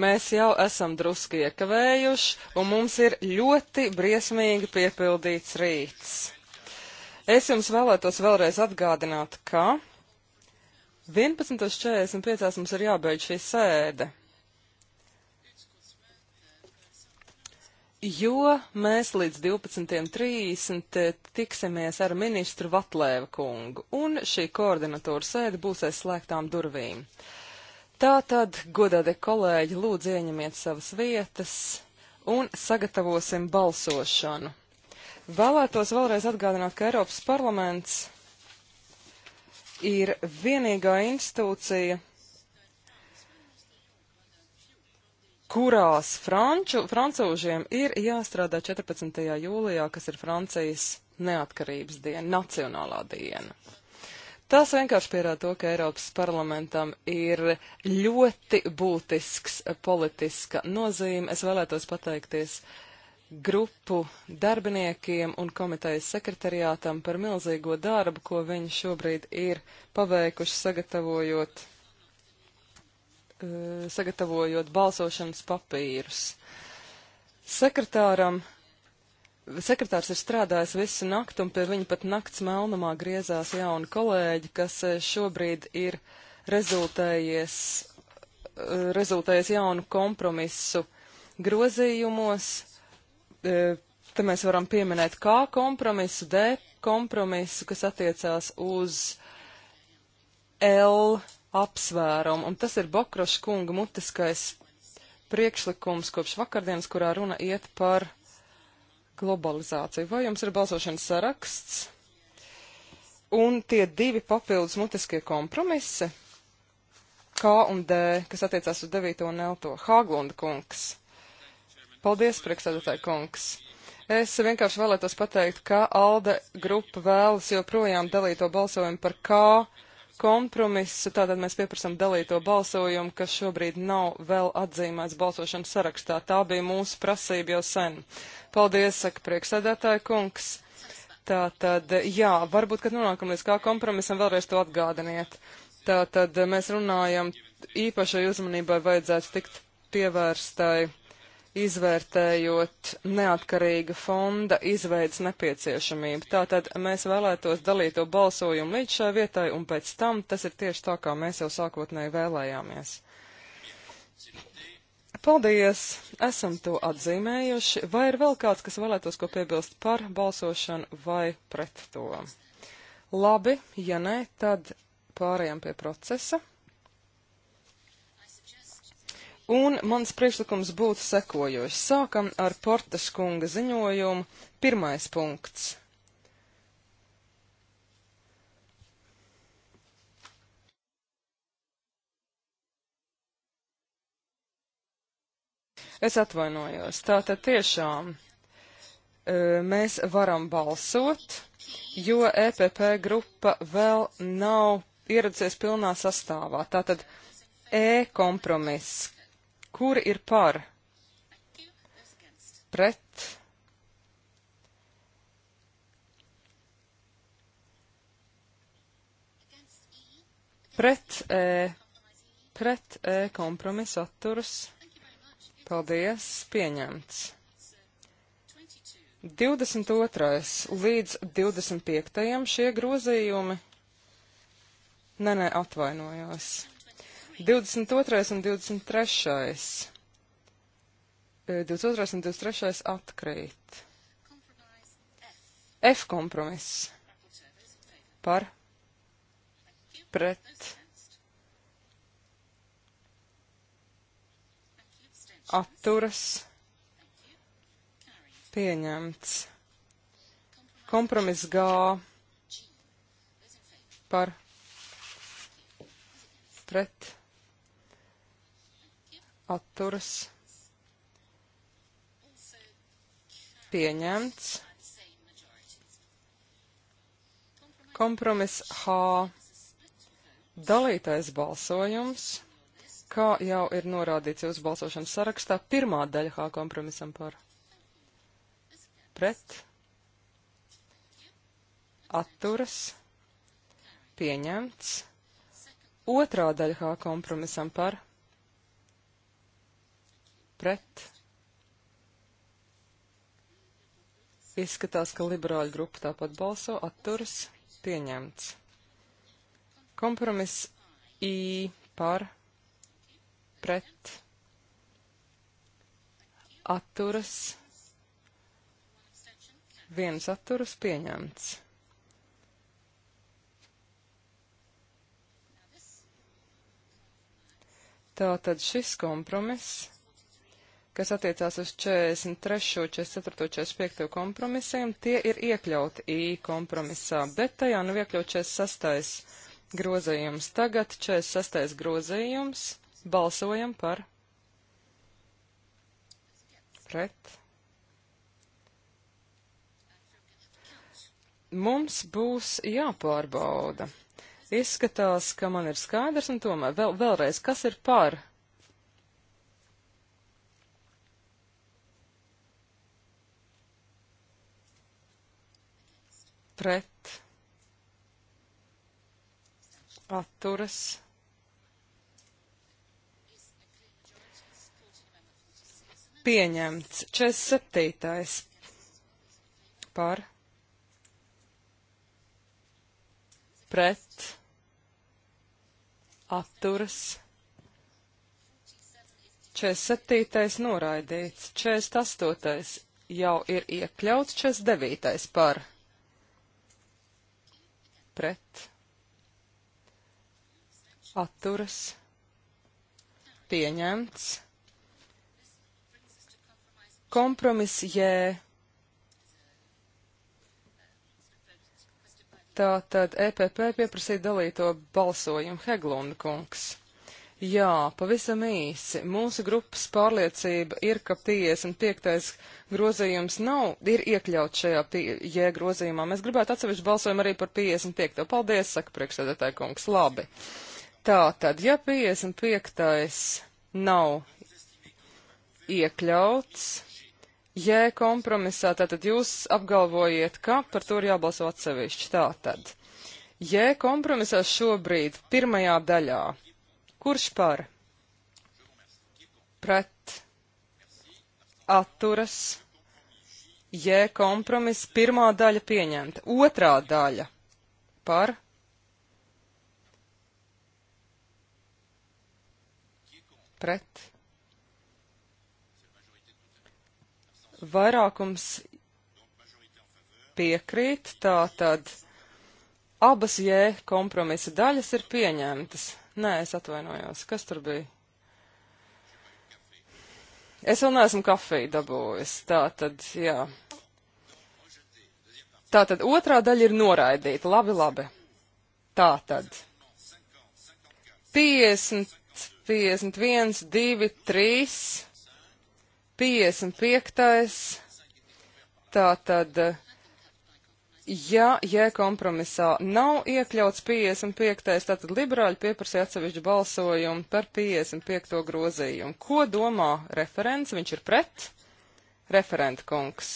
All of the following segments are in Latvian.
Mēs jau esam druski iekavējuši, un mums ir ļoti briesmīgi piepildīts rīts. Es jums vēlētos vēlreiz atgādināt, ka 11.45 mums ir jābeidz šī sēde, jo mēs līdz 12.30 tiksimies ar ministru Vatlēva kungu, un šī koordinatūra sēde būs aiz slēgtām durvīm. Tātad, godādie kolēģi, lūdzu ieņemiet savas vietas un sagatavosim balsošanu. Vēlētos vēlreiz atgādināt, ka Eiropas parlaments ir vienīgā institūcija, kurās franču, francūžiem ir jāstrādā 14. jūlijā, kas ir Francijas neatkarības diena, nacionālā diena. Tās vienkārši pierāda to, ka Eiropas parlamentam ir ļoti būtisks politiska nozīme. Es vēlētos pateikties grupu darbiniekiem un komitejas sekretariātam par milzīgo darbu, ko viņi šobrīd ir paveikuši sagatavojot, eh, sagatavojot balsošanas papīrus. Sekretāram Sekretārs ir strādājis visu naktu, un pie viņa pat nakts melnumā griezās jauni kolēģi, kas eh, šobrīd ir rezultējies, eh, rezultējies jaunu kompromisu grozījumos. Eh, te mēs varam pieminēt kā kompromisu, D kompromisu, kas attiecās uz L apsvērumu, un tas ir Bokroša kunga mutiskais priekšlikums kopš vakardienas, kurā runa iet par globalizāciju. Vai jums ir balsošanas saraksts? Un tie divi papildus mutiskie kompromisi, K un D, kas attiecās uz 9. un 11. Hāglunda kungs. Paldies, priekšsēdētāji kungs. Es vienkārši vēlētos pateikt, ka ALDE grupa vēlas joprojām dalīto balsojumu par K kompromisu, tātad mēs pieprasam dalīto balsojumu, kas šobrīd nav vēl atzīmēts balsošanas sarakstā. Tā bija mūsu prasība jau sen. Paldies, saka prieksēdētāja kungs. Tātad, jā, varbūt, kad nonākam līdz kā kompromisam, vēlreiz to atgādiniet. Tātad mēs runājam, īpašai uzmanībai vajadzētu tikt pievērstai izvērtējot neatkarīga fonda izveidas nepieciešamību. Tātad mēs vēlētos dalīt to balsojumu līdz šai vietai, un pēc tam tas ir tieši tā, kā mēs jau sākotnēji vēlējāmies. Paldies! Esam to atzīmējuši. Vai ir vēl kāds, kas vēlētos ko piebilst par balsošanu vai pret to? Labi, ja nē, tad pārējām pie procesa. Un mans priekšlikums būtu sekojošs. Sākam ar Portas kunga ziņojumu. Pirmais punkts. Es atvainojos. Tātad tiešām e, mēs varam balsot, jo EPP grupa vēl nav ieradusies pilnā sastāvā. Tātad E kompromiss Kur ir par? Pret. Pret E. Pret E kompromiss atturas. Paldies, pieņemts. 22. līdz 25. šie grozījumi. Nē, nē, atvainojos. 22. un 23. 22. un 23. atkrīt. F kompromiss. Par. Pret. Atturas. Pieņemts. Kompromiss G. Par. Pret atturas pieņemts. Kompromiss H. Dalītais balsojums, kā jau ir norādīts jūsu balsošanas sarakstā, pirmā daļa H kompromisam par pret, atturas, pieņemts, otrā daļa H kompromisam par pret pret. Izskatās, ka liberāļu grupa tāpat balso, atturas, pieņemts. Kompromiss I par, pret, atturas, viens atturas, pieņemts. Tātad šis kompromiss kas attiecās uz 43., 44., 45. kompromisiem, tie ir iekļauti I kompromisā, bet tajā nav nu iekļaut 46. grozījums. Tagad 46. grozījums. Balsojam par. Pret. Mums būs jāpārbauda. Izskatās, ka man ir skaidrs, un tomēr vēl, vēlreiz, kas ir par pret, atturas. Pieņemts 47. par pret atturas 47. noraidīts 48. jau ir iekļauts 49. par pret, atturas, pieņemts. Kompromis jē. Tātad EPP pieprasīja dalīto balsojumu Heglunda kungs. Jā, pavisam īsi. Mūsu grupas pārliecība ir, ka 55. grozījums nav, ir iekļauts šajā J grozījumā. Mēs gribētu atsevišķi balsojumu arī par 55. Paldies, saka priekšsēdētāja kungs. Labi. Tā tad, ja 55. nav iekļauts J kompromisā, tātad jūs apgalvojiet, ka par to ir jābalso atsevišķi. Tā tad. J kompromisā šobrīd pirmajā daļā Kurš par? Pret. Atturas. Jē, kompromiss. Pirmā daļa pieņemta. Otrā daļa. Par. Pret. Vairākums piekrīt, tā tad abas jē kompromisa daļas ir pieņemtas. Nē, es atvainojos. Kas tur bija? Es vēl neesmu kafiju dabūjis. Tā tad, jā. Tā tad otrā daļa ir noraidīta. Labi, labi. Tā tad. 50, 51, 2, 3, 55. Tā tad. Ja J kompromisā nav iekļauts 55. tātad liberāļi pieprasīja atsevišķu balsojumu par 55. grozījumu. Ko domā referents? Viņš ir pret referenta kungs.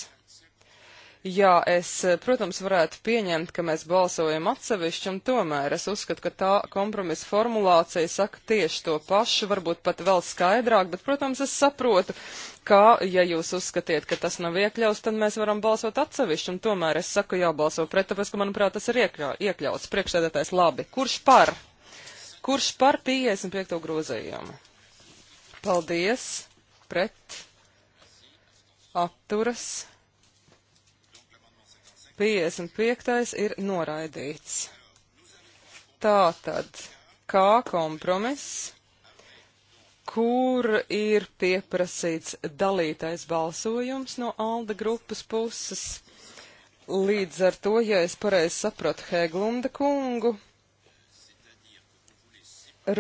Jā, es, eh, protams, varētu pieņemt, ka mēs balsojam atsevišķi, un tomēr es uzskatu, ka tā kompromisa formulācija saka tieši to pašu, varbūt pat vēl skaidrāk, bet, protams, es saprotu, ka, ja jūs uzskatiet, ka tas nav iekļauts, tad mēs varam balsot atsevišķi, un tomēr es saku jābalso pret, tāpēc, ka, manuprāt, tas ir iekļau, iekļauts. Priekšsēdētājs labi. Kurš par? Kurš par 55. grozījumu? Paldies. Pret. Atturas 55. ir noraidīts. Tātad, kā kompromiss, kur ir pieprasīts dalītais balsojums no Alda grupas puses. Līdz ar to, ja es pareizi sapratu Heglunda kungu,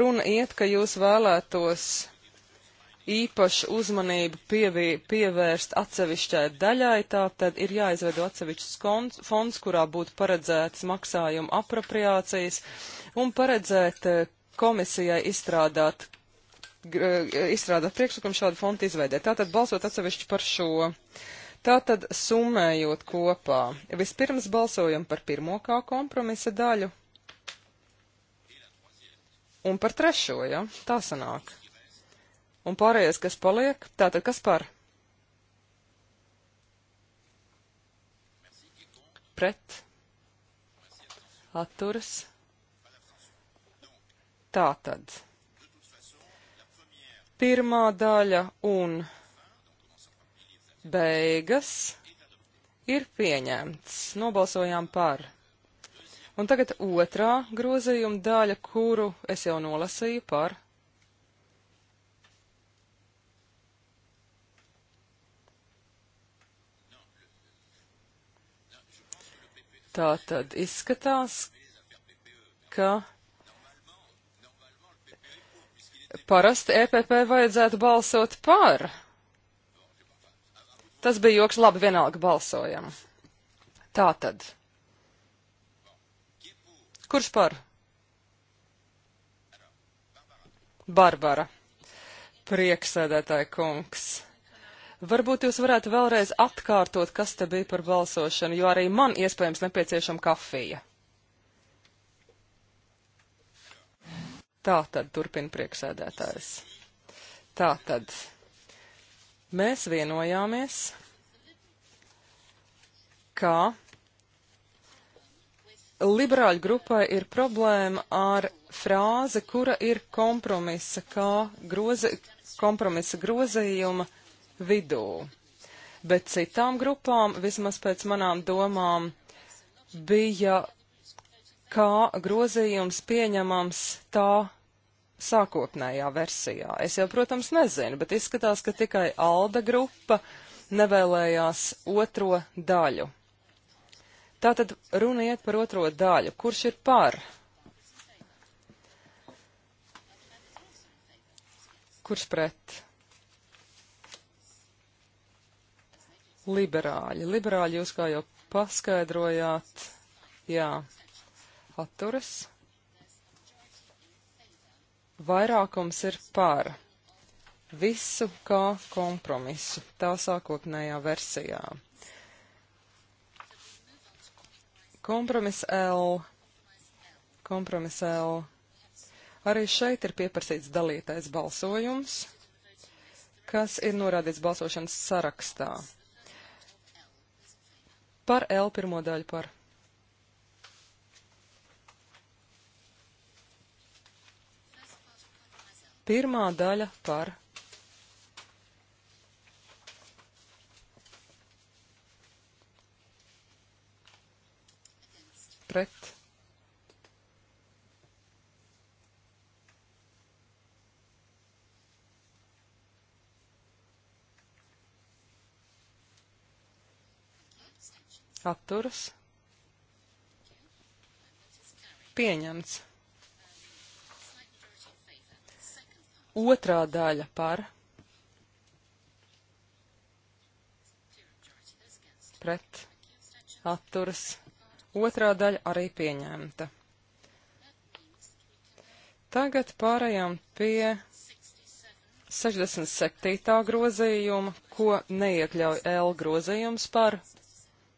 runa iet, ka jūs vēlētos īpašu uzmanību pievī, pievērst atsevišķai daļai, tātad ir jāizveido atsevišķs fonds, kurā būtu paredzēts maksājuma apropriācijas un paredzēt eh, komisijai izstrādāt, eh, izstrādāt priekšlikumu šādu fondu izveidē. Tātad balsot atsevišķi par šo. Tātad summējot kopā. Vispirms balsojam par pirmo kā kompromisa daļu. Un par trešo, ja? Tā sanāk. Un pārējais, kas paliek, tātad kas par? Pret. Atturas. Tātad. Pirmā daļa un beigas ir pieņemts. Nobalsojām par. Un tagad otrā grozījuma daļa, kuru es jau nolasīju par Tā tad izskatās, ka parasti EPP vajadzētu balsot par. Tas bija joks, labi, vienalga balsojam. Tā tad. Kurš par? Barbara. Prieksēdētāja kungs. Varbūt jūs varētu vēlreiz atkārtot, kas te bija par balsošanu, jo arī man iespējams nepieciešama kafija. Tā tad turpina prieksēdētājs. Tā tad mēs vienojāmies, ka liberāļu grupai ir problēma ar frāzi, kura ir kompromisa, kā grozi, kompromisa grozījuma vidū. Bet citām grupām, vismaz pēc manām domām, bija kā grozījums pieņemams tā sākotnējā versijā. Es jau, protams, nezinu, bet izskatās, ka tikai Alda grupa nevēlējās otro daļu. Tātad runa iet par otro daļu. Kurš ir par? Kurš pret? Liberāļi. Liberāļi jūs kā jau paskaidrojāt, jā, atturas. Vairākums ir par visu kā kompromisu tā sākotnējā versijā. Kompromis L. Kompromis L. Arī šeit ir pieprasīts dalītais balsojums, kas ir norādīts balsošanas sarakstā. Par L pirmo daļu par. Pirmā daļa par. Pret atturas, pieņemts. Otrā daļa par pret atturas, otrā daļa arī pieņemta. Tagad pārējām pie 67. grozījuma, ko neiekļauj L grozījums par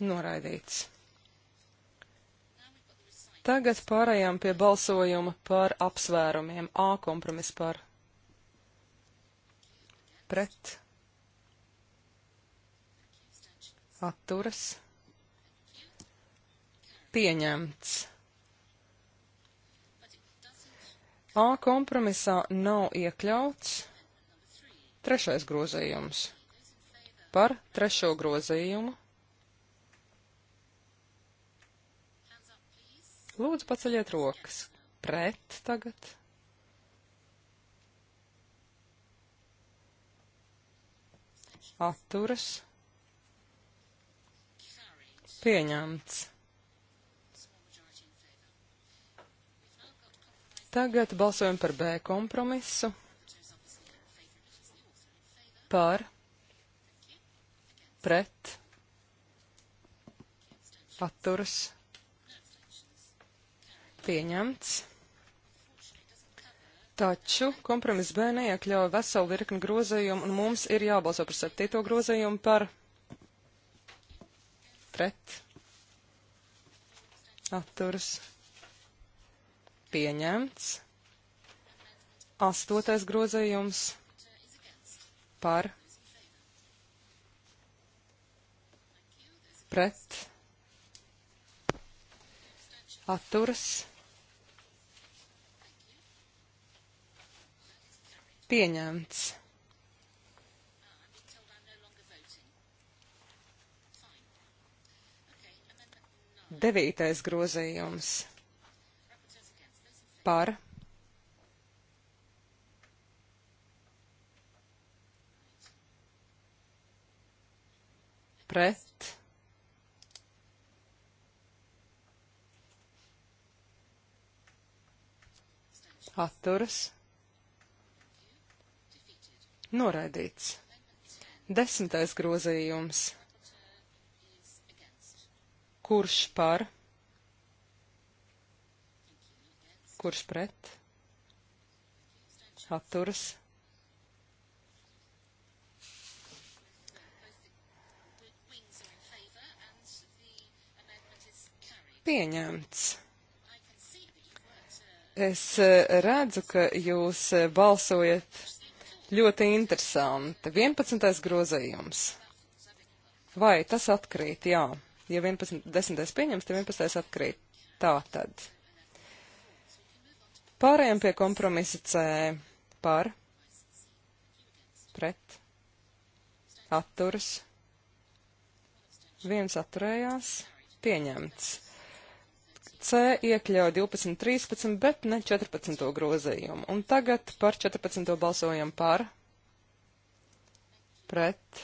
Noraidīts. Tagad pārējām pie balsojuma par apsvērumiem. A kompromis par pret atturas pieņemts. A kompromisā nav iekļauts trešais grozījums par trešo grozījumu Lūdzu, paceļiet rokas. Pret tagad. Atturas. Pieņemts. Tagad balsojam par B kompromisu. Par. Pret. Atturas pieņemts. Taču kompromiss B neiekļauj veselu virkni grozījumu, un mums ir jābalso par septīto grozījumu par pret atturas pieņemts. Astotais grozījums par pret atturas pieņemts pieņemts. Devītais grozījums par pret atturas Noraidīts. Desmitais grozījums. Kurš par? Kurš pret? Atturas. Pieņemts. Es eh, redzu, ka jūs eh, balsojat Ļoti interesanti. 11. grozījums. Vai tas atkrīt? Jā. Ja 11. 10. pieņems, tad 11. atkrīt. Tā tad. Pārējām pie kompromisa C. Par. Pret. Atturas. Viens atturējās. Pieņemts. C iekļauj 12, 13, bet ne 14. grozījumu. Un tagad par 14. balsojam par, pret.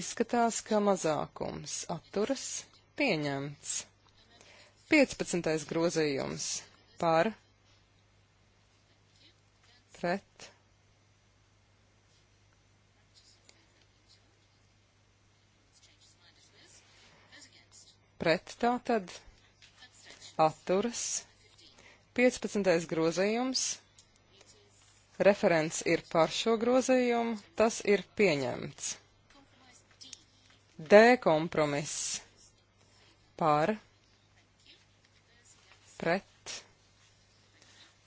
Izskatās, ka mazākums atturas pieņemts. 15. grozījums par, pret pret tā tad atturas. 15. grozījums. Referents ir par šo grozījumu, tas ir pieņemts. D kompromiss par, pret,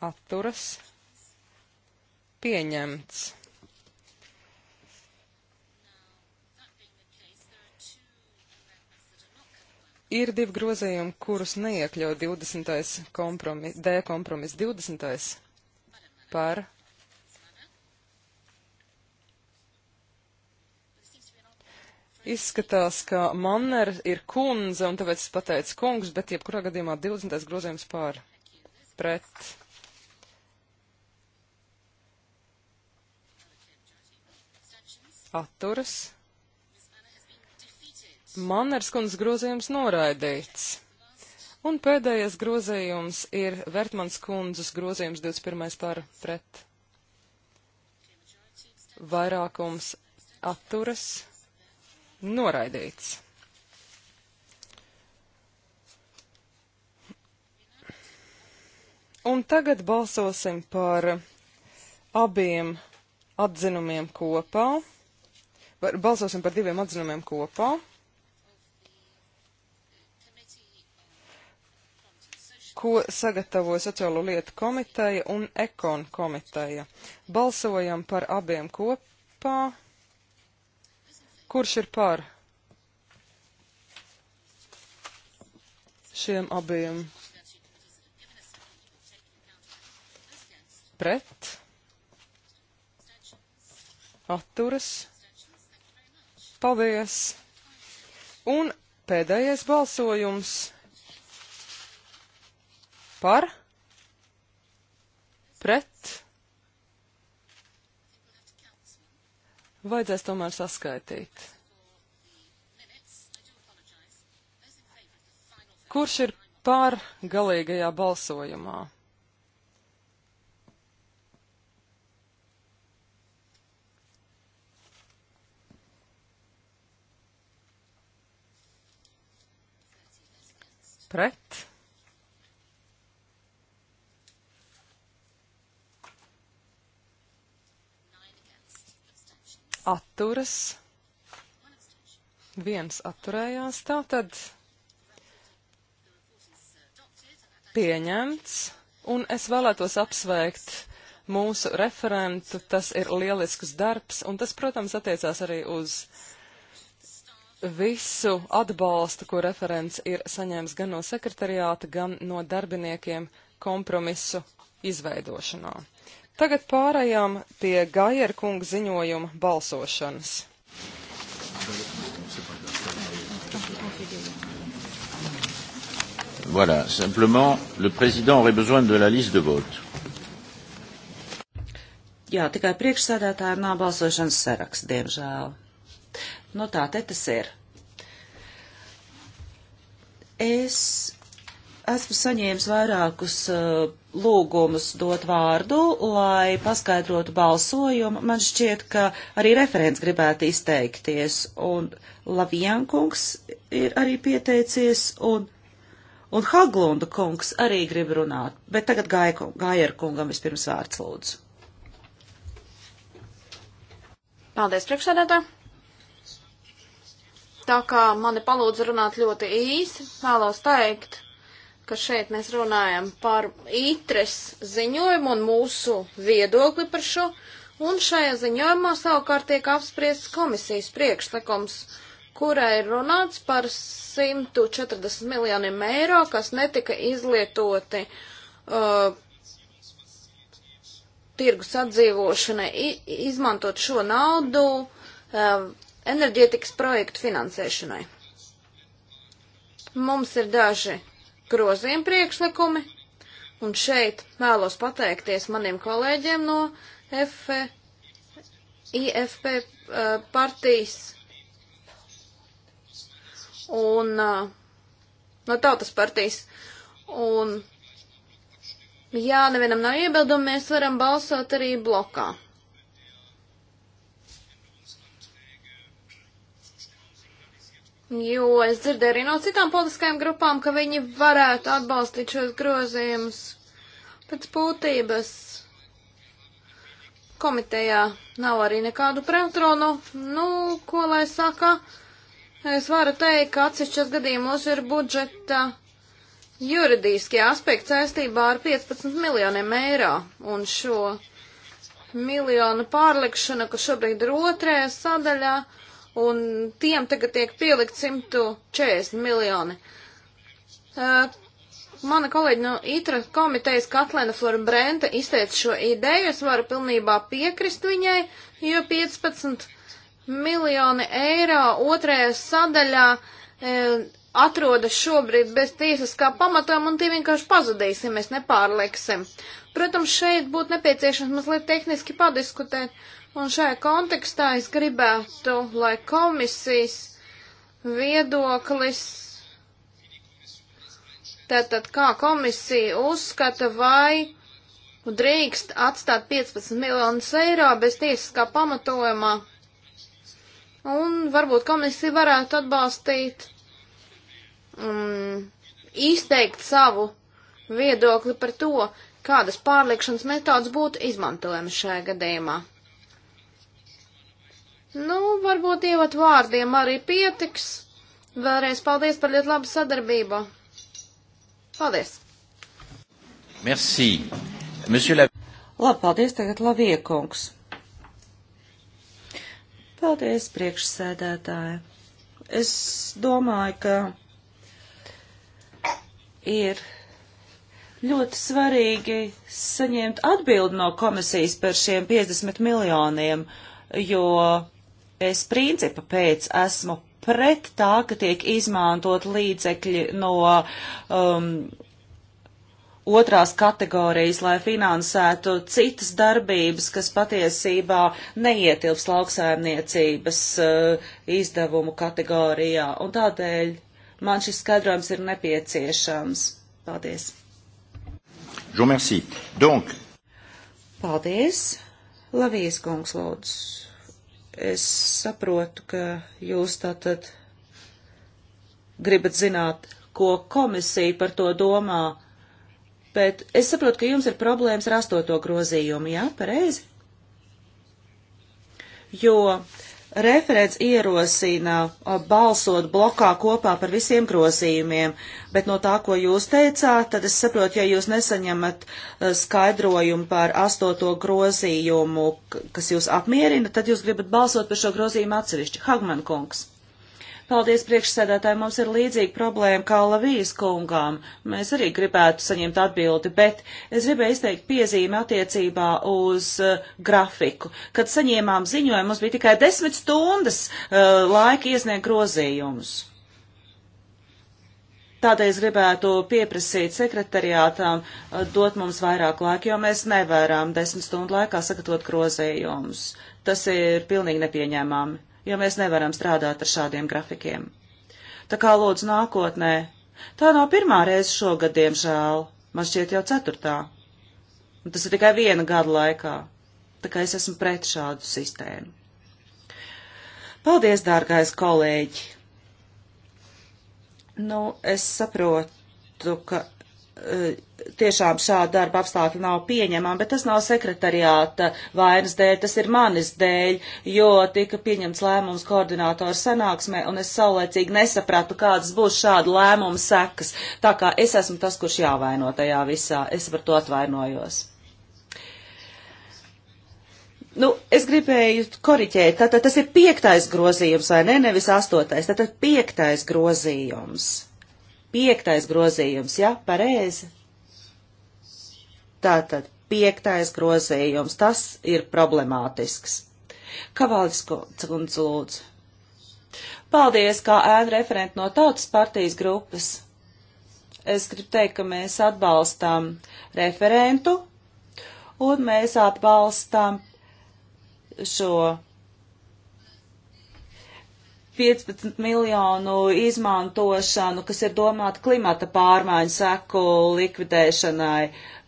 atturas, pieņemts. Ir divi grozījumi, kurus neiekļauj 20. Kompromis, D kompromis 20. par. Izskatās, ka Manner ir kundze, un tāpēc es pateicu kungs, bet jebkurā gadījumā 20. grozījums pār pret. Atturas. Manners kundzes grozījums noraidīts. Un pēdējais grozījums ir Vertmans kundzes grozījums 21. par pret. Vairākums atturas noraidīts. Un tagad balsosim par abiem atzinumiem kopā. Par, balsosim par diviem atzinumiem kopā. ko sagatavoja Sociālo lietu komiteja un Ekon komiteja. Balsojam par abiem kopā. Kurš ir par šiem abiem? Pret? Atturas? Paldies! Un pēdējais balsojums par, pret, vajadzēs tomēr saskaitīt. Kurš ir par galīgajā balsojumā? pret. atturas, viens atturējās, tātad pieņemts, un es vēlētos apsveikt mūsu referentu, tas ir lielisks darbs, un tas, protams, attiecās arī uz visu atbalstu, ko referents ir saņēmis gan no sekretariāta, gan no darbiniekiem kompromisu izveidošanā. Tagad pārējām pie Gajer kunga ziņojuma balsošanas. Voilà, simplement, le président aurait besoin de la liste de vote. Jā, tikai priekšsēdētājiem nav balsošanas saraksts, diemžēl. Nu tā, te tas ir. Es Esmu saņēmis vairākus uh, lūgumus dot vārdu, lai paskaidrotu balsojumu. Man šķiet, ka arī referents gribētu izteikties, un Lavienkungs ir arī pieteicies, un, un Haglunda kungs arī grib runāt. Bet tagad Gajer kungam vispirms vārds lūdzu. Paldies, priekšsēdētāji! tā kā mani palūdza runāt ļoti īsi, vēlos teikt, ka šeit mēs runājam par ITRES ziņojumu un mūsu viedokli par šo, un šajā ziņojumā savukārt tiek apspriests komisijas priekšlikums, kurā ir runāts par 140 miljoniem eiro, kas netika izlietoti uh, tirgus atdzīvošanai, izmantot šo naudu uh, enerģētikas projektu finansēšanai. Mums ir daži grozījuma priekšlikumi, un šeit vēlos pateikties maniem kolēģiem no F, e, IFP eh, partijas un eh, no tautas partijas. Un, ja nevienam nav iebildumi, mēs varam balsot arī blokā. Jo es dzirdēju arī no citām politiskajām grupām, ka viņi varētu atbalstīt šos grozījumus pēc būtības. Komitejā nav arī nekādu pretrunu. Nu, ko lai saka, es varu teikt, ka atsevišķos gadījumos ir budžeta juridiskie aspekti saistībā ar 15 miljoniem eiro un šo miljonu pārlikšana, kas šobrīd ir otrajā sadaļā. Uh, un tiem tagad tiek pielikt 140 miljoni. Uh, mana kolēģi no ITRA komitejas Katlēna Florbrenta izteica šo ideju, es varu pilnībā piekrist viņai, jo 15 miljoni eiro otrajā sadaļā e, atrodas šobrīd bez tiesiskā pamatām un tie vienkārši pazudīs, ja mēs nepārlieksim. Protams, šeit būtu nepieciešams mazliet tehniski padiskutēt, Un šajā kontekstā es gribētu, lai komisijas viedoklis, tātad kā komisija uzskata, vai drīkst atstāt 15 miljonus eiro bez tiesiskā pamatojumā. Un varbūt komisija varētu atbalstīt, um, izteikt savu viedokli par to, kādas pārliekšanas metodas būtu izmantojamas šajā gadījumā. Nu, varbūt ievat vārdiem arī pietiks. Vēlreiz paldies par ļoti labu sadarbību. Paldies! Merci. Monsieur la... Labi, paldies tagad Laviekungs. Paldies, priekšsēdētāja. Es domāju, ka ir ļoti svarīgi saņemt atbildi no komisijas par šiem 50 miljoniem, jo es principa pēc esmu pret tā, ka tiek izmantot līdzekļi no um, otrās kategorijas, lai finansētu citas darbības, kas patiesībā neietilps lauksaimniecības uh, izdevumu kategorijā. Un tādēļ man šis skaidrojums ir nepieciešams. Paldies! Jo merci. Donc. Paldies! Lavijas kungs lūdzu. Es saprotu, ka jūs tātad gribat zināt, ko komisija par to domā, bet es saprotu, ka jums ir problēmas ar astoto grozījumu, jā, pareizi? Jo uh, Referents ierosina uh, balsot blokā kopā par visiem grozījumiem, bet no tā, ko jūs teicāt, tad es saprotu, ja jūs nesaņemat uh, skaidrojumu par astoto grozījumu, kas jūs apmierina, tad jūs gribat balsot par šo grozījumu atsevišķi. Hagman kungs. Paldies priekšsēdētāji, mums ir līdzīga problēma kā Lavijas kungām. Mēs arī gribētu saņemt atbildi, bet es gribēju izteikt piezīmi attiecībā uz uh, grafiku. Kad saņēmām ziņojumu, mums bija tikai desmit stundas uh, laika iesniegt grozījumus. Tādēļ es gribētu pieprasīt sekretariātām uh, dot mums vairāk laika, jo mēs nevaram desmit stundu laikā sagatavot grozījumus. Tas ir pilnīgi nepieņēmami jo mēs nevaram strādāt ar šādiem grafikiem. Tā kā lūdzu nākotnē, tā nav pirmā reize šogad, diemžēl, man šķiet jau ceturtā. Un tas ir tikai viena gada laikā, tā kā es esmu pret šādu sistēmu. Paldies, dārgais kolēģi! Nu, es saprotu, ka Eh, tiešām šāda darba apstākļi nav pieņemami, bet tas nav sekretariāta vainas dēļ, tas ir manis dēļ, jo tika pieņemts lēmums koordinātoru sanāksmē, un es saulēcīgi nesapratu, kādas būs šāda lēmuma sekas. Tā kā es esmu tas, kurš jāvaino tajā visā, es par to atvainojos. Nu, es gribēju koriķēt, tātad tas ir piektais grozījums, vai ne, nevis astotais, tātad piektais grozījums Piektais grozījums, jā, ja? pareizi. Tātad piektais grozījums, tas ir problemātisks. Kavālis kundz lūdzu. Paldies, kā ēna referenti no Tautas partijas grupas. Es gribu teikt, ka mēs atbalstām referentu un mēs atbalstām šo 15 miljonu izmantošanu, kas ir domāta klimata pārmaiņu seku likvidēšanai.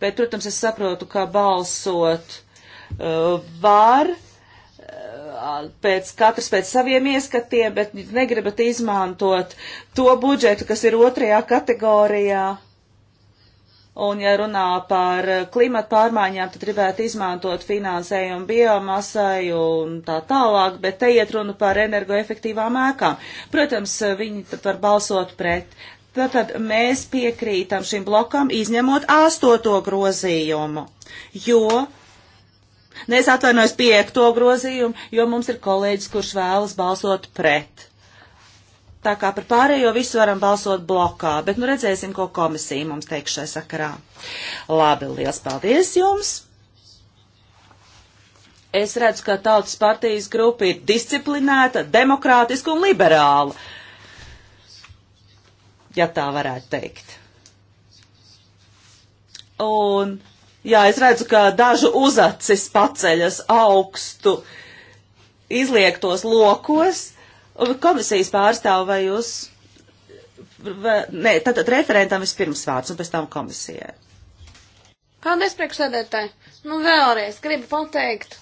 Bet, protams, es saprotu, ka balsot uh, var uh, pēc katrs pēc saviem ieskatiem, bet negribat izmantot to budžetu, kas ir otrajā kategorijā. Uh, Un, ja runā par klimatu pārmaiņām, tad gribētu izmantot finansējumu biomasai un tā tālāk, bet te iet runa par energoefektīvām ēkām. Protams, viņi tad var balsot pret. Tātad mēs piekrītam šim blokam, izņemot astoto grozījumu, jo, nes atvainojos piekto grozījumu, jo mums ir kolēģis, kurš vēlas balsot pret. Tā kā par pārējo visu varam balsot blokā, bet nu redzēsim, ko komisija mums teiks šai sakarā. Labi, liels paldies jums! Es redzu, ka tautas partijas grupa ir disciplinēta, demokrātiska un liberāla, ja tā varētu teikt. Un, jā, es redzu, ka dažu uzacis paceļas augstu izliektos lokos Komisijas pārstāv vai jūs. Vai, nē, tad, tad referentam vispirms vārds un pēc tam komisijai. Paldies, priekšsēdētāji! Nu, vēlreiz gribu pateikt,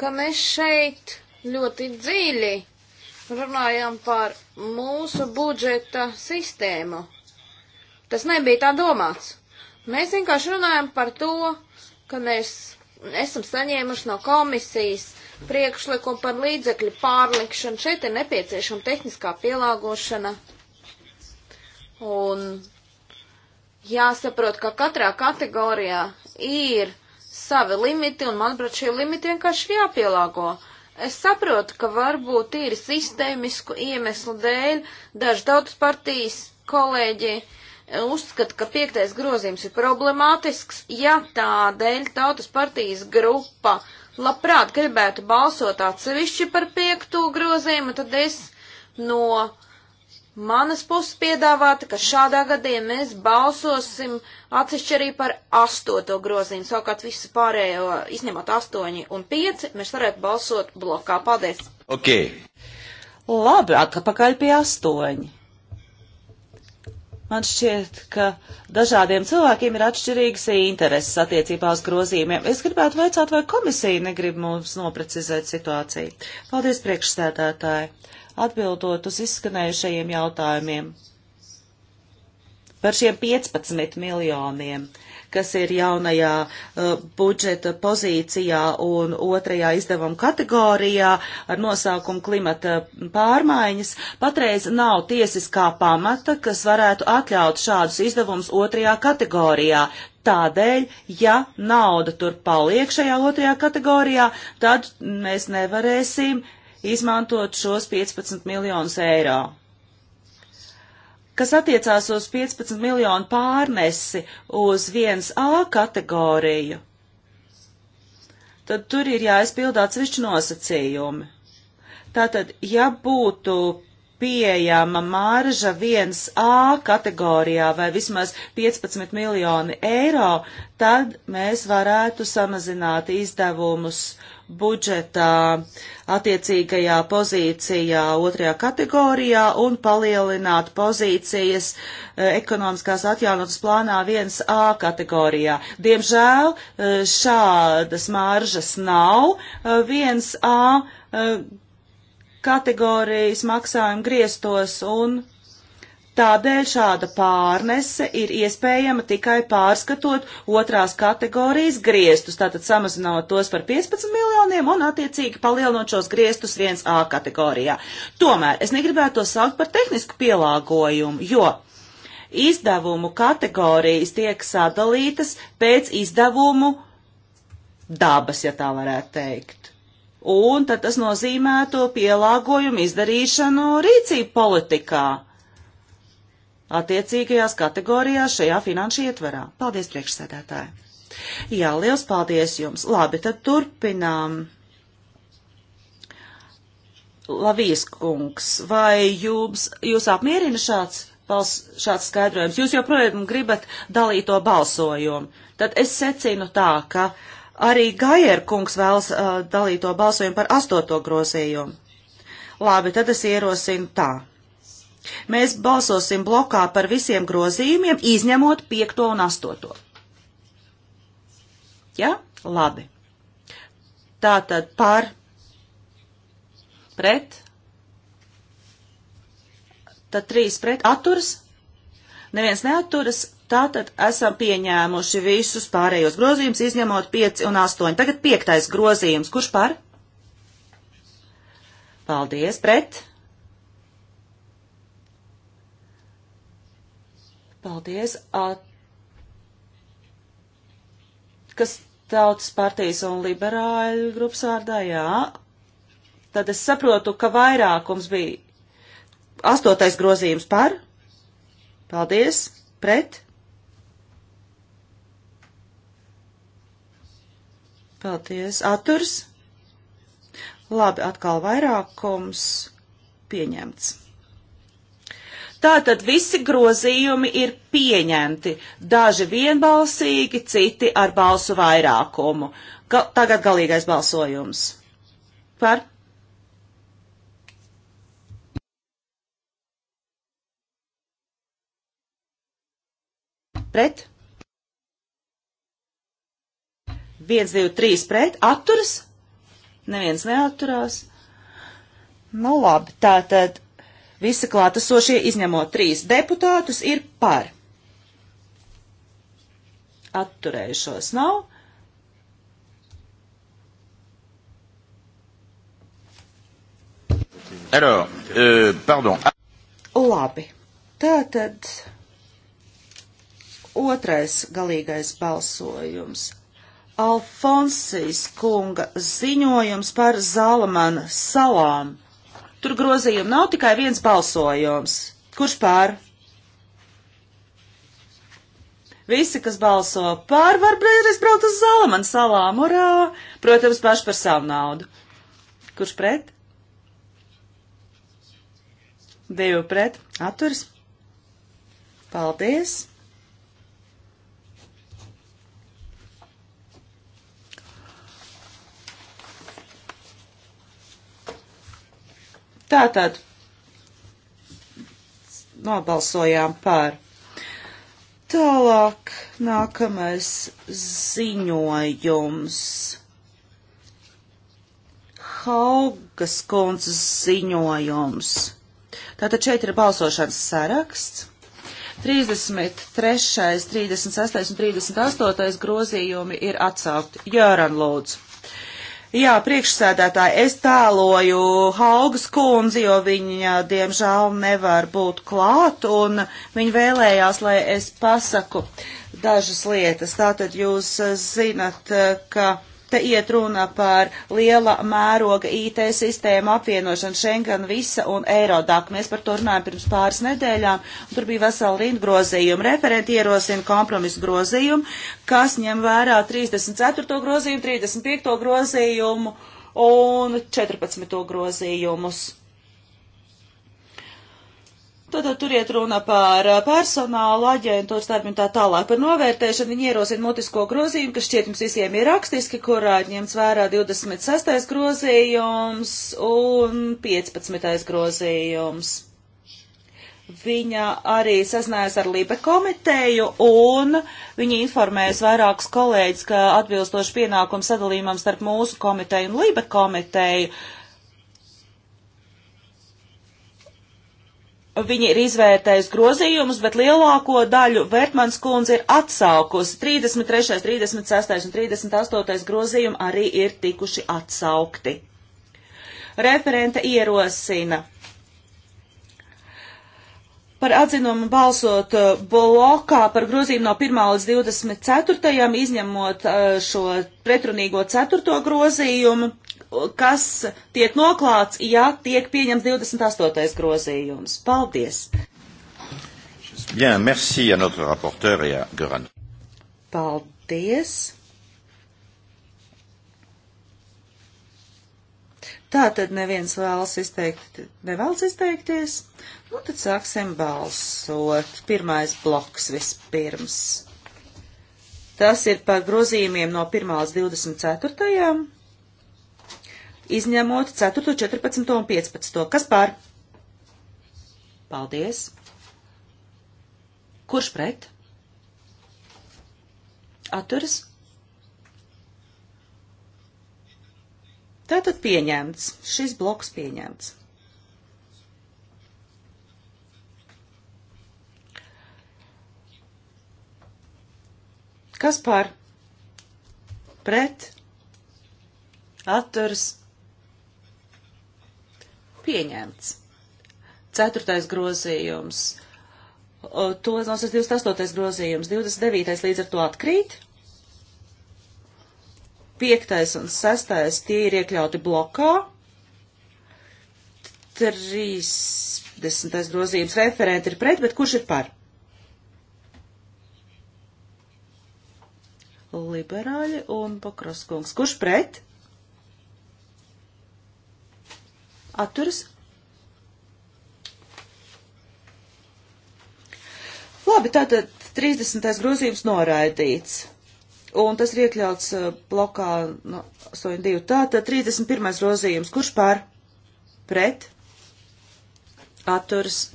ka mēs šeit ļoti dziļi runājam par mūsu budžeta sistēmu. Tas nebija tā domāts. Mēs vienkārši runājam par to, ka mēs esam saņēmuši no komisijas priekšlikumu par līdzekļu pārlikšanu. Šeit ir nepieciešama tehniskā pielāgošana. Un jāsaprot, ka katrā kategorijā ir savi limiti, un manuprāt, šie limiti vienkārši jāpielāgo. Es saprotu, ka varbūt ir sistēmisku iemeslu dēļ daži daudz partijas kolēģi uh, uzskata, ka piektais grozījums ir problemātisks, ja tādēļ tautas partijas grupa labprāt gribētu balsot atsevišķi par piekto grozījumu, tad es no manas puses piedāvātu, ka šādā gadījumā mēs balsosim atsevišķi arī par astoto grozījumu, savukārt visu pārējo, izņemot astoņi un pieci, mēs varētu balsot blokā. Paldies! Ok! Labi, atpakaļ pie astoņi. Man šķiet, ka dažādiem cilvēkiem ir atšķirīgas intereses attiecībā uz grozījumiem. Es gribētu vaicāt, vai komisija negrib mums noprecizēt situāciju. Paldies, priekšsēdētāji, atbildot uz izskanējušajiem jautājumiem par šiem 15 miljoniem. Uh, kas ir jaunajā uh, budžeta pozīcijā un otrajā izdevuma kategorijā ar nosaukumu klimata pārmaiņas, patreiz nav tiesiskā pamata, kas varētu atļaut šādus izdevumus otrajā kategorijā. Tādēļ, ja nauda tur paliek šajā otrajā kategorijā, tad mēs nevarēsim izmantot šos 15 miljonus eiro. Kas attiecās uz 15 miljonu pārnesi uz 1A kategoriju, tad tur ir jāizpild atsevišķi nosacījumi. Tātad, ja būtu pieejama marža 1A kategorijā vai vismaz 15 miljoni eiro, tad mēs varētu samazināt izdevumus budžetā attiecīgajā pozīcijā otrajā kategorijā un palielināt pozīcijas e, ekonomiskās atjaunotas plānā 1A kategorijā. Diemžēl e, šādas maržas nav 1A e, kategorijas maksājumu griestos un Tādēļ šāda pārnese ir iespējama tikai pārskatot otrās kategorijas griestus, tātad samazinot tos par 15 miljoniem un attiecīgi palielinot šos griestus 1A kategorijā. Tomēr es negribētu to saukt par tehnisku pielāgojumu, jo izdevumu kategorijas tiek sadalītas pēc izdevumu dabas, ja tā varētu teikt un tad tas nozīmētu pielāgojumu izdarīšanu rīcību politikā attiecīgajās kategorijās šajā finanšu ietverā. Paldies, priekšsēdētāji! Jā, liels paldies jums! Labi, tad turpinām. Lavijas kungs, vai jums, jūs apmierina šāds, bals, šāds skaidrojums? Jūs joprojām gribat dalīto balsojumu. Tad es secinu tā, ka uh, Arī Gajer kungs vēlas uh, dalīto balsojumu par astoto grozījumu. Labi, tad es ierosinu tā. Mēs balsosim blokā par visiem grozījumiem, izņemot piekto un astoto. Ja? Labi. Tātad par pret, tad trīs pret atturas, neviens neatturas, Tātad esam pieņēmuši visus pārējos grozījumus, izņemot 5 un 8. Tagad piektais grozījums. Kurš par? Paldies. Pret? Paldies. At... Kas tautas partijas un liberāļu grupas vārdā? Jā. Tad es saprotu, ka vairākums bija astotais grozījums par. Paldies. Pret? Paldies. Atturs. Labi, atkal vairākums pieņemts. Tātad visi grozījumi ir pieņemti, daži vienbalsīgi, citi ar balsu vairākumu. Ga tagad galīgais balsojums. Par? Pret? 1, 2, 3 pret, atturas, neviens neatturās. Nu labi, tātad visi klātesošie izņemot trīs deputātus ir par. Atturējušos nav. Alors, euh, pardon. Labi. Tātad otrais galīgais balsojums Alfonsijas kunga ziņojums par Zalamana salām. Tur grozījumu nav tikai viens balsojums. Kurš pār? Visi, kas balso pār, var brīvreiz braukt uz Zalamana salām, urā! Protams, paši par savu naudu. Kurš pret? Divi pret. Atturs. Paldies! Tātad nobalsojām par. Tālāk nākamais ziņojums. Haugas kundzes ziņojums. Tātad šeit ir balsošanas saraksts. 33., 36. un 38. grozījumi ir atsaukti. Jāran lūdzu. Jā, priekšsēdētāji, es tēloju Haugas kundzi, jo viņa, diemžēl, nevar būt klāt, un viņa vēlējās, lai es pasaku dažas lietas. Tātad jūs zinat, ka Te iet runa par liela mēroga IT sistēmu apvienošanu Schengen, Visa un Eirodak. Mēs par to runājam pirms pāris nedēļām. Tur bija vesela rinda grozījumu. Referenti ierosina kompromisu grozījumu, kas ņem vērā 34. grozījumu, 35. grozījumu un 14. grozījumus. Tad tur iet runa par eh, personālu, aģentūru starpiem tā tālāk. Par novērtēšanu viņi ierosina mutisko grozījumu, kas šķiet mums visiem ir rakstiski, kurā ņemts vērā 26. grozījums un 15. grozījums. Viņa arī sazinājās ar Lībe komiteju un viņa informēs vairākus kolēģis, ka atbilstoši pienākumu sadalījumam starp mūsu komiteju un Lībe komiteju uh, Viņi ir izvērtējusi grozījumus, bet lielāko daļu Vērtmans kundze ir atsaukusi. 33., 36. un 38. grozījumi arī ir tikuši atsaukti. Referente ierosina par atzinumu balsot uh, blokā par grozījumu no 1. līdz 24. izņemot uh, šo pretrunīgo 4. grozījumu, kas tiek noklāts, ja tiek pieņems 28. grozījums. Paldies! Bien, merci à notre rapporteur et à Göran. Paldies! Tā tad neviens vēlas izteikt, nevēlas izteikties. Nu, tad sāksim balsot. Pirmais bloks vispirms. Tas ir par grozījumiem no 1 līdz 24 izņemot 4, 14 un 15. Kas pār? Paldies. Kurš pret? Atturas. Tātad pieņemts. Šis bloks pieņemts. Kas par pret atturs Pieņemts. Ceturtais grozījums. To nosas 28. grozījums. 29. līdz ar to atkrīt. Piektais un sestais tie ir iekļauti blokā. 30. grozījums referenti ir pret, bet kurš ir par? Liberāļi un Pakraskungs. Kurš pret? atturas. Labi, tātad 30. grozījums noraidīts. Un tas ir iekļauts eh, blokā no nu, 8.2. Tātad 31. grozījums, kurš pār pret atturas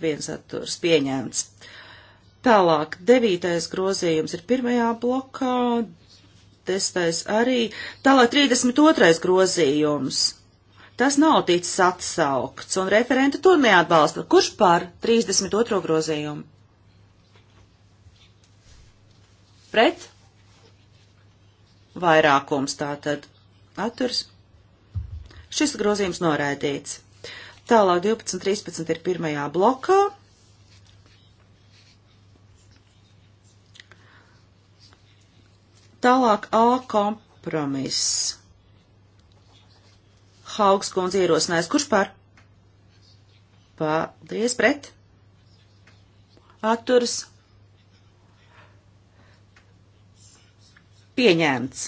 viens atturs pieņemts. Tālāk, devītais grozījums ir pirmajā blokā, desmitais arī. Tālāk, 32. grozījums. Tas nav ticis atsaukts, un referenta to neatbalsta. Kurš par 32. grozījumu? Pret? Vairākums tātad. Atturs. Šis grozījums noraidīts. Tālāk 12, 13 ir pirmajā blokā. Tālāk A kompromiss. Haugs kundze ierosinājis. Kurš par? Paldies pret. Atturs. Pieņēmts.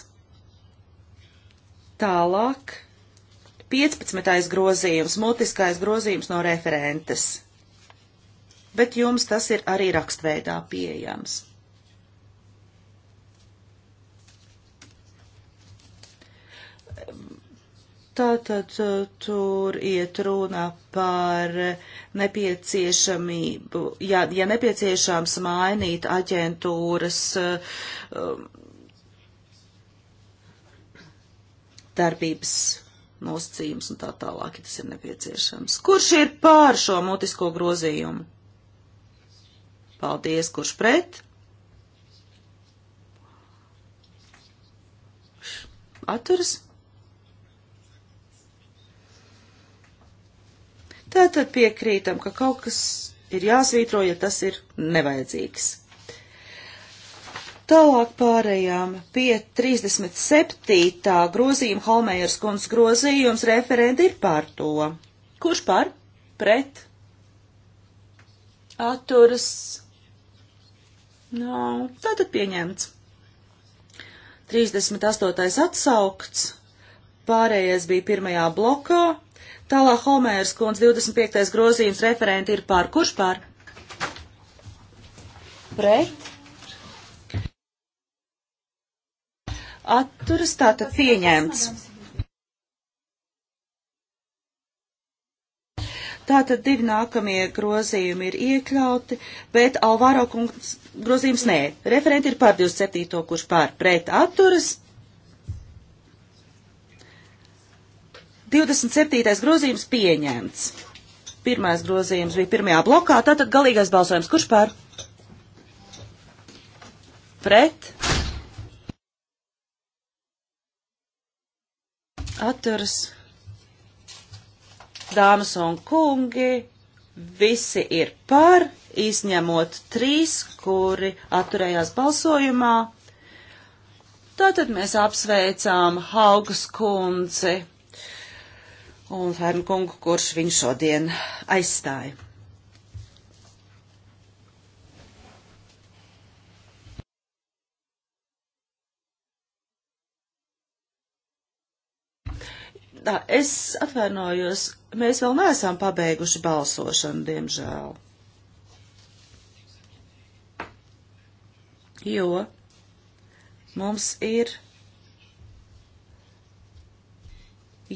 Tālāk. 15. grozījums, mutiskais grozījums no referentes. Bet jums tas ir arī rakstveidā pieejams. Tātad uh, tur iet runa par nepieciešamību, ja, ja nepieciešams mainīt aģentūras um, darbības nosacījums un tā tālāk, ja tas ir nepieciešams. Kurš ir pār šo mutisko grozījumu? Paldies, kurš pret? Atturas? Tātad piekrītam, ka kaut kas ir jāsvītro, ja tas ir nevajadzīgs. Tālāk pārējām pie 37. grozījuma Holmējers kundzes grozījums referenti ir par to. Kurš par? Pret? Atturas? Nā, tātad pieņemts. 38. atsaukts, pārējais bija pirmajā blokā, Tālāk Homērs kundz 25. grozījums referenti ir par. Kurš par? Pret. Atturas tātad pieņemts. Tātad divi nākamie grozījumi ir iekļauti, bet Alvaro kungs grozījums nē. Referenti ir par 27. kurš pār pret atturas 27. grozījums pieņemts. Pirmais grozījums bija pirmajā blokā, tātad galīgais balsojums. Kurš pār? Pret? Atturas. Dāmas un kungi, visi ir par, izņemot trīs, kuri atturējās balsojumā. Tātad mēs apsveicām Haugas kundzi un Fermu kungu, kurš viņu šodien aizstāja. Tā, es atvainojos, mēs vēl neesam pabeiguši balsošanu, diemžēl. Jo mums ir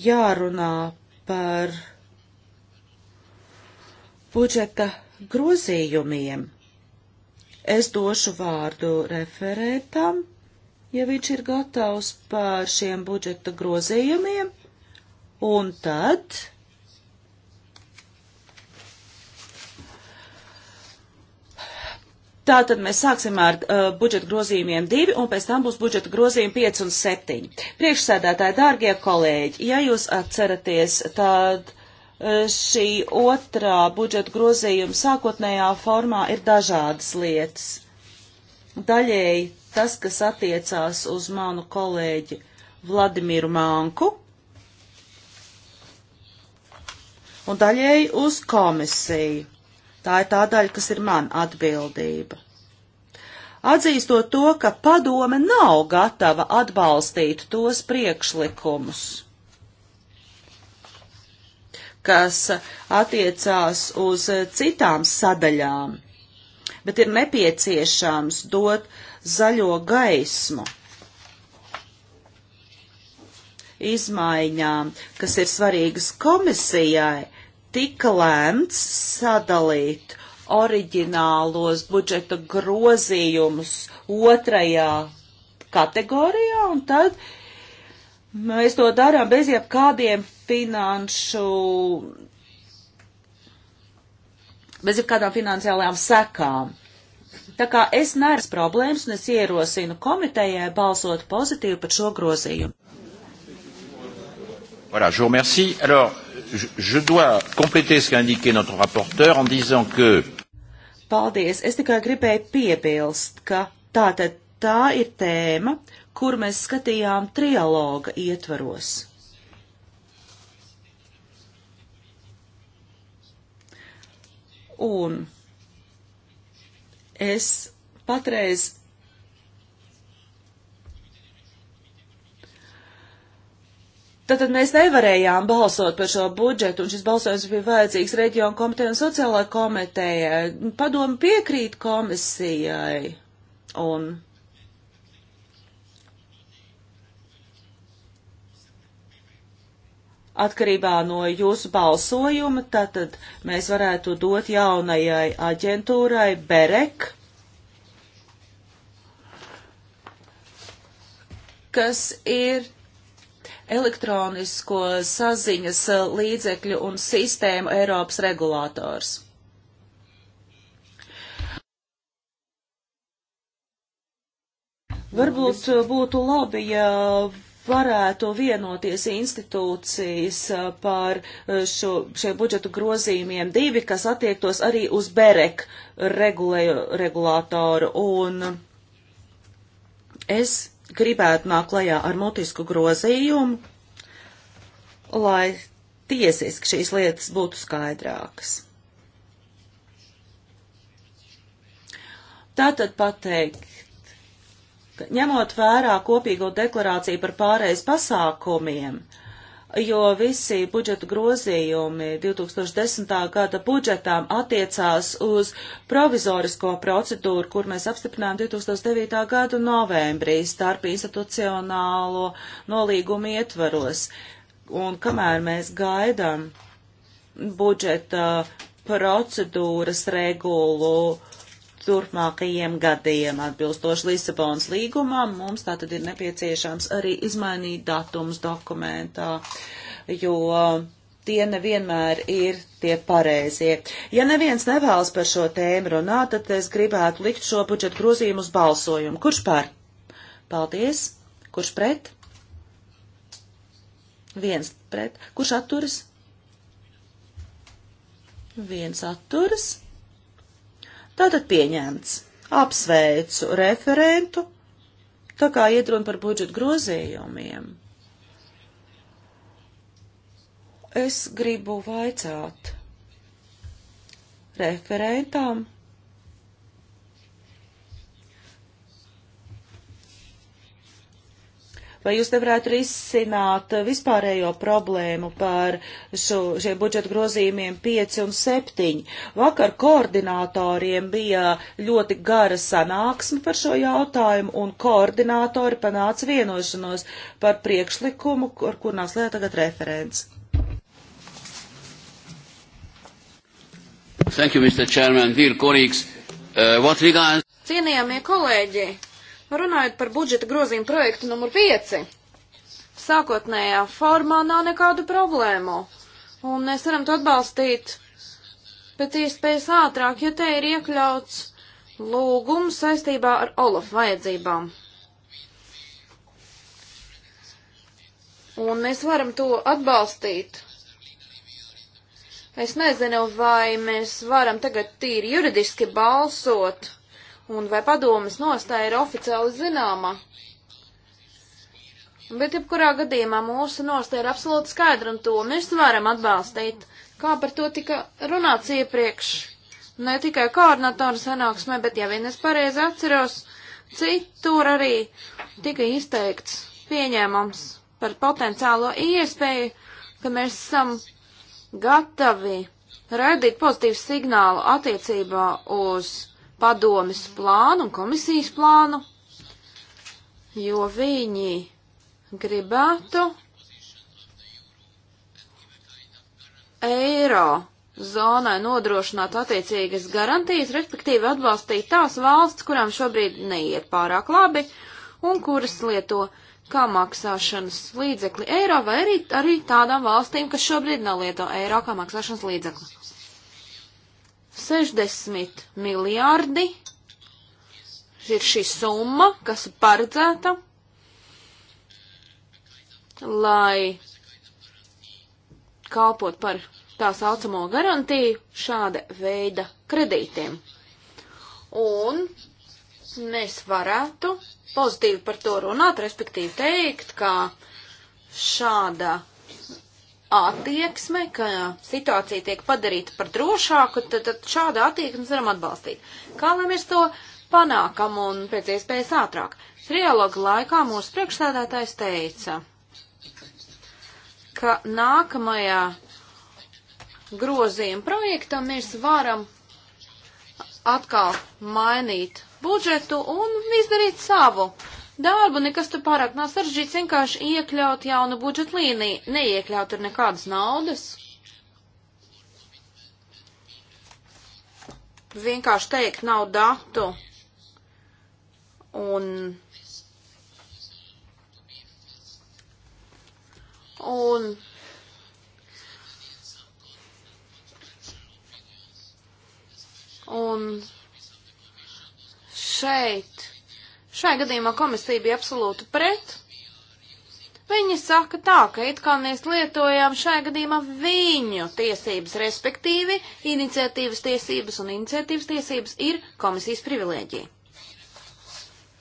jārunā par budžeta grozījumiem. Es došu vārdu referētam, ja viņš ir gatavs par šiem budžeta grozījumiem, un tad Tātad mēs sāksim ar uh, budžeta grozījumiem 2, un pēc tam būs budžeta grozījumi 5 un 7. Priekšsēdētāji, dārgie kolēģi, ja jūs atceraties, tad uh, šī otrā budžeta grozījuma sākotnējā formā ir dažādas lietas. Daļēji tas, kas attiecās uz manu kolēģi Vladimiru Manku, un daļēji uz komisiju. Tā ir tā daļa, kas ir man atbildība. Atzīstot to, ka padome nav gatava atbalstīt tos priekšlikumus, kas attiecās uz citām sadaļām, bet ir nepieciešams dot zaļo gaismu izmaiņām, kas ir svarīgas komisijai, tika lēmts sadalīt oriģinālos budžeta grozījumus otrajā kategorijā, un tad mēs to darām bez jebkādiem finanšu, bez jebkādām finansiālajām sekām. Tā kā es neredzu problēmas, un es ierosinu komitejai balsot pozitīvi par šo grozījumu. Voilà, je vous remercie. Alors, je, je dois compléter ce qu'a indiqué notre rapporteur en disant que. Paldies! Es tikai gribēju piebilst, ka tātad tā ir tēma, kur mēs skatījām trialoga ietvaros. Un es patreiz Tātad mēs nevarējām balsot par šo budžetu, un šis balsojums bija vajadzīgs reģionu komiteja un sociālā komiteja. Padomu piekrīt komisijai. Un atkarībā no jūsu balsojuma, tātad mēs varētu dot jaunajai aģentūrai Berek. kas ir elektronisko saziņas eh, līdzekļu un sistēmu Eiropas regulators. Varbūt eh, būtu labi, ja varētu vienoties institūcijas eh, par šo, šiem budžetu grozījumiem divi, kas attiektos arī uz BEREK regulē, regulātoru. Un es gribētu nākt klajā ar mutisku grozījumu, lai tiesiski šīs lietas būtu skaidrākas. Tātad pateikt, ka ņemot vērā kopīgo deklarāciju par pārējais pasākumiem, uh, jo visi budžeta grozījumi 2010. gada budžetām attiecās uz provizorisko procedūru, kur mēs apstiprinājām 2009. gada novembrī starp institucionālo nolīgumu ietvaros. Un kamēr mēs gaidām budžeta procedūras regulu, turpmākajiem gadiem. Atbilstoši Lisabonas līgumam mums tātad ir nepieciešams arī izmainīt datums dokumentā, jo tie nevienmēr ir tie pareizie. Ja neviens nevēlas par šo tēmu runāt, tad es gribētu likt šo budžetu grozījumu uz balsojumu. Kurš par? Paldies. Kurš pret? Viens pret. Kurš atturas? Viens atturas. Tātad pieņemts. Apsveicu referentu, tā kā iet runa par budžetu grozījumiem. Es gribu vaicāt referentām, Vai jūs nevarētu risināt vispārējo problēmu par šo, šiem budžeta grozījumiem 5 un 7? Vakar koordinatoriem bija ļoti gara sanāksme par šo jautājumu, un koordinatori panāca vienošanos par priekšlikumu, ar kur nāslēja tagad referents. Thank you, Mr. Chairman. Dear colleagues, uh, what regards... Cienījamie kolēģi, Runājot par budžeta grozījumu projektu numur 5, sākotnējā formā nav nekādu problēmu, un mēs varam to atbalstīt pēc iespējas ātrāk, ja te ir iekļauts lūgums saistībā ar Olaf vajadzībām. Un mēs varam to atbalstīt. Es nezinu, vai mēs varam tagad tīri juridiski balsot un vai padomas nostāja ir oficiāli zināma. Bet, jebkurā gadījumā, mūsu nostāja ir absolūti skaidra, un to mēs varam atbalstīt, kā par to tika runāts iepriekš. Ne tikai koordinatoru sanāksmē, bet, ja vien es pareizi atceros, citur arī tika izteikts pieņēmums par potenciālo iespēju, ka mēs esam gatavi raidīt pozitīvu signālu attiecībā uz padomis plānu un komisijas plānu, jo viņi gribētu eiro zonai nodrošināt attiecīgas garantijas, respektīvi atbalstīt tās valsts, kurām šobrīd neiet pārāk labi un kuras lieto kā maksāšanas līdzekli eiro, vai arī, arī tādām valstīm, kas šobrīd nelieto eiro kā maksāšanas līdzekli. 60 miljārdi ir šī summa, kas ir paredzēta, lai kalpot par tā saucamo garantiju šāda veida kredītiem. Un mēs varētu pozitīvi par to runāt, respektīvi teikt, ka šāda attieksme, ka situācija tiek padarīta par drošāku, tad, tad šādu attieksmi mēs varam atbalstīt. Kā lai mēs to panākam un pēc iespējas ātrāk? Trialoga laikā mūsu priekšstādātājs teica, ka nākamajā grozījuma projektā mēs varam atkal mainīt budžetu un izdarīt savu uh, darbu, nekas tur pārāk nav saržģīts, vienkārši iekļaut jaunu budžeta līniju, neiekļaut tur nekādas naudas. Vienkārši teikt, nav datu. Un un un šeit Šai gadījumā komisija bija absolūti pret. Viņi saka tā, ka it kā mēs lietojām šai gadījumā viņu tiesības, respektīvi iniciatīvas tiesības un iniciatīvas tiesības ir komisijas privilēģija.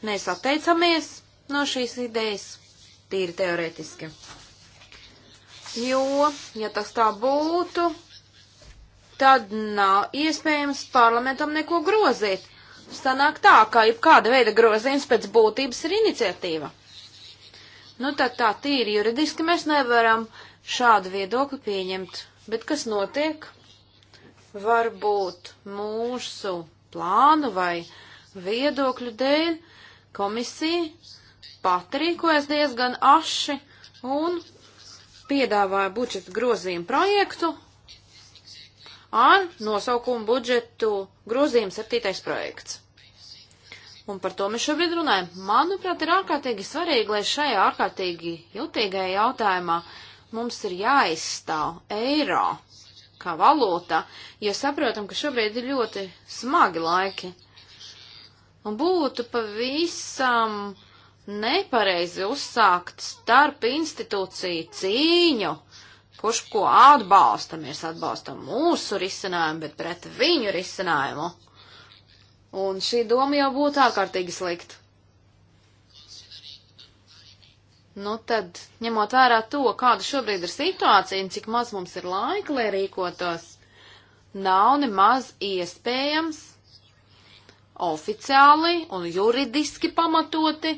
Mēs atteicamies no šīs idejas tīri teoretiski. Jo, ja tas tā būtu, tad nav iespējams parlamentam neko grozīt sanāk tā, ka jebkāda veida grozījums pēc būtības ir iniciatīva. Nu, tad tā tīri juridiski mēs nevaram šādu viedokli pieņemt. Bet kas notiek? Varbūt mūsu plānu vai viedokļu dēļ komisija patrīkojas diezgan aši un piedāvāja budžeta grozījumu projektu, ar nosaukumu budžetu grozījumu septītais projekts. Un par to mēs šobrīd runājam. Manuprāt, ir ārkārtīgi svarīgi, lai šajā ārkārtīgi jutīgajā jautājumā mums ir jāizstāv eiro kā valūta, jo saprotam, ka šobrīd ir ļoti smagi laiki. Un būtu pavisam nepareizi uzsākt starp institūciju cīņu kurš ko atbalsta. Mēs atbalstam mūsu risinājumu, bet pret viņu risinājumu. Un šī doma jau būtu ārkārtīgi slikta. Nu tad, ņemot vērā to, kāda šobrīd ir situācija un cik maz mums ir laika, lai rīkotos, nav nemaz iespējams oficiāli un juridiski pamatoti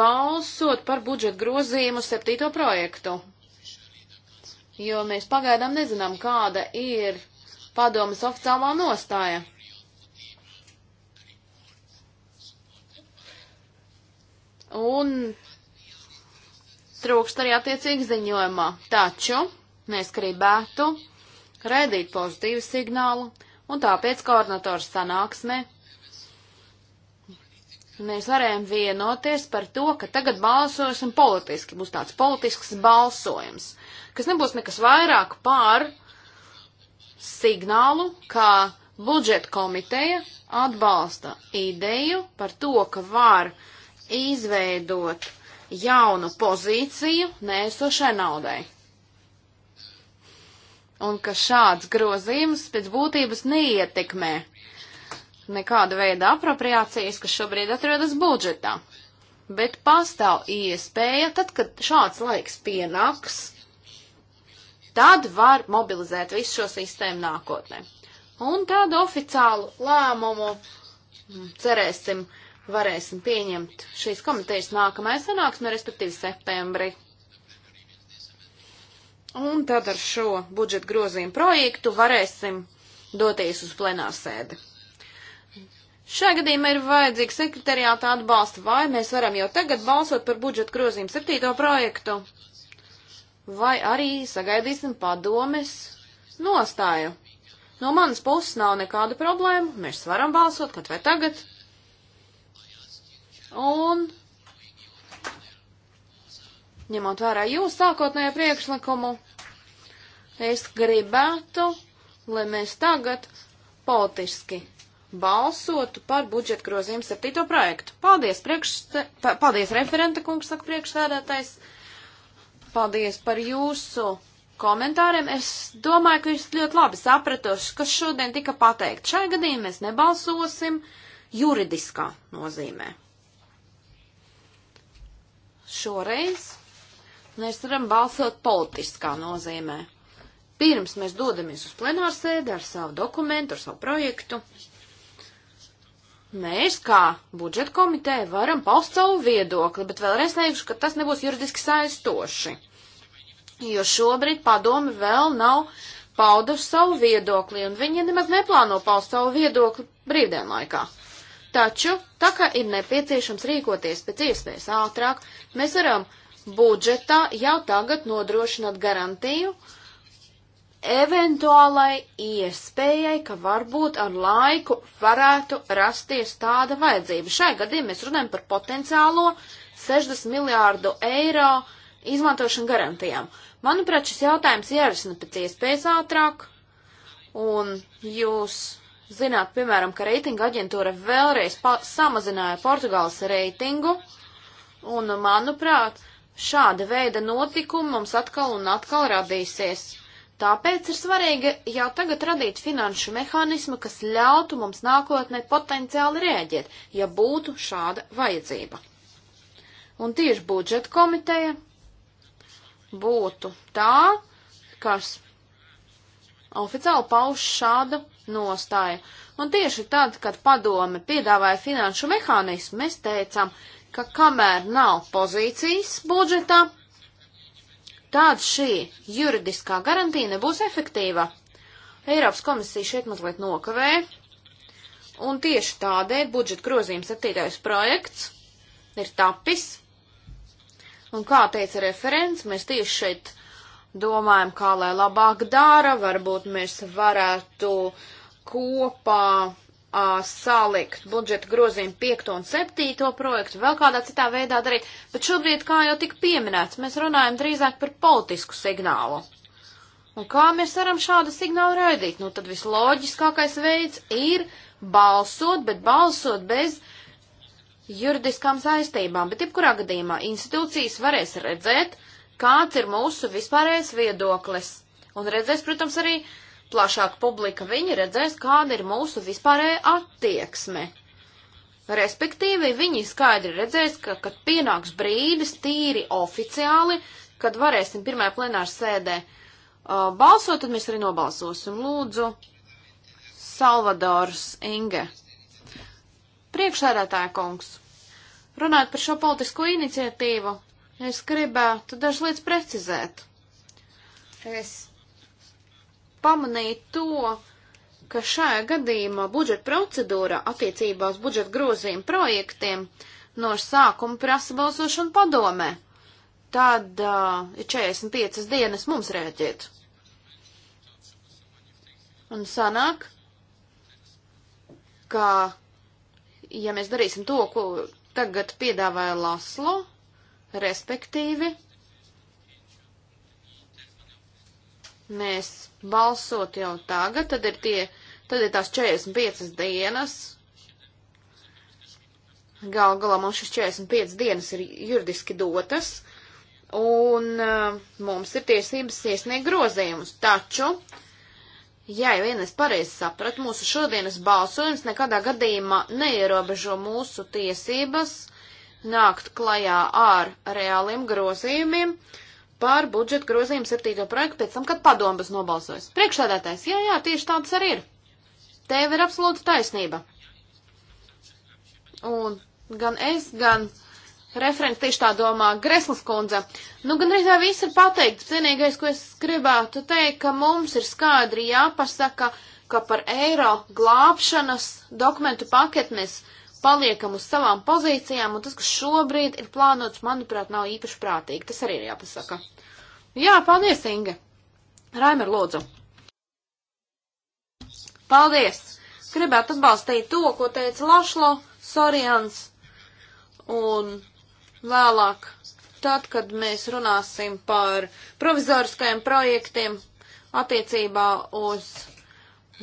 balsot par budžeta grozījumu septīto projektu jo mēs pagaidām nezinām, kāda ir padomas oficiālā nostāja. Un trūkst arī attiecīgi ziņojumā. Taču mēs gribētu redīt pozitīvu signālu, un tāpēc koordinatoru sanāksmē mēs varējām vienoties par to, ka tagad balsosim politiski, būs tāds politisks balsojums kas nebūs nekas vairāk pār signālu, ka budžeta komiteja atbalsta ideju par to, ka var izveidot jaunu pozīciju nēsošai naudai. Un ka šāds grozījums pēc būtības neietekmē nekāda veida apropriācijas, kas šobrīd atrodas budžetā. Bet pastāv iespēja, tad, kad šāds laiks pienāks, Tad var mobilizēt visu šo sistēmu nākotnē. Un tādu oficiālu lēmumu, mm, cerēsim, varēsim pieņemt šīs komitejas nākamajā sanāksmē, respektīvi septembrī. Un tad ar šo budžeta grozījumu projektu varēsim doties uz plenārsēdi. Šajā gadījumā ir vajadzīga sekretariāta atbalsta, vai mēs varam jau tagad balsot par budžeta grozījumu septīto projektu vai arī sagaidīsim padomes nostāju. No manas puses nav nekāda problēma, mēs varam balsot kaut vai tagad. Un, ņemot vērā jūsu sākotnējo priekšlikumu, es gribētu, lai mēs tagad politiski balsotu par budžeta grozījumu septīto projektu. Paldies, priekš, paldies referenta kungs, saka priekšsēdētājs. Paldies par jūsu komentāriem. Es domāju, ka jūs ļoti labi sapratuši, kas šodien tika pateikt. Šai gadījumā mēs nebalsosim juridiskā nozīmē. Šoreiz mēs varam balsot politiskā nozīmē. Pirms mēs dodamies uz plenārsēdi ar savu dokumentu, ar savu projektu, Mēs, kā budžeta komiteja, varam paust savu viedokli, bet vēlreiz teikšu, ka tas nebūs juridiski saistoši, jo šobrīd padomi vēl nav pauduši savu viedokli, un viņi nemaz neplāno paust savu viedokli brīvdienu laikā. Taču, tā kā ir nepieciešams rīkoties pēc iespējas ātrāk, mēs varam budžetā jau tagad nodrošināt garantiju, uh, eventuālai iespējai, ka varbūt ar laiku varētu rasties tāda vajadzība. Šai gadījumā mēs runājam par potenciālo 60 miljārdu eiro izmantošanu garantijām. Manuprāt, šis jautājums jārisina pēc iespējas ātrāk, un jūs zināt, piemēram, ka reitinga aģentūra vēlreiz samazināja Portugāles reitingu, un, manuprāt, šāda veida notikumi mums atkal un atkal radīsies. Tāpēc ir svarīgi jau tagad radīt finanšu mehānismu, kas ļautu mums nākotnē potenciāli rēģēt, ja būtu šāda vajadzība. Un tieši budžeta komiteja būtu tā, kas oficiāli pauž šādu nostāju. Un tieši tad, kad padome piedāvāja finanšu mehānismu, mēs teicām, ka kamēr nav pozīcijas budžetā, tad šī juridiskā garantija nebūs efektīva. Eiropas komisija šeit mazliet nokavēja, un tieši tādēļ budžeta grozījums septītais projekts ir tapis. Un kā teica referents, mēs tieši šeit domājam, kā lai labāk dara, varbūt mēs varētu kopā uh, salikt budžeta grozījumu 5 un 7 projektu, vēl kādā citā veidā darīt, bet šobrīd, kā jau tika pieminēts, mēs runājam drīzāk par politisku signālu. Un kā mēs varam šādu signālu raidīt? Nu, tad visloģiskākais veids ir balsot, bet balsot bez juridiskām saistībām. Bet, jebkurā gadījumā, institūcijas varēs redzēt, kāds ir mūsu vispārējais viedoklis. Un redzēs, protams, arī uh, plašāka publika, viņi redzēs, kāda ir mūsu vispārēja attieksme. Respektīvi, viņi skaidri redzēs, ka, kad pienāks brīdis tīri oficiāli, kad varēsim pirmajā plenāru sēdē uh, balsot, tad mēs arī nobalsosim. Lūdzu, Salvadors Inge. Priekšsēdētāja kungs, runājot par šo politisko iniciatīvu, es gribētu dažas lietas precizēt. Es pamanīt to, ka šajā gadījumā budžeta procedūra attiecībā uz budžeta grozījuma projektiem no sākuma prasa balsošanu padomē. Tad uh, 45 dienas mums rēķiet. Un sanāk, ka, ja mēs darīsim to, ko tagad piedāvāja Laslo, respektīvi, mēs balsot jau tagad, tad ir, tie, tad ir tās 45 dienas. Gal galā mums šis 45 dienas ir juridiski dotas, un uh, mums ir tiesības iesniegt grozījumus. Taču, ja vien es pareizi sapratu, mūsu šodienas balsojums nekādā gadījumā neierobežo mūsu tiesības nākt klajā ar reāliem grozījumiem, uh, par budžeta grozījumu septīto projektu pēc tam, kad padomas nobalsojas. Priekšsēdētājs, jā, jā, tieši tāds arī ir. Tev ir absolūta taisnība. Un gan es, gan referents tieši tā domā Greslas kundze. Nu, gan arī tā viss ir pateikts. Vienīgais, ko es gribētu teikt, ka mums ir skaidri jāpasaka, ka par eiro glābšanas dokumentu paketnes paliekam uz savām pozīcijām, un tas, kas šobrīd ir plānots, manuprāt, nav īpaši prātīgi. Tas arī ir jāpasaka. Jā, paldies, Inga. Raimer, lūdzu. Paldies. Gribētu atbalstīt to, ko teica Lašlo Sorians. Un vēlāk, tad, kad mēs runāsim par provizoriskajiem projektiem attiecībā uz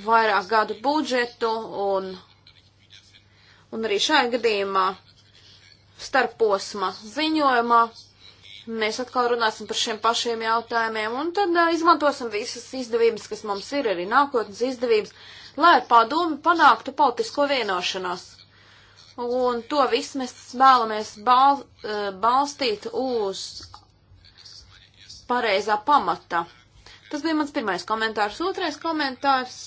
vairāk gadu budžetu un, un arī šajā gadījumā starposma ziņojumā mēs atkal runāsim par šiem pašiem jautājumiem, un tad uh, izmantosim visas izdevības, kas mums ir, arī nākotnes izdevības, lai padomi panāktu politisko vienošanos. Un to visu mēs vēlamies bal, uh, balstīt uz pareizā pamata. Tas bija mans pirmais komentārs. Otrais komentārs,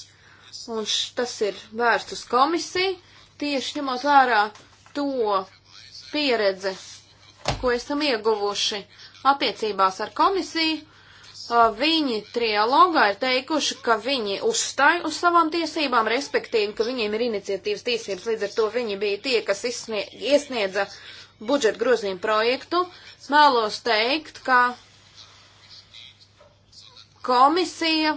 un š, tas ir vērsts uz komisiju, tieši ņemot vērā to pieredzi, ko esam ieguvuši attiecībās ar komisiju. Viņi trialogā ir teikuši, ka viņi uzstāj uz savām tiesībām, respektīvi, ka viņiem ir iniciatīvas tiesības, līdz ar to viņi bija tie, kas izsniedz, iesniedza budžeta grozījumu projektu. Mēlos teikt, ka komisija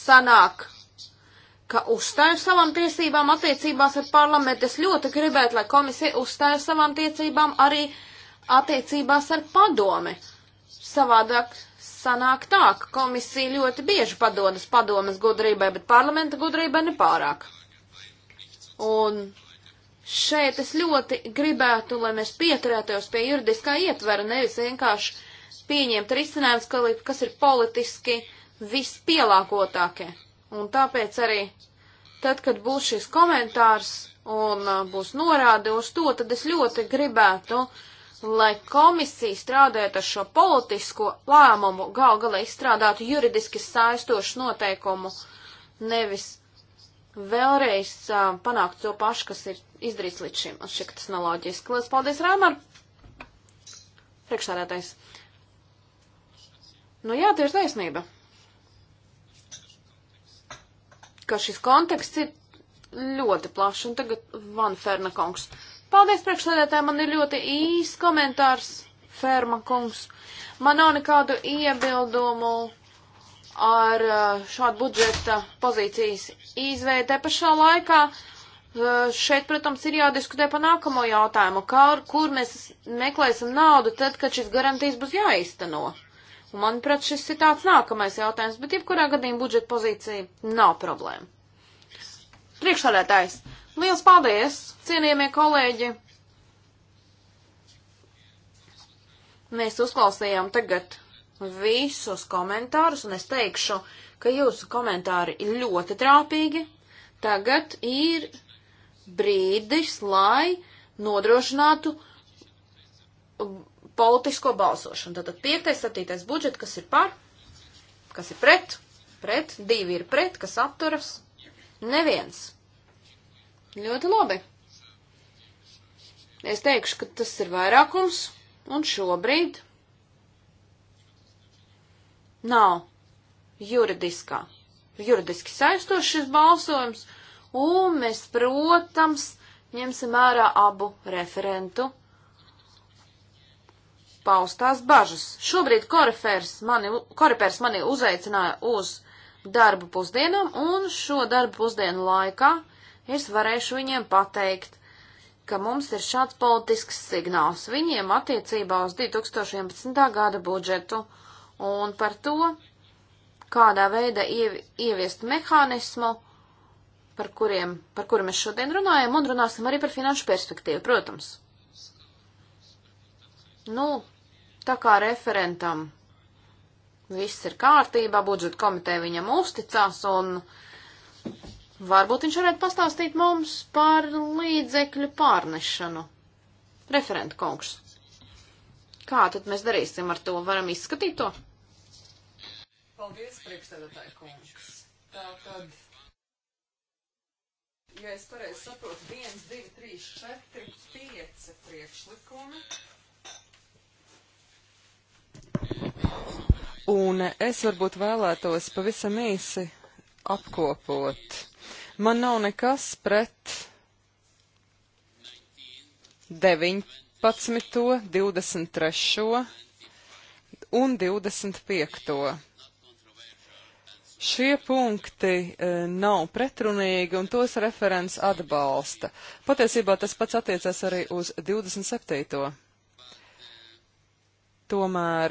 sanāk ka uzstāju savām tiesībām attiecībās ar parlamentu. Es ļoti gribētu, lai komisija uzstāju savām tiesībām arī attiecībās ar padomi. Savādāk sanāk tā, ka komisija ļoti bieži padodas padomas gudrībai, bet parlamenta gudrībai nepārāk. Un šeit es ļoti gribētu, lai mēs pieturētos pie juridiskā ietvera, nevis vienkārši pieņemt risinājumus, kas ir politiski vispielāgotākie. Un tāpēc arī tad, kad būs šis komentārs un uh, būs norāde uz to, tad es ļoti gribētu, lai komisija strādājot ar šo politisko lēmumu, gal galā izstrādātu juridiski saistošu noteikumu, nevis vēlreiz uh, panākt to pašu, kas ir izdarīts līdz šim. Man šķiet, tas nav loģiski. Lielas paldies, Rāmar! Priekšsādātais. Nu jā, tieši taisnība. ka šis konteksts ir ļoti plašs. Un tagad Van Ferna kungs. Paldies priekšsēdētāji, man ir ļoti īs komentārs, Ferma kungs. Man nav nekādu iebildumu ar uh, šādu budžeta pozīcijas izveidē pašā laikā. Uh, šeit, protams, ir jādiskutē par nākamo jautājumu, kā, kur mēs meklēsim naudu tad, kad šis garantijas būs jāizteno. Un, manuprāt, šis ir tāds nākamais jautājums, bet jebkurā gadījumā budžeta pozīcija nav problēma. Priekšsādētājs, liels paldies, cienījamie kolēģi! Mēs uzklausījām tagad visus komentārus, un es teikšu, ka jūsu komentāri ir ļoti trāpīgi. Tagad ir brīdis, lai nodrošinātu politisko balsošanu. Tātad 5. 7. budžets, kas ir par, kas ir pret, pret, divi ir pret, kas atturas, neviens. Ļoti labi. Es teikšu, ka tas ir vairākums, un šobrīd nav juridiskā, juridiski saistošs balsojums, un mēs, protams, ņemsim ārā abu referentu paustās bažas. Šobrīd korifērs mani, korifērs mani uzaicināja uz darbu pusdienam, un šo darbu pusdienu laikā es varēšu viņiem pateikt, ka mums ir šāds politisks signāls viņiem attiecībā uz 2011. gada budžetu un par to, kādā veidā ievi, ieviest mehānismu, par kuriem, par kuriem mēs šodien runājam, un runāsim arī par finanšu perspektīvu, protams. Nu, tā kā referentam viss ir kārtībā, budžeta komiteja viņam uzticās un varbūt viņš varētu pastāstīt mums par līdzekļu pārnešanu. Referenta kungs. Kā tad mēs darīsim ar to? Varam izskatīt to? Paldies, priekšstādātāji kungs. Tātad, ja es pareizi saprotu, 1, 2, 3, 4, 5 priekšlikumi. Un es varbūt vēlētos pavisam īsi apkopot. Man nav nekas pret 19, 23 un 25. Šie punkti e, nav pretrunīgi un tos referents atbalsta. Patiesībā tas pats attiecas arī uz 27. Tomēr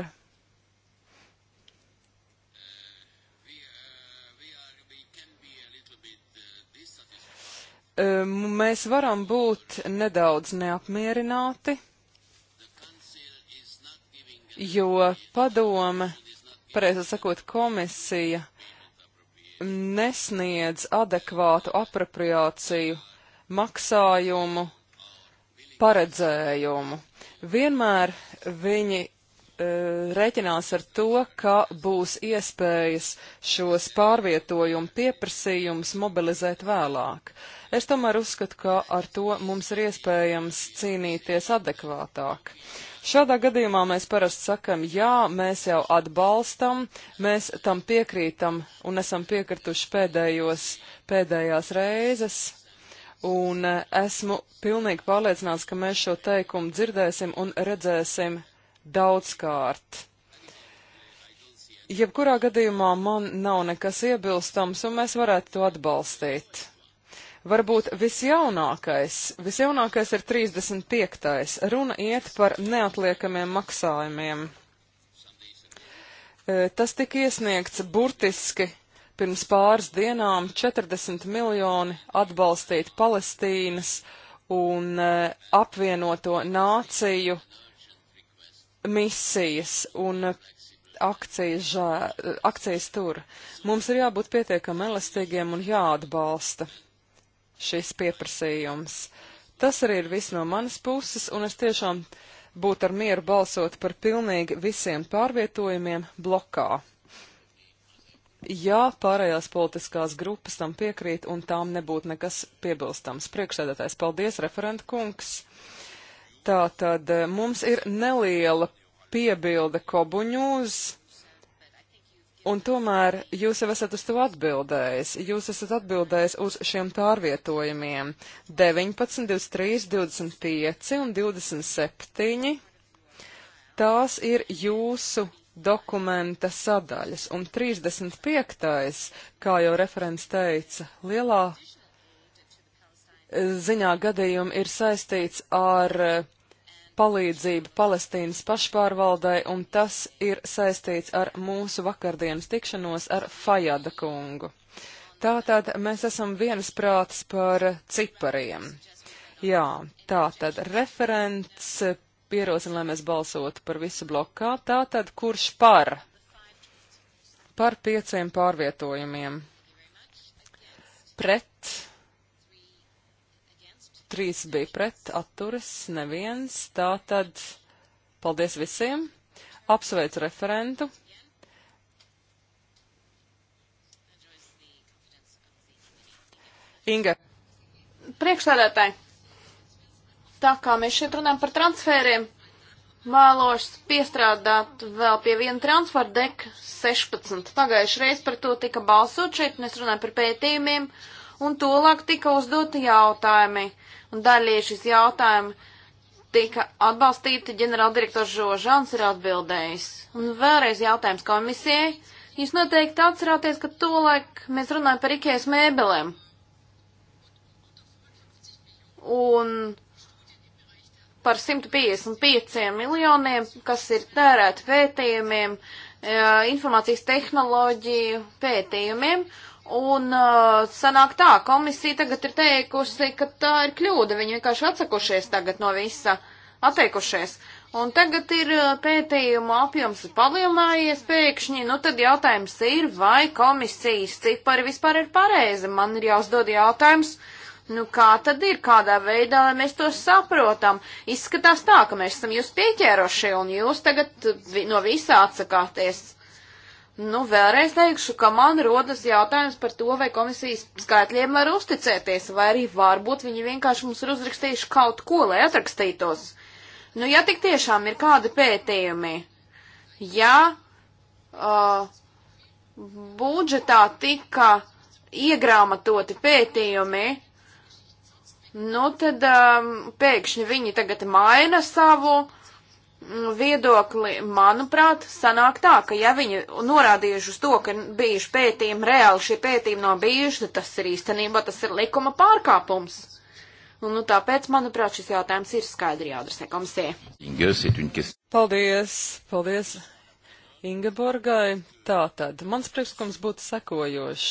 mēs varam būt nedaudz neapmierināti, jo padome, pareizi sakot, komisija nesniedz adekvātu apropriāciju maksājumu paredzējumu. Vienmēr viņi E, reķinās ar to, ka būs iespējas šos pārvietojumu pieprasījumus mobilizēt vēlāk. Es tomēr uzskatu, ka ar to mums ir iespējams cīnīties adekvātāk. Šādā gadījumā mēs parasti sakam, jā, mēs jau atbalstam, mēs tam piekrītam un esam piekrituši pēdējos, pēdējās reizes, un e, esmu pilnīgi pārliecināts, ka mēs šo teikumu dzirdēsim un redzēsim daudzkārt. Jebkurā gadījumā man nav nekas iebilstams, un mēs varētu to atbalstīt. Varbūt visjaunākais, visjaunākais ir 35. Runa iet par neatliekamiem maksājumiem. E, tas tika iesniegts burtiski pirms pāris dienām 40 miljoni atbalstīt Palestīnas un e, apvienoto nāciju misijas un akcijas, žā, akcijas tur. Mums ir jābūt pietiekami elastīgiem un jāatbalsta šis pieprasījums. Tas arī ir viss no manas puses, un es tiešām būtu ar mieru balsot par pilnīgi visiem pārvietojumiem blokā. Ja pārējās politiskās grupas tam piekrīt un tām nebūtu nekas piebilstams. Priekšsēdētājs, paldies, referenta kungs! Tātad eh, mums ir neliela piebilde kobuņūs. Un tomēr jūs jau esat uz to atbildējis. Jūs esat atbildējis uz šiem pārvietojumiem 19, 23, 25 un 27. Tās ir jūsu dokumenta sadaļas. Un 35. kā jau referents teica, lielā eh, ziņā gadījumi ir saistīts ar uh, palīdzību Palestīnas pašpārvaldei, un tas ir saistīts ar mūsu vakardienas tikšanos ar Fajada kungu. Tātad mēs esam viensprāts par cipariem. Jā, tātad referents pierosina, lai mēs balsotu par visu blokā. Tātad kurš par? Par pieciem pārvietojumiem. Pret trīs bija pret, atturas, neviens. Tā tad paldies visiem. Apsveicu referentu. Inga. Priekšstādātāji, tā kā mēs šeit runājam par transfēriem, vēlos piestrādāt vēl pie viena transfera deka 16. Pagājuši reiz par to tika balsot šeit, mēs runājam par pētījumiem, un tolāk tika uzdoti jautājumi. Uh, un daļēji šis jautājums tika atbalstīti, ģenerāldirektors Žožans ir atbildējis. Un vēlreiz jautājums komisijai. Jūs noteikti atcerāties, ka tolaik mēs runājam par Ikejas mēbelēm. Un par 155 miljoniem, kas ir tērēti pētījumiem, eh, informācijas tehnoloģiju pētījumiem. Uh, Un uh, sanāk tā, komisija tagad ir teikusi, ka tā ir kļūda, viņi vienkārši atsakušies tagad no visa, atteikušies. Un tagad ir uh, pētījuma apjoms palielinājies pēkšņi, nu tad jautājums ir, vai komisijas cipari vispār ir pareizi. Man ir jāuzdod jautājums, nu kā tad ir, kādā veidā, lai mēs to saprotam. Izskatās tā, ka mēs esam jūs pieķēroši un jūs tagad no visā atsakāties. Nu, vēlreiz teikšu, ka man rodas jautājums par to, vai komisijas skaitļiem var uzticēties, vai arī varbūt viņi vienkārši mums ir uzrakstījuši kaut ko, lai atrakstītos. Nu, ja tik tiešām ir kādi pētījumi, ja uh, budžetā tika iegrāmatoti pētījumi, nu, tad um, pēkšņi viņi tagad maina savu uh, viedokli, manuprāt, sanāk tā, ka ja viņi norādījuši uz to, ka bijuši pētījumi reāli, šie pētījumi nav bijuši, tad tas ir īstenībā, tas ir likuma pārkāpums. Un, nu, tāpēc, manuprāt, šis jautājums ir skaidri jāadresē komisijai. Paldies, paldies Ingeborgai. Tātad, mans priekšlikums būtu sekojošs.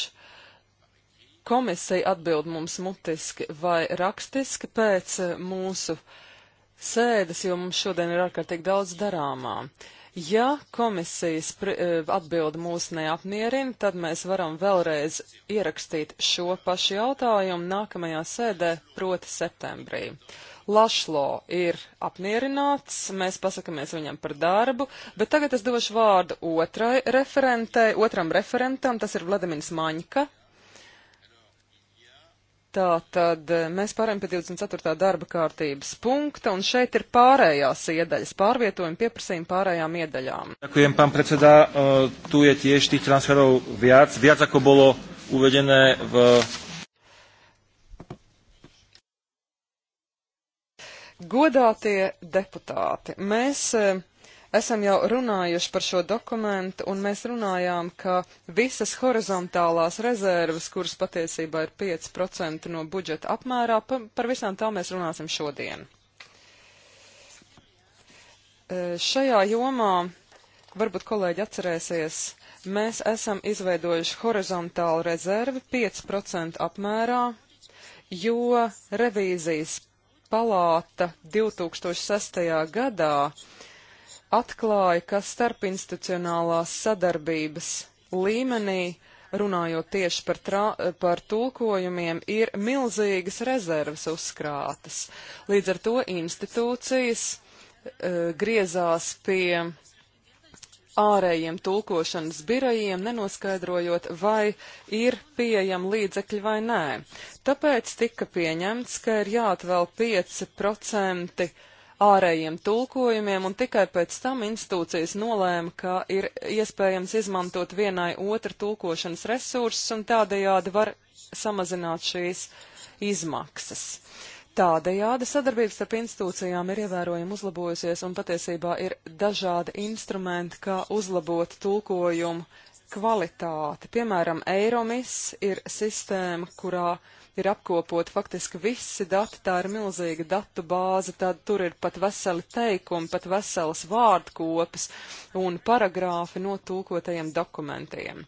Komisija atbild mums mutiski vai rakstiski pēc mūsu uh, sēdes, jo mums šodien ir ārkārtīgi daudz darāmā. Ja komisijas e, atbildi mūs neapmierina, tad mēs varam vēlreiz ierakstīt šo pašu jautājumu nākamajā sēdē, proti septembrī. Lašlo ir apmierināts, mēs pasakamies viņam par darbu, bet tagad es došu vārdu otrai referentei, otram referentam, tas ir Vladimirs Maņka. Tā tad eh, mēs pārējām pie 24. darba kārtības punkta, un šeit ir pārējās iedaļas pārvietojumi pieprasījumi pārējām iedaļām. Ďakujem, pán predsedā, eh, tu je tiež tých transferov viac, viac ako bolo uvedené v. Godātie deputāti, mēs eh, Esam jau runājuši par šo dokumentu, un mēs runājām, ka visas horizontālās rezervas, kuras patiesībā ir 5% no budžeta apmērā, pa, par visām tām mēs runāsim šodien. E, šajā jomā, varbūt kolēģi atcerēsies, mēs esam izveidojuši horizontālu rezervi 5% apmērā, jo revīzijas palāta 2006. gadā atklāja, ka starpinstitucionālās sadarbības līmenī, runājot tieši par, tra, par tulkojumiem, ir milzīgas rezerves uzkrātas. Līdz ar to institūcijas e, griezās pie ārējiem tulkošanas birojiem, nenoskaidrojot, vai ir pieejama līdzekļi vai nē. Tāpēc tika pieņemts, ka ir jāatvēl 5% ārējiem tulkojumiem, un tikai pēc tam institūcijas nolēma, ka ir iespējams izmantot vienai otru tulkošanas resursus, un tādējādi var samazināt šīs izmaksas. Tādējādi sadarbības starp institūcijām ir ievērojami uzlabojusies, un patiesībā ir dažādi instrumenti, kā uzlabot tulkojumu kvalitāti. Piemēram, Eiromis ir sistēma, kurā uh, ir apkopot faktiski visi dati, tā ir milzīga datu bāze, tad tur ir pat veseli teikumi, pat veselas vārdkopas un paragrāfi no tūkotajiem dokumentiem.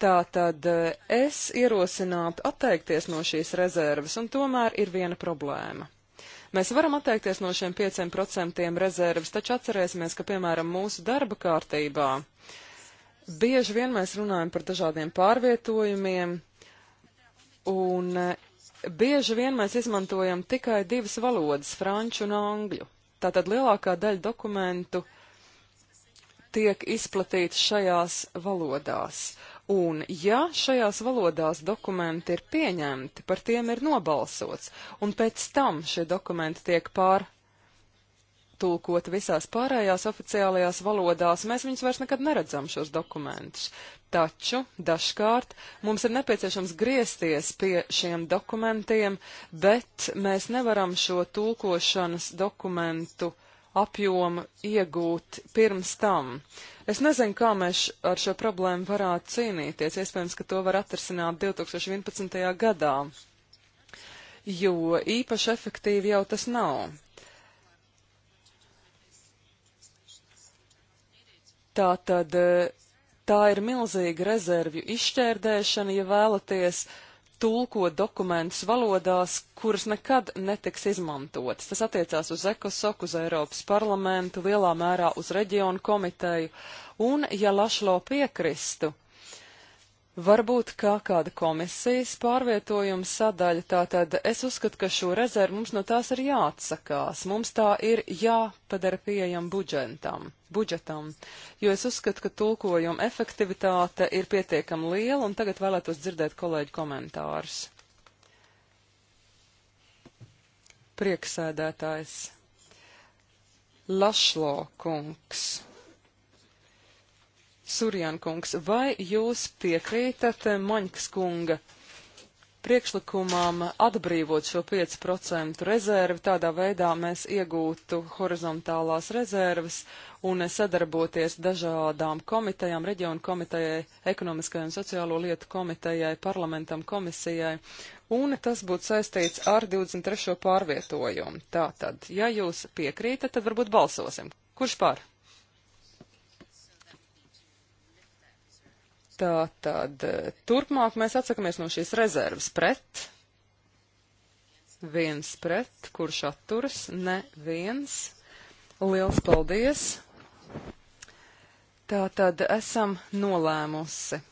Tātad eh, es ierosinātu atteikties no šīs rezerves, un tomēr ir viena problēma. Mēs varam atteikties no šiem 5% rezerves, taču atcerēsimies, ka, piemēram, mūsu darba kārtībā bieži vien mēs runājam par dažādiem pārvietojumiem, un eh, Bieži vien mēs izmantojam tikai divas valodas - franču un angļu. Tātad lielākā daļa dokumentu tiek izplatīta šajās valodās. Un, ja šajās valodās dokumenti ir pieņemti, par tiem ir nobalsots, un pēc tam šie dokumenti tiek pār tulkoti visās pārējās oficiālajās valodās, mēs viņus vairs nekad neredzam šos dokumentus. Taču dažkārt mums ir nepieciešams griezties pie šiem dokumentiem, bet mēs nevaram šo tulkošanas dokumentu apjomu iegūt pirms tam. Es nezinu, kā mēs ar šo problēmu varētu cīnīties. Iespējams, ka to var atrisināt 2011. gadā, jo īpaši efektīvi jau tas nav. Tā tad eh, tā ir milzīga rezervju izšķērdēšana, ja vēlaties tulkot dokumentus valodās, kuras nekad netiks izmantotas. Tas attiecās uz ECOSOK, uz Eiropas parlamentu, lielā mērā uz reģionu komiteju, un, ja Lašlo piekristu, Varbūt kā kāda komisijas pārvietojuma sadaļa, tātad es uzskatu, ka šo rezervu mums no tās ir jāatsakās, mums tā ir jāpadara pieejam budžetam, budžetam, jo es uzskatu, ka tulkojuma efektivitāte ir pietiekam liela, un tagad vēlētos dzirdēt kolēģu komentārus. Prieksēdētājs Lašlo kungs. Surjankungs, vai jūs piekrītat eh, Maņkas kunga priekšlikumam atbrīvot šo 5% rezervi, tādā veidā mēs iegūtu horizontālās rezerves un sadarboties dažādām komitejām, reģionu komitejai, ekonomiskajai un sociālo lietu komitejai, parlamentam komisijai, un tas būtu saistīts ar 23. pārvietojumu. Tātad, ja jūs piekrītat, tad varbūt balsosim. Kurš pār? Tā tad eh, turpmāk mēs atsakamies no šīs rezerves pret. Viens pret, kurš atturas, neviens. Liels paldies! Tā tad esam nolēmusi.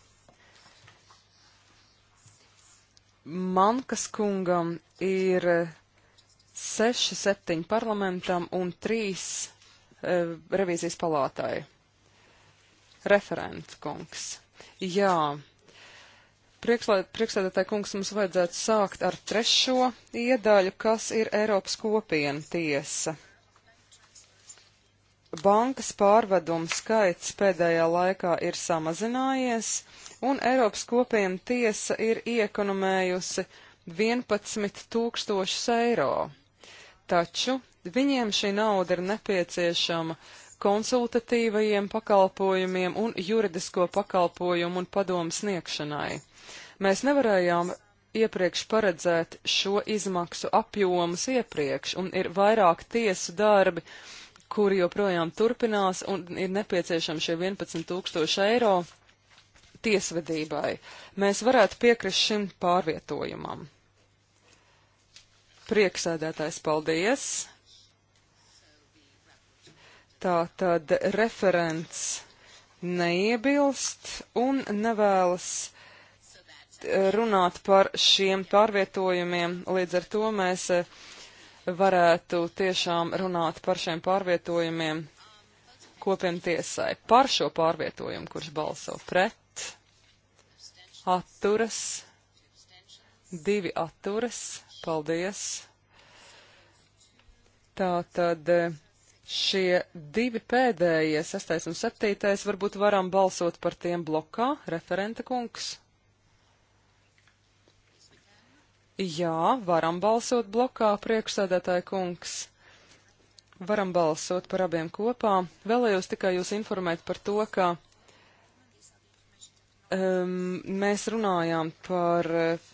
Mankas kungam ir 6, eh, 7 parlamentam un 3 e, eh, revīzijas palātai. Referents kungs. Jā. Priekšsēdētāji kungs mums vajadzētu sākt ar trešo iedaļu, kas ir Eiropas kopiena tiesa. Bankas pārvedumu skaits pēdējā laikā ir samazinājies, un Eiropas kopiena tiesa ir iekonomējusi 11 tūkstošus eiro. Taču viņiem šī nauda ir nepieciešama konsultatīvajiem pakalpojumiem un juridisko pakalpojumu un padomu sniegšanai. Mēs nevarējām iepriekš paredzēt šo izmaksu apjomus iepriekš, un ir vairāk tiesu darbi, kuri joprojām turpinās, un ir nepieciešami šie 11 tūkstoši eiro tiesvedībai. Mēs varētu piekrist šim pārvietojumam. Prieksēdētājs, paldies! Tā tad referents neiebilst un nevēlas eh, runāt par šiem pārvietojumiem. Līdz ar to mēs eh, varētu tiešām runāt par šiem pārvietojumiem kopiem tiesai. Par šo pārvietojumu, kurš balso pret, atturas, divi atturas, paldies. Tā tad eh, Šie divi pēdējie, sastais un septītais, varbūt varam balsot par tiem blokā, referenta kungs. Jā, varam balsot blokā, priekšsēdētāja kungs. Varam balsot par abiem kopā. Vēlējos tikai jūs informēt par to, ka um, mēs runājām par eh,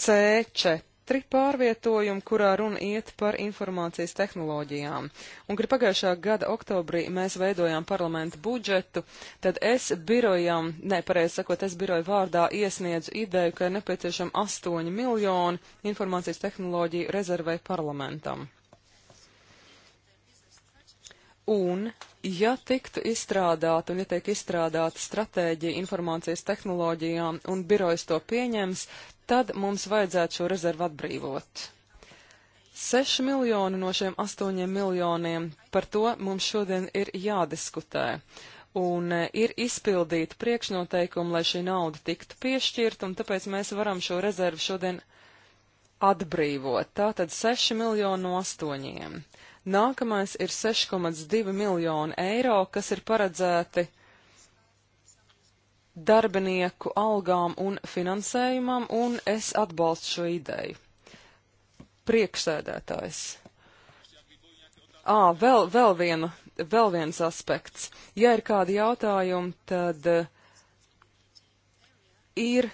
C4 četri pārvietojumi, kurā runa iet par informācijas tehnoloģijām. Un, kad pagājušā gada oktobrī mēs veidojām parlamentu budžetu, tad es birojam, ne, pareizi sakot, es biroju vārdā iesniedzu ideju, ka ir nepieciešama 8 miljoni informācijas tehnoloģiju rezervai parlamentam. Un, ja tiktu izstrādāta un ja tiek izstrādāta stratēģija informācijas tehnoloģijām un birojas to pieņems, tad mums vajadzētu šo rezervu atbrīvot. 6 miljoni no šiem 8 miljoniem par to mums šodien ir jādiskutē. Un e, ir izpildīti priekšnoteikumi, lai šī nauda tiktu piešķirta, un tāpēc mēs varam šo rezervu šodien atbrīvot. Tātad 6 miljoni no 8. Nākamais ir 6,2 miljoni eiro, kas ir paredzēti darbinieku algām un finansējumam, un es atbalstu šo ideju. Priekšsēdētājs. Ā, vēl, vēl, vienu, vēl viens aspekts. Ja ir kādi jautājumi, tad eh, ir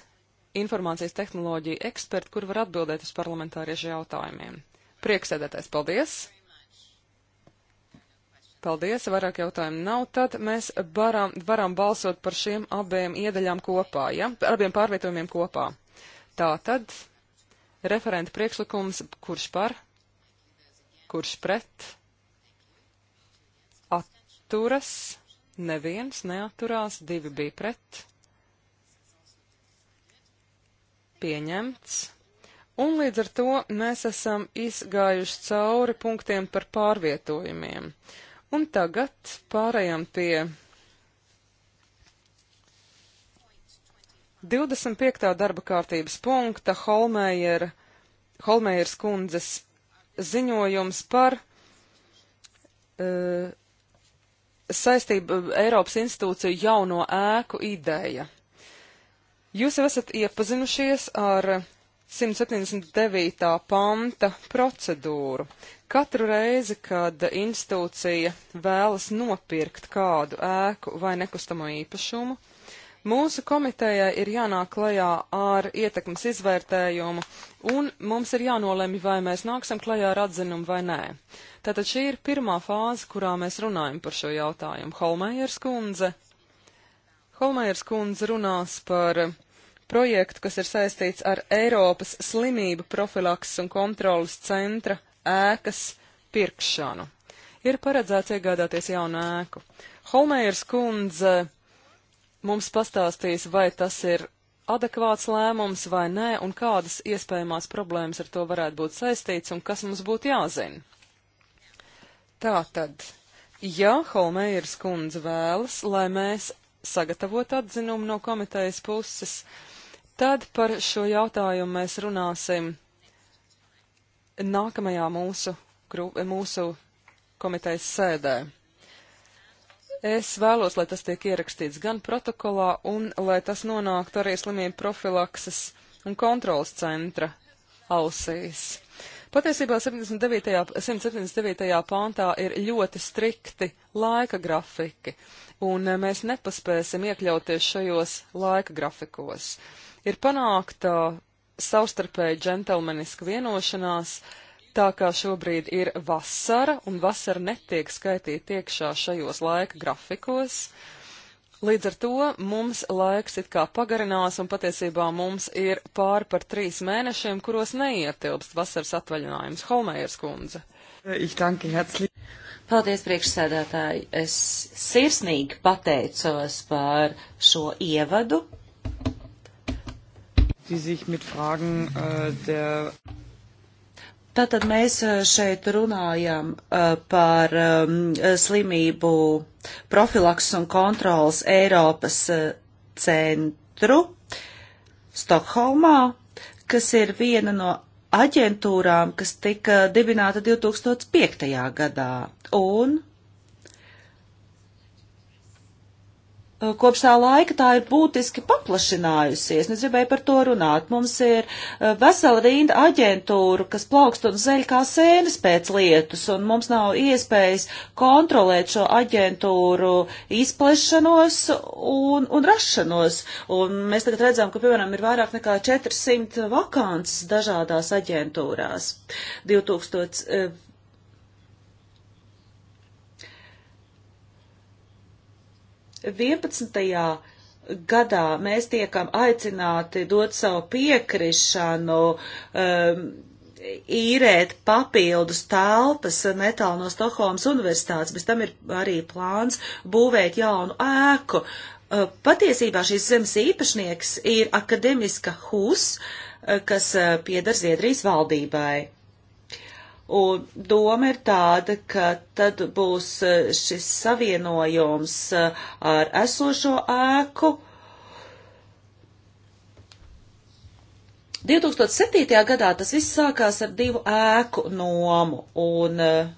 informācijas tehnoloģija eksperti, kur var atbildēt uz parlamentāriešu jautājumiem. Prieksēdētais, paldies! Paldies, vairāk jautājumu nav, tad mēs varam, varam balsot par šiem abiem iedaļām kopā, ja? Par abiem pārvietojumiem kopā. Tā tad referenta priekšlikums, kurš par, kurš pret, atturas, neviens neatturās, divi bija pret, pieņemts. Un līdz ar to mēs esam izgājuši cauri punktiem par pārvietojumiem. Un tagad pārējām pie 25. darba kārtības punkta Holmējera, Holmējers kundzes ziņojums par uh, saistību Eiropas institūciju jauno ēku ideja. Jūs jau esat iepazinušies ar 179. panta procedūru. Katru reizi, kad institūcija vēlas nopirkt kādu ēku vai nekustamo īpašumu, mūsu komitejai ir jānāk klajā ar ietekmes izvērtējumu, un mums ir jānolemj, vai mēs nāksim klajā ar atzinumu vai nē. Tātad šī ir pirmā fāze, kurā mēs runājam par šo jautājumu. Holmējers kundze. Holmējers kundze runās par projektu, kas ir saistīts ar Eiropas slimību profilakses un kontrolas centra ēkas pirkšanu. Ir paredzēts iegādāties jaunu ēku. Holmējas kundze mums pastāstīs, vai tas ir adekvāts lēmums vai nē, un kādas iespējamās problēmas ar to varētu būt saistīts, un kas mums būtu jāzina. Tātad, ja Holmējas kundze vēlas, lai mēs sagatavot atzinumu no komitejas puses, uh, Tad par šo jautājumu mēs runāsim nākamajā mūsu, mūsu komitejas sēdē. Es vēlos, lai tas tiek ierakstīts gan protokolā, un lai tas nonāktu arī slimību profilakses un kontrolas centra ausīs. Patiesībā 79, 179. pāntā ir ļoti strikti laika grafiki, un mēs nepaspēsim iekļauties šajos laika grafikos. Uh, ir panākta savstarpēji džentelmeniska vienošanās, tā kā šobrīd ir vasara, un vasara netiek skaitīt iekšā šajos laika grafikos. Līdz ar to mums laiks it kā pagarinās, un patiesībā mums ir pāri par trīs mēnešiem, kuros neietilpst vasaras atvaļinājums. Holmējers kundze. Paldies, priekšsēdētāji. Es sirsnīgi pateicos par šo ievadu die sich mit Fragen äh, der Tātad mēs äh, šeit runājam uh, par um, slimību profilaks un kontrolas Eiropas uh, centru Stokholmā, kas ir viena no aģentūrām, kas tika dibināta 2005. gadā. Un Eh, kopš tā laika tā ir būtiski paplašinājusies. Es gribēju par to runāt. Mums ir eh, vesela rinda aģentūru, kas plaukst un zeļ kā sēnes pēc lietus, un mums nav iespējas kontrolēt šo aģentūru izplešanos un, un rašanos. Un mēs tagad redzam, ka, piemēram, ir vairāk nekā 400 vakants dažādās aģentūrās. 2000, 11. gadā mēs tiekam aicināti dot savu piekrišanu um, īrēt papildus telpas netālu no Stokholmas universitātes, bet tam ir arī plāns būvēt jaunu ēku. Uh, patiesībā šīs zemes īpašnieks ir akademiska hus, uh, kas uh, pieder Zviedrijas valdībai. Un doma ir tāda, ka tad būs eh, šis savienojums eh, ar esošo ēku. 2007. gadā tas viss sākās ar divu ēku nomu, un eh,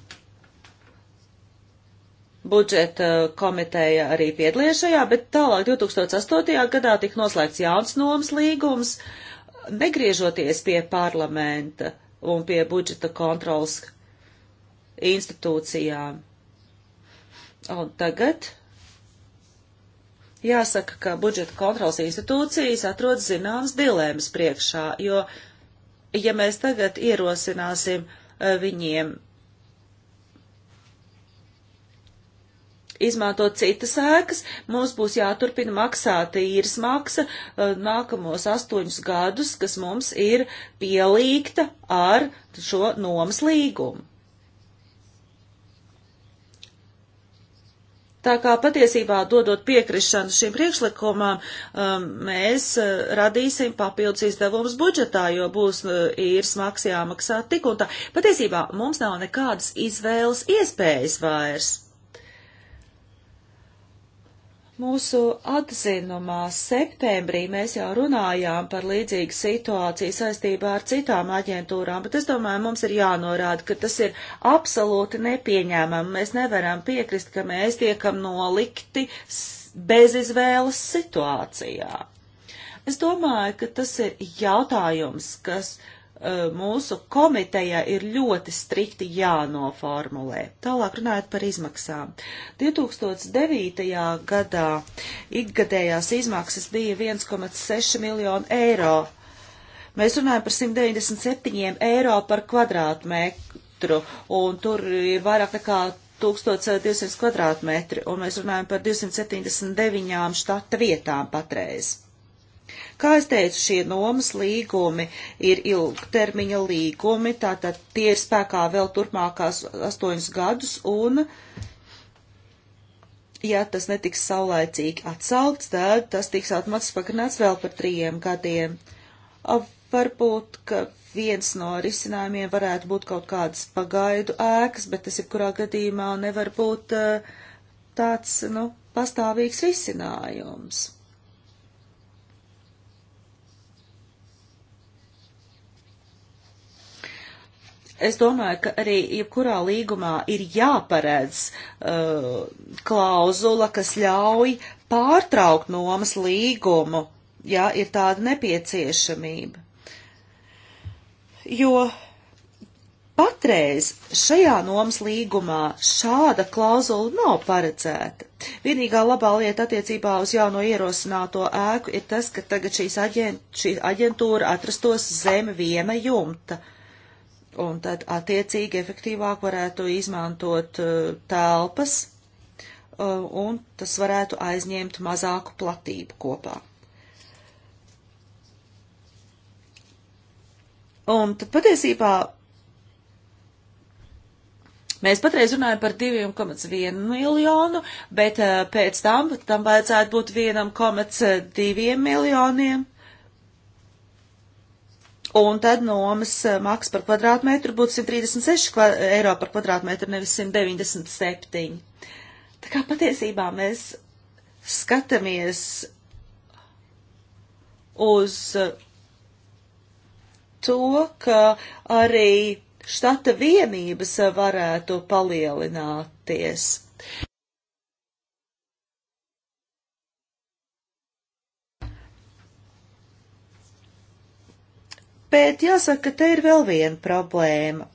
budžeta komiteja arī piedalījās šajā, bet tālāk 2008. gadā tika noslēgts jauns nomas līgums, negriežoties pie parlamenta un pie budžeta kontrolas institūcijām. Un tagad jāsaka, ka budžeta kontrolas institūcijas atrod zināmas dilēmas priekšā, jo, ja mēs tagad ierosināsim eh, viņiem izmantot citas ēkas, mums būs jāturpina maksāt īres maksa uh, nākamos astoņus gadus, kas mums ir pielīgta ar šo nomas līgumu. Tā kā patiesībā dodot piekrišanu šim priekšlikumam, um, mēs uh, radīsim papildus izdevumus budžetā, jo būs uh, īres maks jāmaksā tik un tā. Patiesībā mums nav nekādas izvēles iespējas vairs. Mūsu atzinumā septembrī mēs jau runājām par līdzīgu situāciju saistībā ar citām aģentūrām, bet es domāju, mums ir jānorāda, ka tas ir absolūti nepieņēmami. Mēs nevaram piekrist, ka mēs tiekam nolikti bez izvēles situācijā. Es domāju, ka tas ir jautājums, kas mūsu komiteja ir ļoti strikti jānoformulē. Tālāk runājot par izmaksām. 2009. gadā ikgadējās izmaksas bija 1,6 miljonu eiro. Mēs runājam par 197 eiro par kvadrātmetru, un tur ir vairāk nekā 1200 kvadrātmetri, un mēs runājam par 279 štata vietām patreiz. Kā es teicu, šie nomas līgumi ir ilgtermiņa līgumi, tātad tie ir spēkā vēl turpmākās astoņus gadus un ja tas netiks saulēcīgi atsaukts, tad tas tiks automātiski pagarināts vēl par trījiem gadiem. Varbūt, ka viens no risinājumiem varētu būt kaut kādas pagaidu ēkas, bet tas jebkurā gadījumā nevar būt tāds, nu, pastāvīgs risinājums. Es domāju, ka arī jebkurā līgumā ir jāparedz uh, klauzula, kas ļauj pārtraukt nomas līgumu, ja ir tāda nepieciešamība. Jo patreiz šajā nomas līgumā šāda klauzula nav paredzēta. Vienīgā labā lieta attiecībā uz jauno ierosināto ēku ir tas, ka tagad šīs aģent, šī aģentūra atrastos zem viena jumta. Uh, un tad attiecīgi efektīvāk varētu izmantot uh, telpas, uh, un tas varētu aizņemt mazāku platību kopā. Un tad patiesībā Mēs patreiz runājam par 2,1 miljonu, bet uh, pēc tam tam vajadzētu būt 1,2 miljoniem. Un tad nomas eh, maksa par kvadrātmetru būtu 136 eiro par kvadrātmetru, nevis 197. Tā kā patiesībā mēs skatāmies uz eh, to, ka arī štata vienības varētu palielināties. Bet jāsaka, ka te ir vēl viena problēma,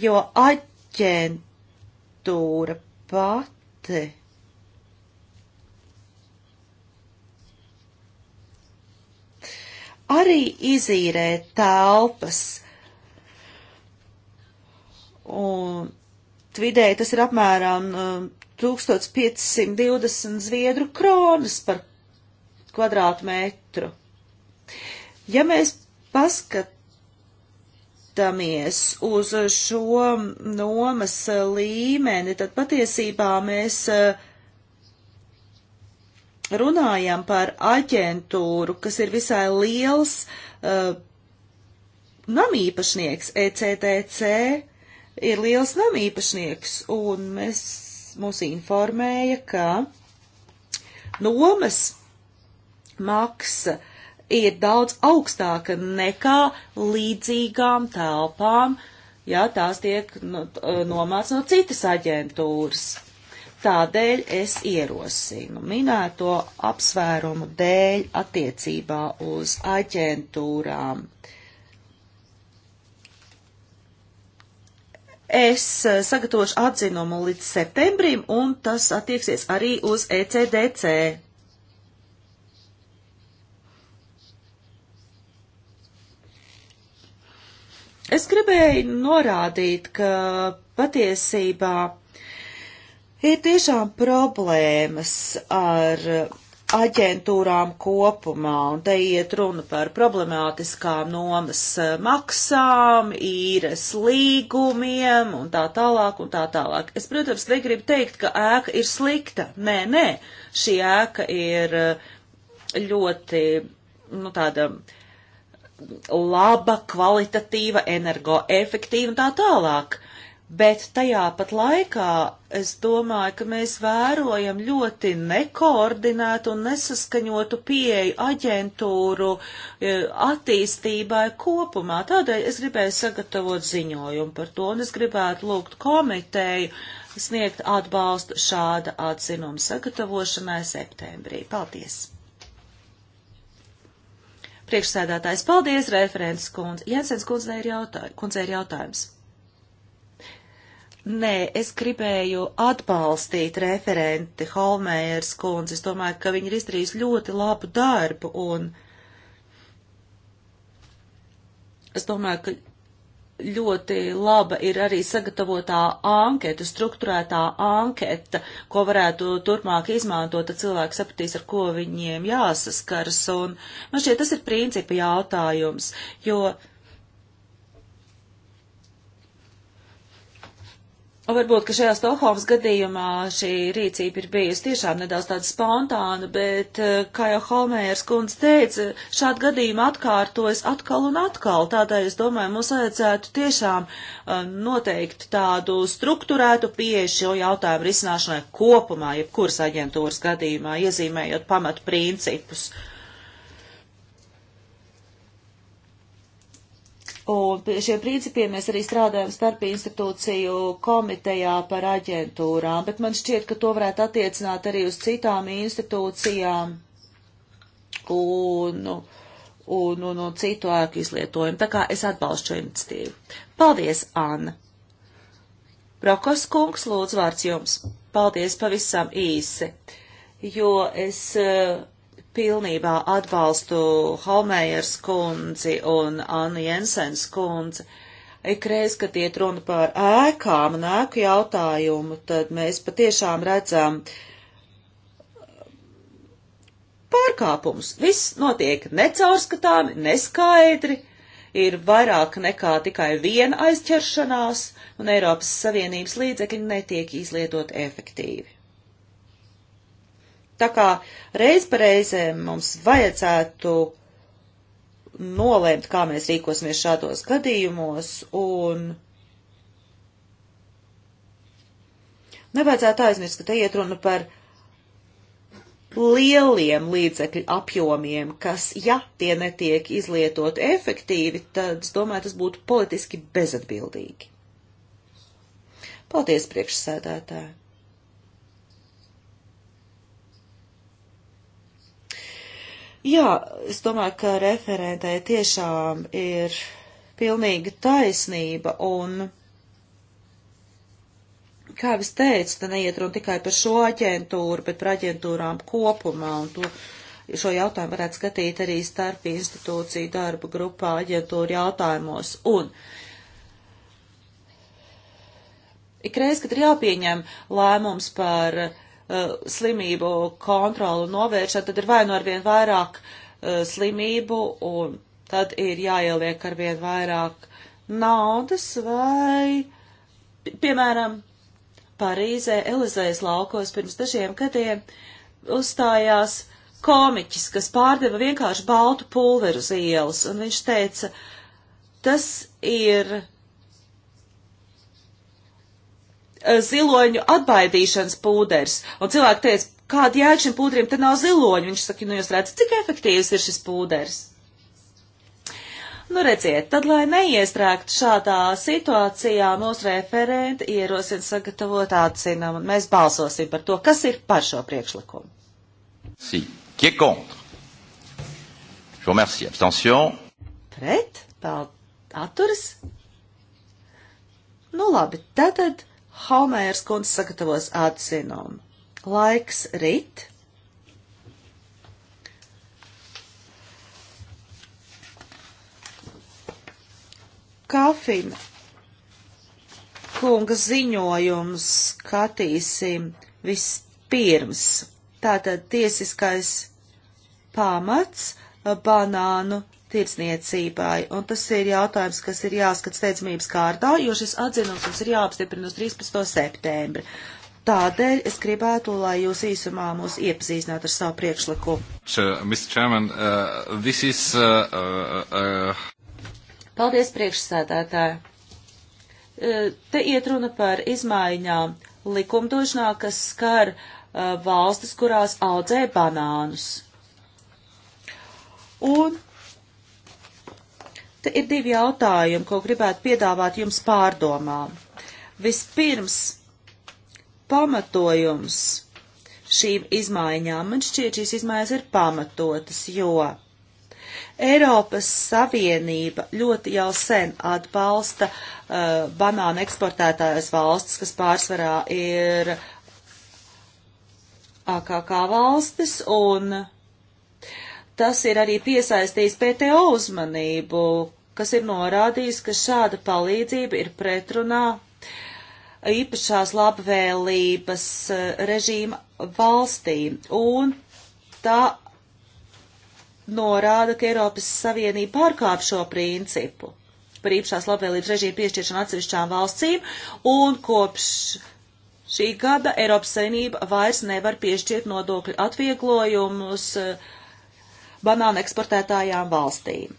jo aģentūra pati arī izīrē telpas. Un vidēji tas ir apmēram 1520 um, zviedru kronas par kvadrātmetru. Ja mēs paskat, skatāmies uz šo nomas līmeni, tad patiesībā mēs eh, runājam par aģentūru, kas ir visai liels uh, eh, namīpašnieks. ECTC ir liels namīpašnieks, un mēs, mūs informēja, ka nomas maksa uh, ir daudz augstāka nekā līdzīgām telpām, ja tās tiek nu, eh, nomāts no citas aģentūras. Tādēļ es ierosinu minēto apsvērumu dēļ attiecībā uz aģentūrām. Es eh, sagatavošu atzinumu līdz septembrim, un tas attieksies arī uz ECDC Es gribēju norādīt, ka patiesībā ir tiešām problēmas ar aģentūrām kopumā, un te iet runa par problemātiskām nomas maksām, īres līgumiem un tā tālāk un tā tālāk. Es, protams, negribu teikt, ka ēka ir slikta. Nē, nē, šī ēka ir ļoti, nu, tāda laba, kvalitatīva, energoefektīva un tā tālāk. Bet tajā pat laikā es domāju, ka mēs vērojam ļoti nekoordinētu un nesaskaņotu pieeju aģentūru e, attīstībai kopumā. Tādēļ es gribēju sagatavot ziņojumu par to, un es gribētu lūgt komiteju sniegt atbalstu šāda atzinuma sagatavošanai septembrī. Paldies! Priekšsēdētājs, paldies, referents kundze. Jensens kundze ir, jautāj kundze ir jautājums. Nē, es gribēju atbalstīt referenti Holmējers kundzi. Es domāju, ka viņi ir izdarījusi ļoti labu darbu un es domāju, ka ļoti laba ir arī sagatavotā anketa, struktūrētā anketa, ko varētu turpmāk izmantot, tad cilvēki sapratīs, ar ko viņiem jāsaskars. Un man šķiet, tas ir principa jautājums, jo Un varbūt, ka šajā Stokholmas gadījumā šī rīcība ir bijusi tiešām nedaudz tāda spontāna, bet, eh, kā jau Holmējers kundze teica, šādi gadījumi atkārtojas atkal un atkal. Tādēļ, es domāju, mums vajadzētu tiešām eh, noteikt tādu strukturētu pieeju šo jautājumu risināšanai kopumā, jebkuras aģentūras gadījumā, iezīmējot pamatu principus. Uh, Un pie šiem principiem mēs arī strādājam starp institūciju komitejā par aģentūrām, bet man šķiet, ka to varētu attiecināt arī uz citām institūcijām un, un, un, un citu ēku izlietojumu. Tā kā es atbalstu šo iniciatīvu. Paldies, Anna! Brokos kungs, lūdzu vārds jums. Paldies pavisam īsi, jo es. Uh, pilnībā atbalstu Homējers kundzi un Anna Jensens kundzi. Ikreiz, kad iet runa par ēkām un ēku jautājumu, tad mēs patiešām redzam pārkāpumus. Viss notiek necaurskatāmi, neskaidri, ir vairāk nekā tikai viena aizķeršanās, un Eiropas Savienības līdzekļi netiek izlietot efektīvi. Tā kā reiz pa reizēm mums vajadzētu nolēmt, kā mēs rīkosimies šādos gadījumos, un nevajadzētu aizmirst, ka te iet runa par lieliem līdzekļu apjomiem, kas, ja tie netiek izlietot efektīvi, tad, es domāju, tas būtu politiski bezatbildīgi. Paldies, priekšsēdētāji! Jā, es domāju, ka referentē tiešām ir pilnīga taisnība un, kā es teicu, te neiet runa tikai par šo aģentūru, bet par aģentūrām kopumā un to. Šo jautājumu varētu skatīt arī starp institūciju darba grupā aģentūra jautājumos. Un ikreiz, kad ir jāpieņem lēmums par uh, Uh, slimību kontrolu un novēršana, tad ir vai nu arvien vairāk uh, slimību un tad ir jāieliek arvien vairāk naudas vai, piemēram, Parīzē, Elizejas laukos pirms dažiem gadiem uzstājās komiķis, kas pārdeva vienkārši baltu pulveru uz ielas, un viņš teica, tas ir Eh, ziloņu atbaidīšanas pūders. Un cilvēki teica, kāda jēga šim pūderim, te nav ziloņu. Viņš saka, nu jūs redzat, cik efektīvs ir šis pūders. Nu, redziet, tad, lai neiestrēgt šādā situācijā, mūsu referenti ierosina sagatavot atzinumu, un mēs balsosim par to, kas ir par šo priekšlikumu. Si. Qui est contre? Je vous remercie. Abstention. Pret? Pal... Atturs? Nu, labi, tātad. Tad Homērs kundze sagatavos atzinumu. Laiks rit. Kafina kunga ziņojums skatīsim vispirms. Tātad tiesiskais pamats banānu tirdzniecībai. Un tas ir jautājums, kas ir jāskat steidzamības kārtā, jo šis atzinums mums ir jāapstiprina uz 13. septembri. Tādēļ es gribētu, lai jūs īsumā mūs iepazīstinātu ar savu priekšlikumu. Mr. Chairman, uh, this is, uh, uh, uh... Paldies, priekšsēdētāji. Uh, te iet runa par izmaiņām likumdošanā, kas skar uh, valstis, kurās audzē banānus. Un Te ir divi jautājumi, ko gribētu piedāvāt jums pārdomām. Vispirms, pamatojums šīm izmaiņām. Man šķiet, šīs izmaiņas ir pamatotas, jo Eiropas Savienība ļoti jau sen atbalsta uh, banānu eksportētājas valstis, kas pārsvarā ir AKK valstis, un tas ir arī piesaistījis PTO uzmanību, kas ir norādījis, ka šāda palīdzība ir pretrunā īpašās labvēlības eh, režīma valstīm, un tā norāda, ka Eiropas Savienība pārkāp šo principu par īpašās labvēlības režīmu piešķiršanu atsevišķām valstīm, un kopš šī gada Eiropas Savienība vairs nevar piešķirt nodokļu atvieglojumus uh, banānu eksportētājām valstīm.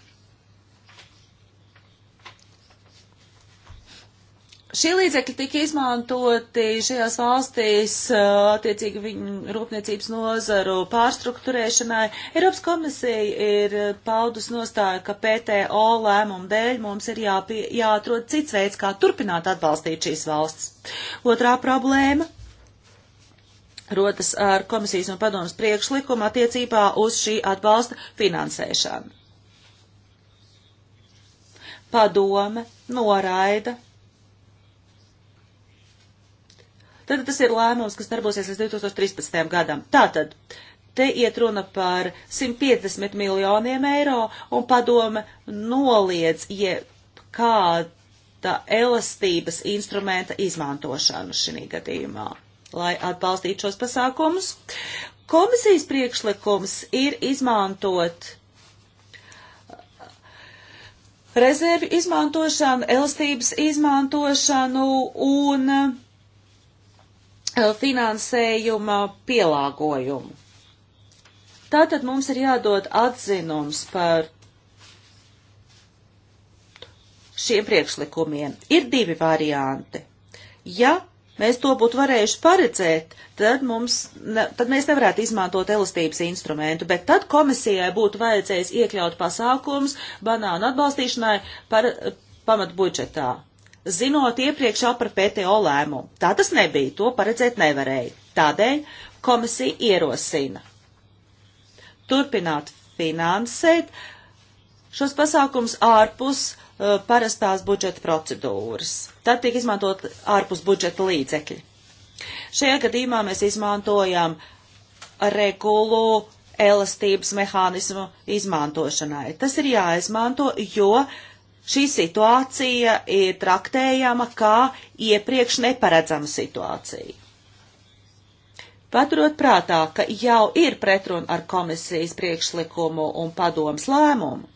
Šie līdzekļi tika izmantoti šajās valstīs, uh, attiecīgi viņu rūpniecības nozaru pārstruktūrēšanai. Eiropas komisija ir paudus nostāju, ka PTO lēmumu dēļ mums ir jāpie, jāatrod cits veids, kā turpināt atbalstīt šīs valsts. Otrā problēma rotas ar komisijas un padomas priekšlikumu attiecībā uz šī atbalsta finansēšanu. Padome noraida. Tad tas ir lēmums, kas darbosies līdz 2013. gadam. Tātad, te iet runa par 150 miljoniem eiro, un padome noliedz jebkāda elastības instrumenta izmantošanu šī gadījumā lai atbalstītu šos pasākumus. Komisijas priekšlikums ir izmantot uh, rezervi izmantošanu, elstības izmantošanu un uh, finansējuma pielāgojumu. Tātad mums ir jādod atzinums par šiem priekšlikumiem. Ir divi varianti. Ja mēs to būtu varējuši paredzēt, tad, mums, ne, tad mēs nevarētu izmantot elastības instrumentu, bet tad komisijai būtu vajadzējis iekļaut pasākums banānu atbalstīšanai par, eh, pamatbudžetā, zinot iepriekš apra PTO lēmumu. Tā tas nebija, to paredzēt nevarēja. Tādēļ komisija ierosina turpināt finansēt šos pasākums ārpus Uh, parastās budžeta procedūras. Tad tiek izmantot ārpus budžeta līdzekļi. Šajā gadījumā mēs izmantojam regulu elastības mehānismu izmantošanai. Tas ir jāizmanto, jo šī situācija ir traktējama kā iepriekš neparedzama situācija. Paturot prātā, ka jau ir pretruna ar komisijas priekšlikumu un padomas lēmumu,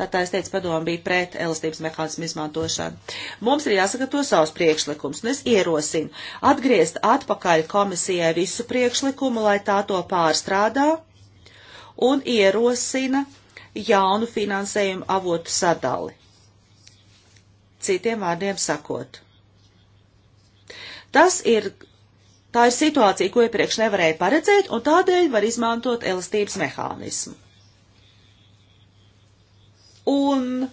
Tātad es teicu, padomu bija pret elastības mehānismu izmantošanu. Mums ir jāsaka to savus priekšlikumus, un es ierosinu atgriezt atpakaļ komisijai visu priekšlikumu, lai tā to pārstrādā un ierosina jaunu finansējumu avotu sadali. Citiem vārdiem sakot. Tas ir Tā ir situācija, ko iepriekš nevarēja paredzēt, un tādēļ var izmantot elastības mehānismu un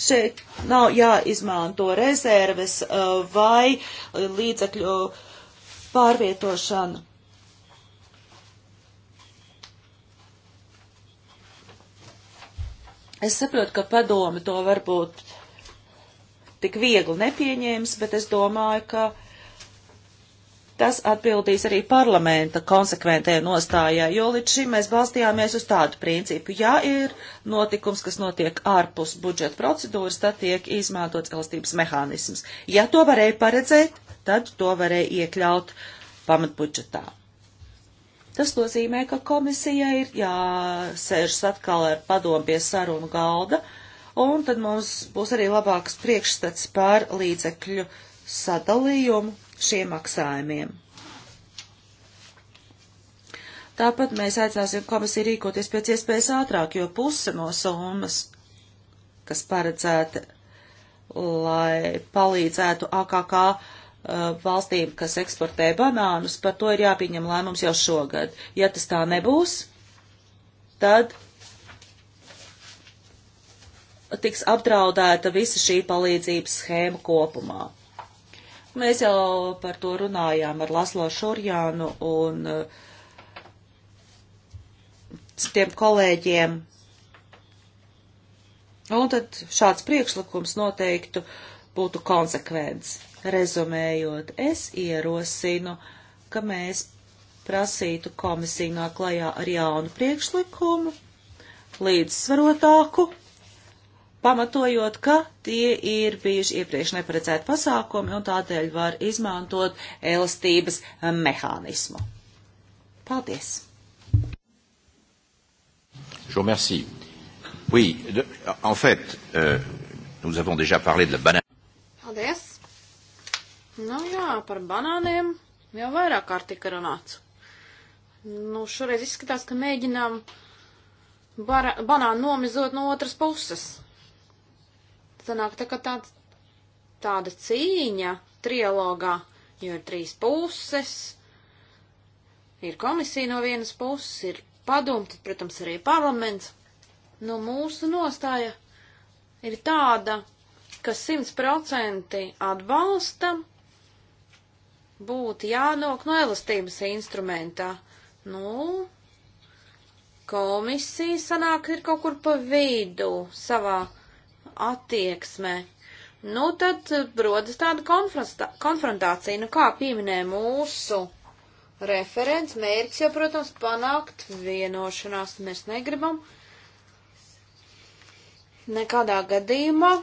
šeit nav jāizmanto rezerves uh, vai uh, līdzekļu uh, pārvietošana. Es saprotu, ka padomi to varbūt tik viegli nepieņēmis, bet es domāju, ka tas atbildīs arī parlamenta konsekventē nostājai, jo līdz šim mēs balstījāmies uz tādu principu. Ja ir notikums, kas notiek ārpus budžeta procedūras, tad tiek izmantots elastības mehānisms. Ja to varēja paredzēt, tad to varēja iekļaut pamatbudžetā. Tas nozīmē, ka komisija ir jāsēžas atkal ar padomu pie sarunu galda, un tad mums būs arī labāks priekšstats par līdzekļu sadalījumu šiem maksājumiem. Tāpat mēs aicināsim komisiju rīkoties pēc iespējas ātrāk, jo puse no summas, kas paredzēta, lai palīdzētu AKK uh, valstīm, kas eksportē banānus, par to ir jāpieņem lēmums jau šogad. Ja tas tā nebūs, tad tiks apdraudēta visa šī palīdzības schēma kopumā. Mēs jau par to runājām ar Laslo Šurjānu un eh, tiem kolēģiem. Un tad šāds priekšlikums noteiktu būtu konsekvents. Rezumējot, es ierosinu, ka mēs prasītu komisiju nāk klajā ar jaunu priekšlikumu, līdzsvarotāku pamatojot, ka tie ir bijuši iepriekš neparedzēti pasākumi un tādēļ var izmantot elastības mehānismu. Paldies! Je vous remercie. Oui, de, en fait, euh, nous avons déjà parlé de la banane. Paldies. Nu jā, par banāniem jau vairāk kārt tika runāts. Nu, šoreiz izskatās, ka mēģinām bara, banānu nomizot no otras puses sanāk tā kā tāds, tāda cīņa trilogā, jo ir trīs puses, ir komisija no vienas puses, ir padomu, tad, protams, arī parlaments. Nu, mūsu nostāja ir tāda, ka 100% atbalstam būtu jānok no elastības instrumentā. Nu, komisija sanāk ir kaut kur pa vidu savā attieksme, nu tad eh, rodas tāda konfrontācija, nu kā pieminēja mūsu referents, mērķis jau, protams, panākt vienošanās, mēs negribam nekādā gadījumā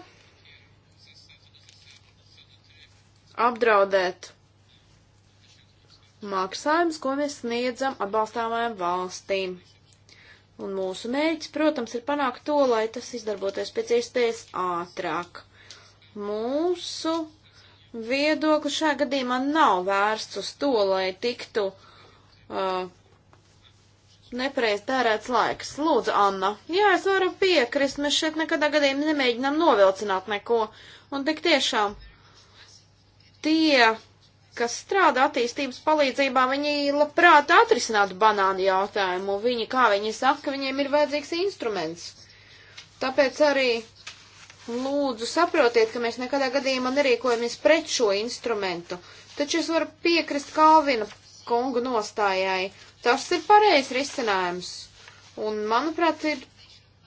apdraudēt maksājumus, ko mēs sniedzam atbalstāmajām valstīm. Un mūsu mērķis, protams, ir panākt to, lai tas izdarboties pēc iespējas ātrāk. Mūsu viedokli šajā gadījumā nav vērsts uz to, lai tiktu uh, nepareiz tērēts laiks. Lūdzu, Anna. Jā, es varu piekrist, mēs šeit nekadā gadījumā nemēģinām novilcināt neko. Un tik tiešām tie kas strādā attīstības palīdzībā, viņi labprāt atrisinātu banānu jautājumu. Viņi, kā viņi saka, viņiem ir vajadzīgs instruments. Tāpēc arī lūdzu saprotiet, ka mēs nekadā gadījumā nerīkojamies pret šo instrumentu. Taču es varu piekrist Kalvina kungu nostājai. Tas ir pareizs risinājums. Un, manuprāt, ir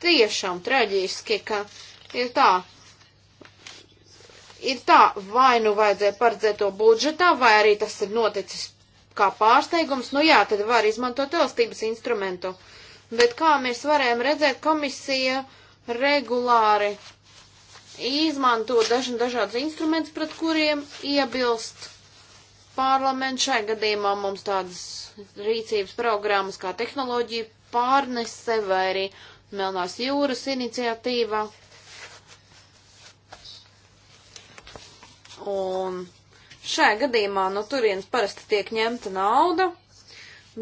tiešām traģiski, ka ir tā, ir tā, vai nu vajadzēja paredzēt to budžetā, vai arī tas ir noticis kā pārsteigums, nu jā, tad var izmantot elastības instrumentu. Bet kā mēs varējām redzēt, komisija regulāri izmanto dažna dažādas instrumentus, pret kuriem iebilst parlaments. Šai gadījumā mums tādas rīcības programmas kā tehnoloģija pārnese vai arī Melnās jūras iniciatīva Un šajā gadījumā no nu, turienes parasti tiek ņemta nauda,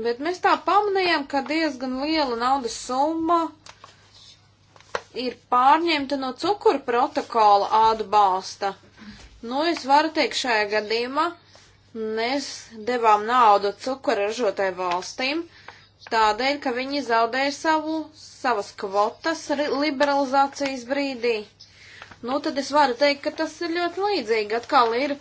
bet mēs tā pamanījām, ka diezgan liela naudas summa ir pārņemta no cukura protokola atbalsta. Nu, es varu teikt, šajā gadījumā mēs devām naudu cukura ražotai valstīm, tādēļ, ka viņi zaudēja savu, savas kvotas liberalizācijas brīdī nu tad es varu teikt, ka tas ir ļoti līdzīgi. Atkal ir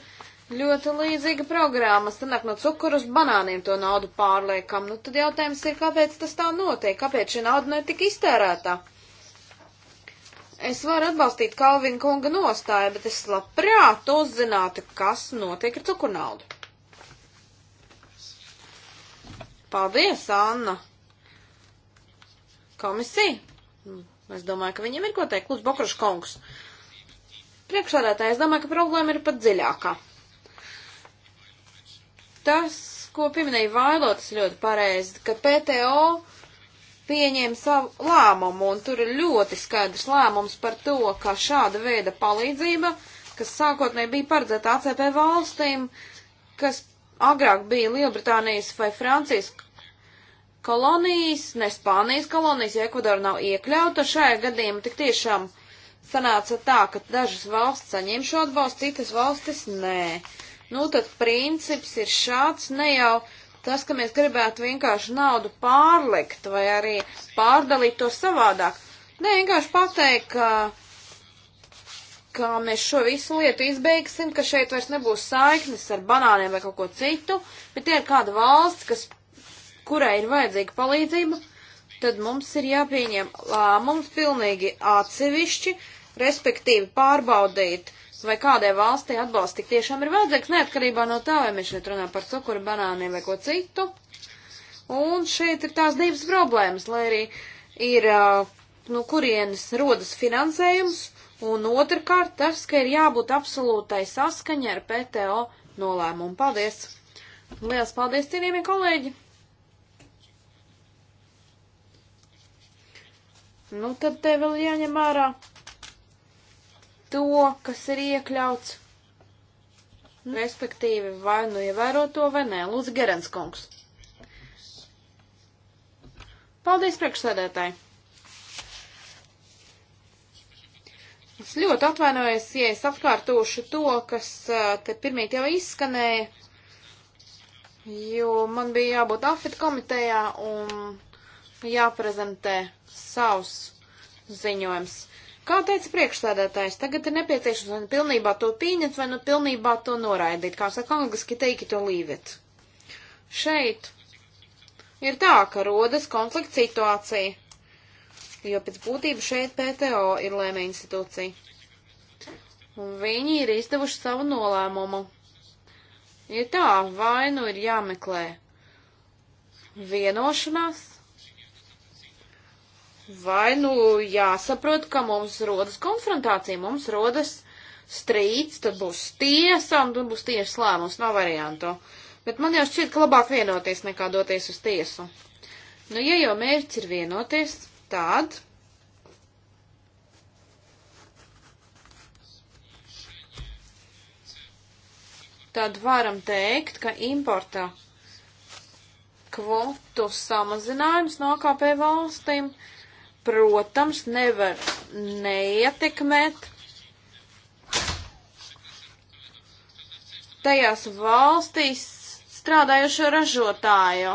ļoti līdzīga programma. Sanāk no cukurus banāniem to naudu pārliekam. Nu tad jautājums ir, kāpēc tas tā notiek? Kāpēc šī nauda netika iztērētā? Es varu atbalstīt Kalvina kunga nostāju, bet es labprāt uzzinātu, kas notiek ar cukurnaudu. Paldies, Anna! Komisija! Hm, es domāju, ka viņiem ir ko teikt. Lūdzu, Bokrušs kungs. Priekšādātāji, es domāju, ka problēma ir pat dziļākā. Tas, ko pieminēja Vailotas ļoti pareizi, ka PTO pieņēma savu lēmumu, un tur ir ļoti skaidrs lēmums par to, ka šāda veida palīdzība, kas sākotnēji bija paredzēta ACP valstīm, kas agrāk bija Lielbritānijas vai Francijas kolonijas, ne Spānijas kolonijas, ja Ekvadora nav iekļauta, šajā gadījumā tik tiešām uh, sanāca tā, ka dažas valsts saņem šo atbalstu, citas valstis nē. Nu, tad princips ir šāds, ne jau tas, ka mēs gribētu vienkārši naudu pārlikt vai arī pārdalīt to savādāk. Nē, vienkārši pateikt, ka, ka mēs šo visu lietu izbeigsim, ka šeit vairs nebūs saiknes ar banāniem vai kaut ko citu, bet ja ir kāda valsts, kas, kurai ir vajadzīga palīdzība, tad mums ir jāpieņem lēmums pilnīgi atsevišķi, respektīvi pārbaudīt, vai kādai valstī atbalsts tik tiešām ir vajadzīgs, neatkarībā no tā, vai mēs šeit runājam par cukuru, banāniem vai ko citu. Un šeit ir tās divas problēmas, lai arī ir, no kurienes rodas finansējums, un otrkārt tas, ka ir jābūt absolūtai saskaņa ar PTO nolēmumu. Paldies! Lielas paldies, cienījamie kolēģi! Nu, tad te vēl jāņem vērā to, kas ir iekļauts, respektīvi vai nu ievēro to vai nē. Lūdzu, Gerens kungs. Paldies priekšsēdētāji. Es ļoti atvainojos, ja es atkārtošu to, kas te pirmīt jau izskanēja, jo man bija jābūt afit komitejā un jāprezentē savs ziņojums. Uh, Kā teica priekšstādātājs, tagad ir nepieciešams vai nu pilnībā to pieņemt, vai nu pilnībā to noraidīt, kā saka angliski teiki to līviet. Šeit ir tā, ka rodas konflikta situācija, jo pēc būtības šeit PTO ir lēmē institūcija. Un viņi ir izdevuši savu nolēmumu. Ir tā, vai nu ir jāmeklē vienošanās, vai nu jāsaprot, ka mums rodas konfrontācija, mums rodas strīds, tad būs tiesa un tad būs tiesas lēmums, nav variantu. Bet man jau šķiet, ka labāk vienoties nekā doties uz tiesu. Nu, ja jau mērķis ir vienoties, tad. Tad varam teikt, ka importa kvotu samazinājums no AKP valstīm uh, protams, nevar neietekmēt tajās valstīs strādājošo ražotāju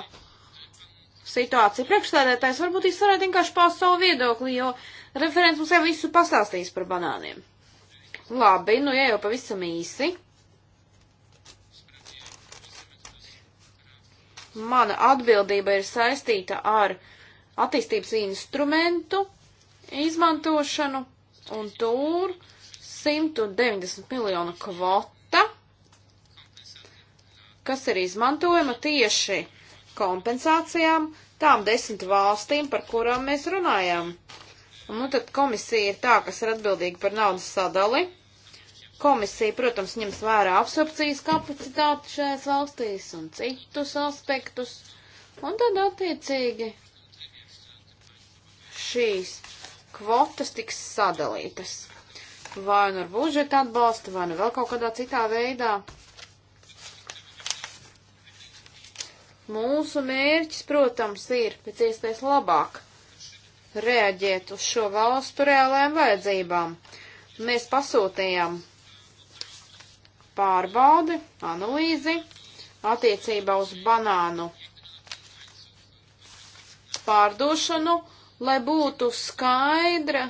situāciju. Priekšstādētājs varbūt jūs varētu vienkārši paust savu viedokli, jo referents mums jau visu pastāstīs par banāniem. Labi, nu ja jau pavisam īsi. Mana atbildība ir saistīta ar uh, attīstības instrumentu izmantošanu, un tur 190 miljonu kvota, kas ir izmantojama tieši kompensācijām tām desmit valstīm, par kurām mēs runājam. Un nu, tad komisija ir tā, kas ir atbildīga par naudas sadali. Komisija, protams, ņems vērā absorpcijas kapacitāti šajās valstīs un citus aspektus. Un tad attiecīgi šīs kvotas tiks sadalītas. Vai nu ar budžeta atbalstu, vai nu vēl kaut kādā citā veidā. Mūsu mērķis, protams, ir pēc iespējas labāk reaģēt uz šo valstu reālajām vajadzībām. Mēs pasūtījām pārbaudi, analīzi attiecībā uz banānu pārdošanu lai būtu skaidra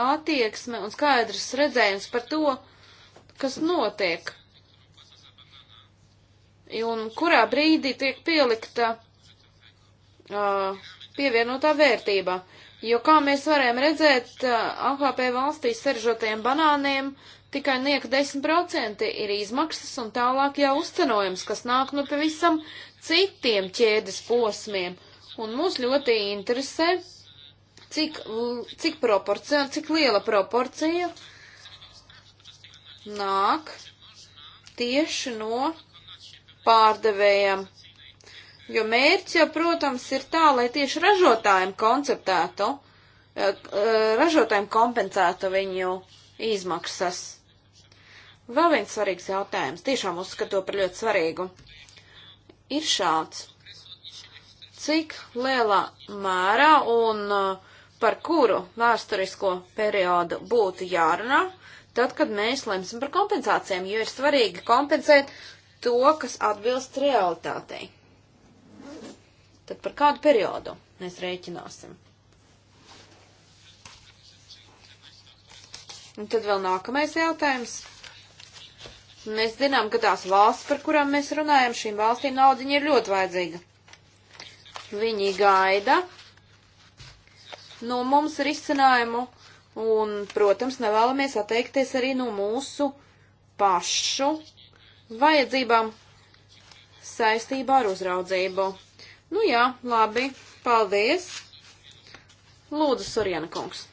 attieksme un skaidrs redzējums par to, kas notiek. Un kurā brīdī tiek pielikta uh, pievienotā vērtība. Jo, kā mēs varējām redzēt, uh, AKP valstīs saražotajiem banāniem tikai niek 10% ir izmaksas un tālāk jau uzcenojums, kas nāk no pavisam citiem ķēdes posmiem. Un mūs ļoti interesē, cik, cik proporcija, cik liela proporcija nāk tieši no pārdevējiem. Jo mērķis jau, protams, ir tā, lai tieši ražotājiem konceptētu, eh, ražotājiem kompensētu viņu izmaksas. Vēl viens svarīgs jautājums, tiešām uzskatu par ļoti svarīgu, ir šāds. Cik lielā mērā un uh, par kuru vēsturisko periodu būtu jārunā, tad, kad mēs lemsim par kompensācijām, jo ir svarīgi kompensēt to, kas atbilst realitātei. Tad par kādu periodu mēs rēķināsim? Un tad vēl nākamais jautājums. Mēs zinām, ka tās valsts, par kurām mēs runājam, šīm valstīm naudiņa ir ļoti vajadzīga. Viņi gaida, no mums ar izcinājumu, un, protams, nevēlamies atteikties arī no mūsu pašu vajadzībām saistībā ar uzraudzību. Nu jā, labi, paldies. Lūdzu, Sorjana kungs.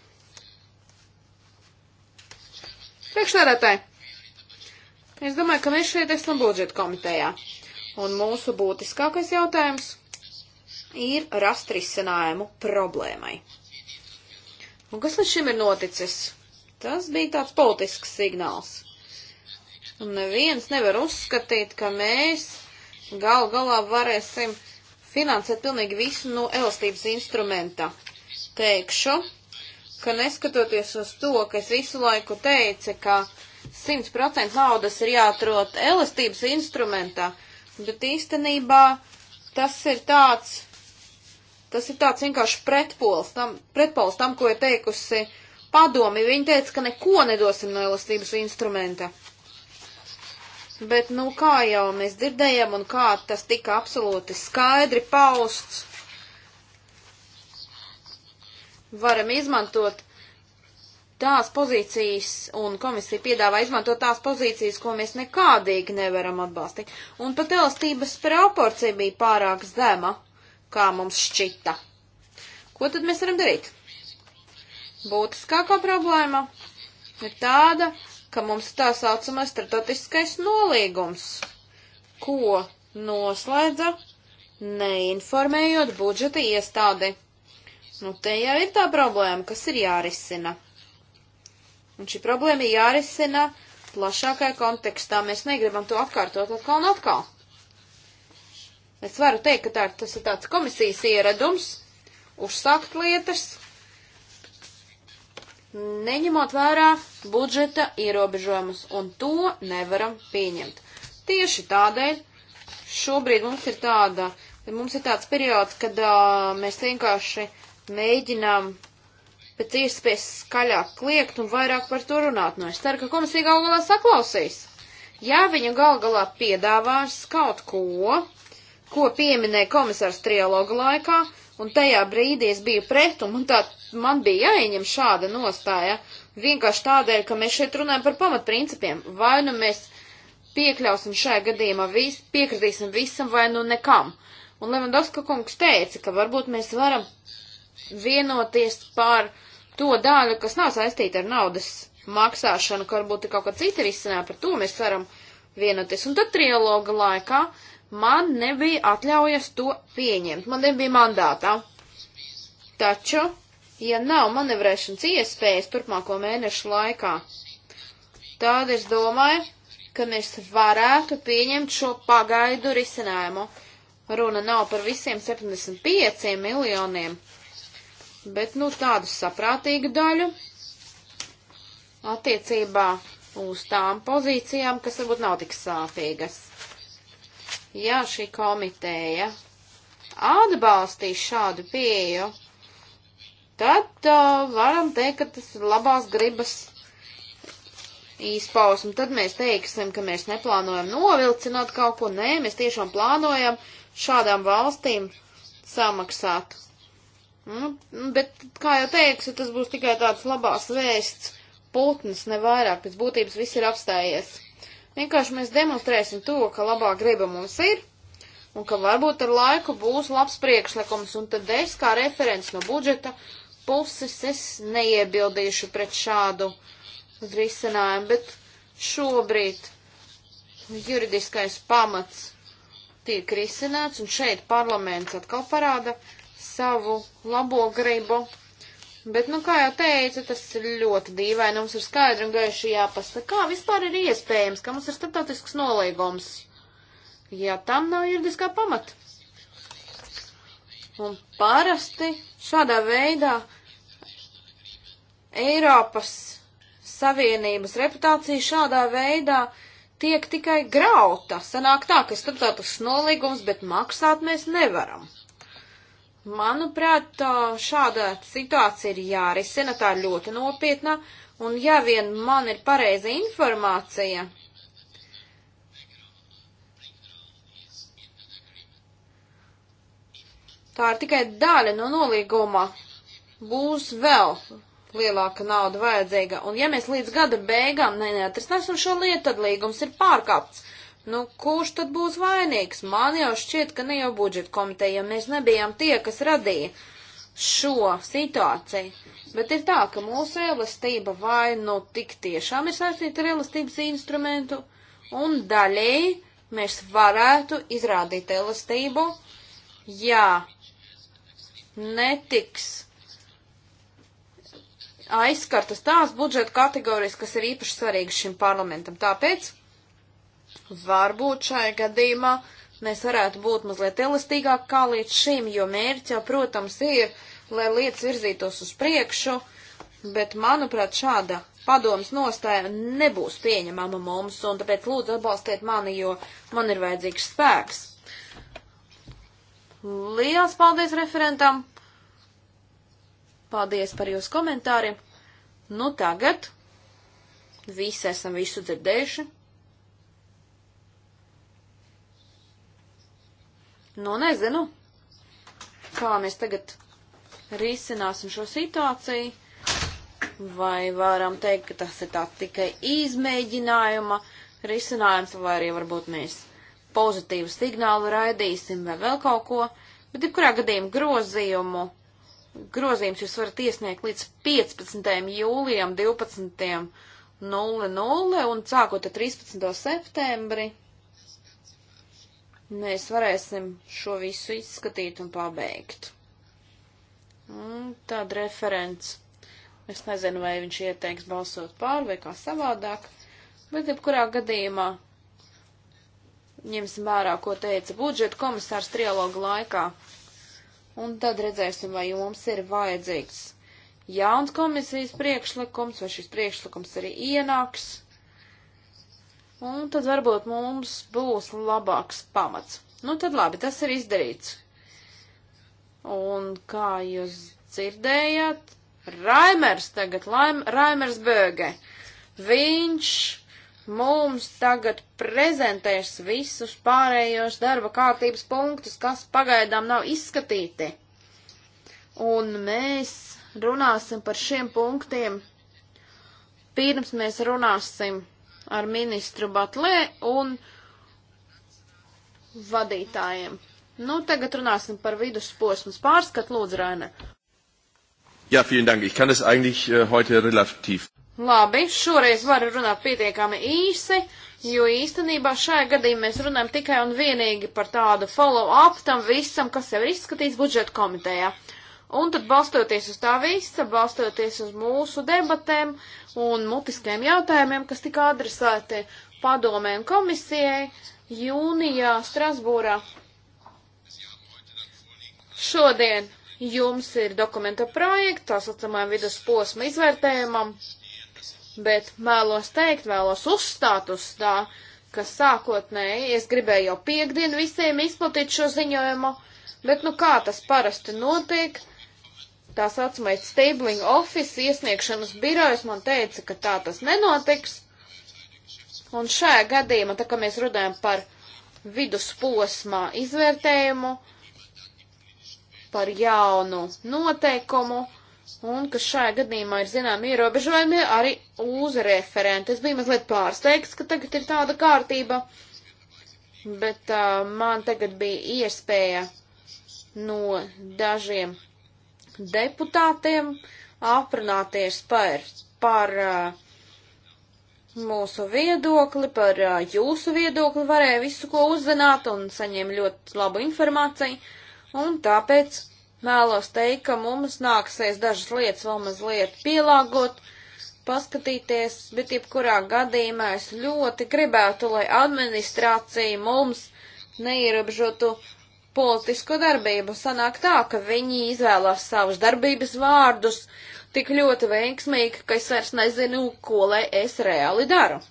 Priekšsēdētāji, es domāju, ka mēs šeit esam budžeta komitejā. Un mūsu būtiskākais jautājums ir rast risinājumu problēmai. Un kas līdz šim ir noticis? Tas bija tāds politisks signāls. Un neviens nevar uzskatīt, ka mēs gal galā varēsim finansēt pilnīgi visu no elastības instrumenta. Teikšu, ka neskatoties uz to, ka es visu laiku teicu, ka 100% naudas ir jāatrod elastības instrumentā, bet īstenībā tas ir tāds Tas ir tāds vienkārši pretpols tam, pretpols tam ko ir teikusi padomi. Viņa teica, ka neko nedosim no elastības instrumenta. Bet, nu, kā jau mēs dzirdējām, un kā tas tika absolūti skaidri pausts, varam izmantot tās pozīcijas, un komisija piedāvā izmantot tās pozīcijas, ko mēs nekādīgi nevaram atbalstīt. Un pat elastības proporcija bija pārāk zema kā mums šķita. Ko tad mēs varam darīt? Būtiskākā problēma ir tāda, ka mums tā saucamais startautiskais nolīgums, ko noslēdza neinformējot budžeta iestādi. Nu, te jau ir tā problēma, kas ir jārisina. Un šī problēma ir jārisina plašākajā kontekstā. Mēs negribam to atkārtot atkal un atkal. Es varu teikt, ka tā, tas ir tāds komisijas ieradums uzsākt lietas, neņemot vērā budžeta ierobežojumus, un to nevaram pieņemt. Tieši tādēļ šobrīd mums ir tāda, mums ir tāds periods, kad uh, mēs vienkārši mēģinām pēc iespējas skaļāk kliegt un vairāk par to runāt. Nu, es ceru, ka komisija gal galā saklausīs. Ja viņa gal galā piedāvās kaut ko, ko pieminēja komisārs trialogu laikā, un tajā brīdī es biju pret, un man, tā, man bija jāieņem šāda nostāja, vienkārši tādēļ, ka mēs šeit runājam par pamatprincipiem. Vai nu mēs piekļausim šajā gadījumā, vis, piekritīsim visam vai nu nekam. Un Levandovska kungs teica, ka varbūt mēs varam vienoties par to daļu, kas nav saistīta ar naudas maksāšanu, ka varbūt ir kaut kā cita risinājuma, par to mēs varam vienoties. Un tad trialoga laikā uh, Man nebija atļaujas to pieņemt, man nebija mandātā. Taču, ja nav manevrēšanas iespējas turpmāko mēnešu laikā, tad es domāju, ka mēs varētu pieņemt šo pagaidu risinājumu. Runa nav par visiem 75 miljoniem, bet nu tādu saprātīgu daļu attiecībā uz tām pozīcijām, kas varbūt nav tik sāpīgas ja šī komiteja atbalstīs šādu pieju, tad uh, varam teikt, ka tas ir labās gribas izpausme. Tad mēs teiksim, ka mēs neplānojam novilcināt kaut ko. Nē, mēs tiešām plānojam šādām valstīm samaksāt. Nu, bet, kā jau teicu, tas būs tikai tāds labās vēsts putns, ne vairāk. Pēc būtības viss ir apstājies. Vienkārši mēs demonstrēsim to, ka labā griba mums ir, un ka varbūt ar laiku būs labs priekšlikums, un tad es kā referents no budžeta puses es neiebildīšu pret šādu risinājumu, bet šobrīd juridiskais pamats tiek risināts, un šeit parlaments atkal parāda savu labo gribu. Bet, nu, kā jau teicu, tas ir ļoti dīvaini. Mums ir skaidri un gaiši jāpasaka, kā vispār ir iespējams, ka mums ir starptautisks nolīgums, ja tam nav juridiskā pamata. Un parasti šādā veidā Eiropas Savienības reputācija šādā veidā tiek tikai grauta. Sanāk tā, ka starptautisks nolīgums, bet maksāt mēs nevaram. Manuprāt, šāda situācija ir jārisina, tā ir ļoti nopietna, un ja vien man ir pareiza informācija, tā ir tikai daļa no nolīguma, būs vēl lielāka nauda vajadzīga, un ja mēs līdz gada beigām neatrisinām šo lietu, tad līgums ir pārkāpts. Nu, kurš tad būs vainīgs? Man jau šķiet, ka ne jau budžeta komiteja, mēs nebijām tie, kas radīja šo situāciju. Bet ir tā, ka mūsu elastība vai nu tik tiešām ir saistīta ar elastības instrumentu, un daļēji mēs varētu izrādīt elastību, ja netiks aizskartas tās budžeta kategorijas, kas ir īpaši svarīgas šim parlamentam. Tāpēc Varbūt šai gadījumā mēs varētu būt mazliet elastīgāk kā līdz šim, jo mērķi jau, protams, ir, lai lietas virzītos uz priekšu, bet, manuprāt, šāda padomas nostāja nebūs pieņemama mums, un tāpēc lūdzu atbalstiet mani, jo man ir vajadzīgs spēks. Liels paldies referentam! Paldies par jūsu komentāriem! Nu tagad visi esam visu dzirdējuši. Nu, nezinu, kā mēs tagad risināsim šo situāciju. Vai varam teikt, ka tas ir tā tikai izmēģinājuma risinājums, vai arī varbūt mēs pozitīvu signālu raidīsim vai vēl kaut ko. Bet, ja kurā gadījumā grozījumu, grozījums jūs varat iesniegt līdz 15. jūlijam 12.00 un sākot ar 13. septembri mēs varēsim šo visu izskatīt un pabeigt. Un tad referents. Es nezinu, vai viņš ieteiks balsot pār vai kā savādāk, bet jebkurā gadījumā ņemsim vērā, ko teica budžeta komisārs trialoga laikā. Un tad redzēsim, vai jums ir vajadzīgs jauns komisijas priekšlikums, vai šis priekšlikums arī ienāks. Un tad varbūt mums būs labāks pamats. Nu tad labi, tas ir izdarīts. Un kā jūs dzirdējāt, Raimers tagad, Laim, Raimers Bēge, viņš mums tagad prezentēs visus pārējos darba kārtības punktus, kas pagaidām nav izskatīti. Un mēs runāsim par šiem punktiem, pirms mēs runāsim ar ministru Batlē un vadītājiem. Nu, tagad runāsim par vidusposmas pārskatu, lūdzu, Raina. Jā, ja, vielen dank. Ich kann es eigentlich uh, heute relativ. Labi, šoreiz varu runāt pietiekami īsi, jo īstenībā šajā gadījumā mēs runājam tikai un vienīgi par tādu follow-up tam visam, kas jau ir izskatīts budžeta komitejā. Uh, Un tad balstoties uz tā visa, balstoties uz mūsu debatēm un mutiskiem jautājumiem, kas tika adresēti padomēm komisijai jūnijā Strasbūrā. Šodien jums ir dokumenta projekts tā saucamajam vidusposma izvērtējumam, bet vēlos teikt, vēlos uzstāt uz tā, ka sākotnēji es gribēju jau piekdien visiem izplatīt šo ziņojumu, bet nu kā tas parasti notiek, tā saucamais stabling office iesniegšanas birojas man teica, ka tā tas nenotiks. Un šajā gadījumā, tā kā mēs runājam par vidusposmā izvērtējumu, par jaunu noteikumu, un ka šajā gadījumā ir zinām ierobežojumi arī uz referenti. Es biju mazliet pārsteigts, ka tagad ir tāda kārtība, bet uh, man tagad bija iespēja no dažiem deputātiem aprunāties par, par uh, mūsu viedokli, par uh, jūsu viedokli, varēja visu ko uzzināt un saņēma ļoti labu informāciju. Un tāpēc vēlos teikt, ka mums nāksies dažas lietas vēl mazliet pielāgot, paskatīties, bet jebkurā gadījumā es ļoti gribētu, lai administrācija mums neierobežotu politisko darbību. Sanāk tā, ka viņi izvēlās savus darbības vārdus tik ļoti veiksmīgi, ka es vairs nezinu, ko lai es reāli daru.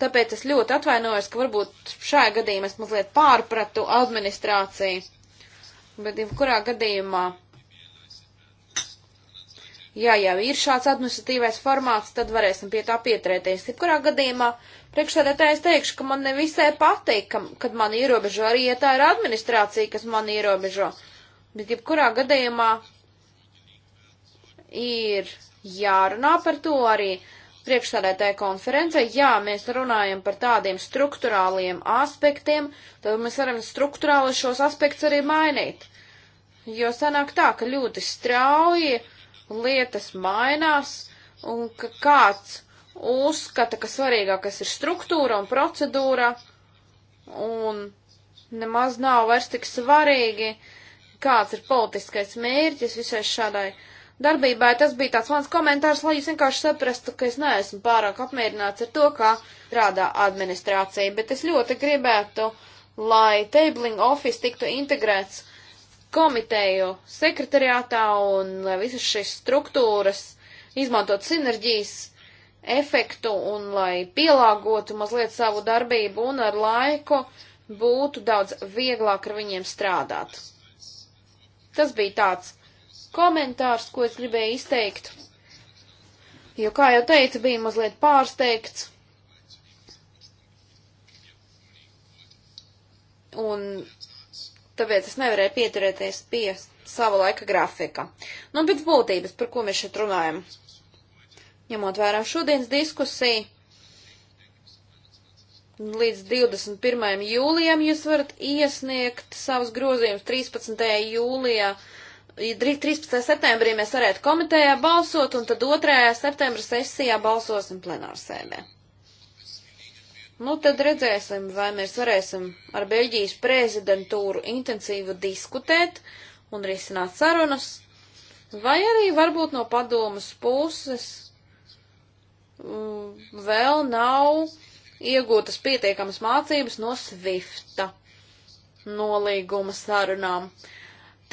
Tāpēc es ļoti atvainojos, ka varbūt šajā gadījumā es mazliet pārpratu administrāciju. Bet, ja kurā gadījumā Ja jau ir šāds administratīvais formāts, tad varēsim pie tā pieturēties. Jebkurā gadījumā priekšsēdētājs teikšu, ka man nevisai patīk, ka, kad man ierobežo arī, ja tā ir administrācija, kas man ierobežo. Bet jebkurā gadījumā ir jārunā par to arī priekšsēdētāja konferencē. Jā, mēs runājam par tādiem struktūrāliem aspektiem, tad mēs varam struktūrāli šos aspektus arī mainīt. Jo sanāk tā, ka ļoti strauji lietas mainās un ka kāds uzskata, ka svarīgākais ir struktūra un procedūra un nemaz nav vairs tik svarīgi, kāds ir politiskais mērķis visai šādai darbībai. Tas bija tāds mans komentārs, lai jūs vienkārši saprastu, ka es neesmu pārāk apmierināts ar to, kā strādā administrācija, bet es ļoti gribētu, lai tabling office tiktu integrēts komiteju sekretariātā un lai visas šīs struktūras izmantot sinerģijas efektu un lai pielāgotu mazliet savu darbību un ar laiku būtu daudz vieglāk ar viņiem strādāt. Tas bija tāds komentārs, ko es gribēju izteikt, jo, kā jau teicu, bija mazliet pārsteigts. Un tāpēc es nevarēju pieturēties pie sava laika grafika. Nu, bet būtības, par ko mēs šeit runājam, ņemot vērā šodienas diskusiju, līdz 21. jūlijam jūs varat iesniegt savus grozījumus 13. jūlijā. 13. septembrī mēs varētu komitejā balsot, un tad 2. septembra sesijā balsosim plenārsēmē. Nu, tad redzēsim, vai mēs varēsim ar Beļģijas prezidentūru intensīvi diskutēt un risināt sarunas, vai arī varbūt no padomas puses mm, vēl nav iegūtas pietiekamas mācības no Swifta nolīguma sarunām.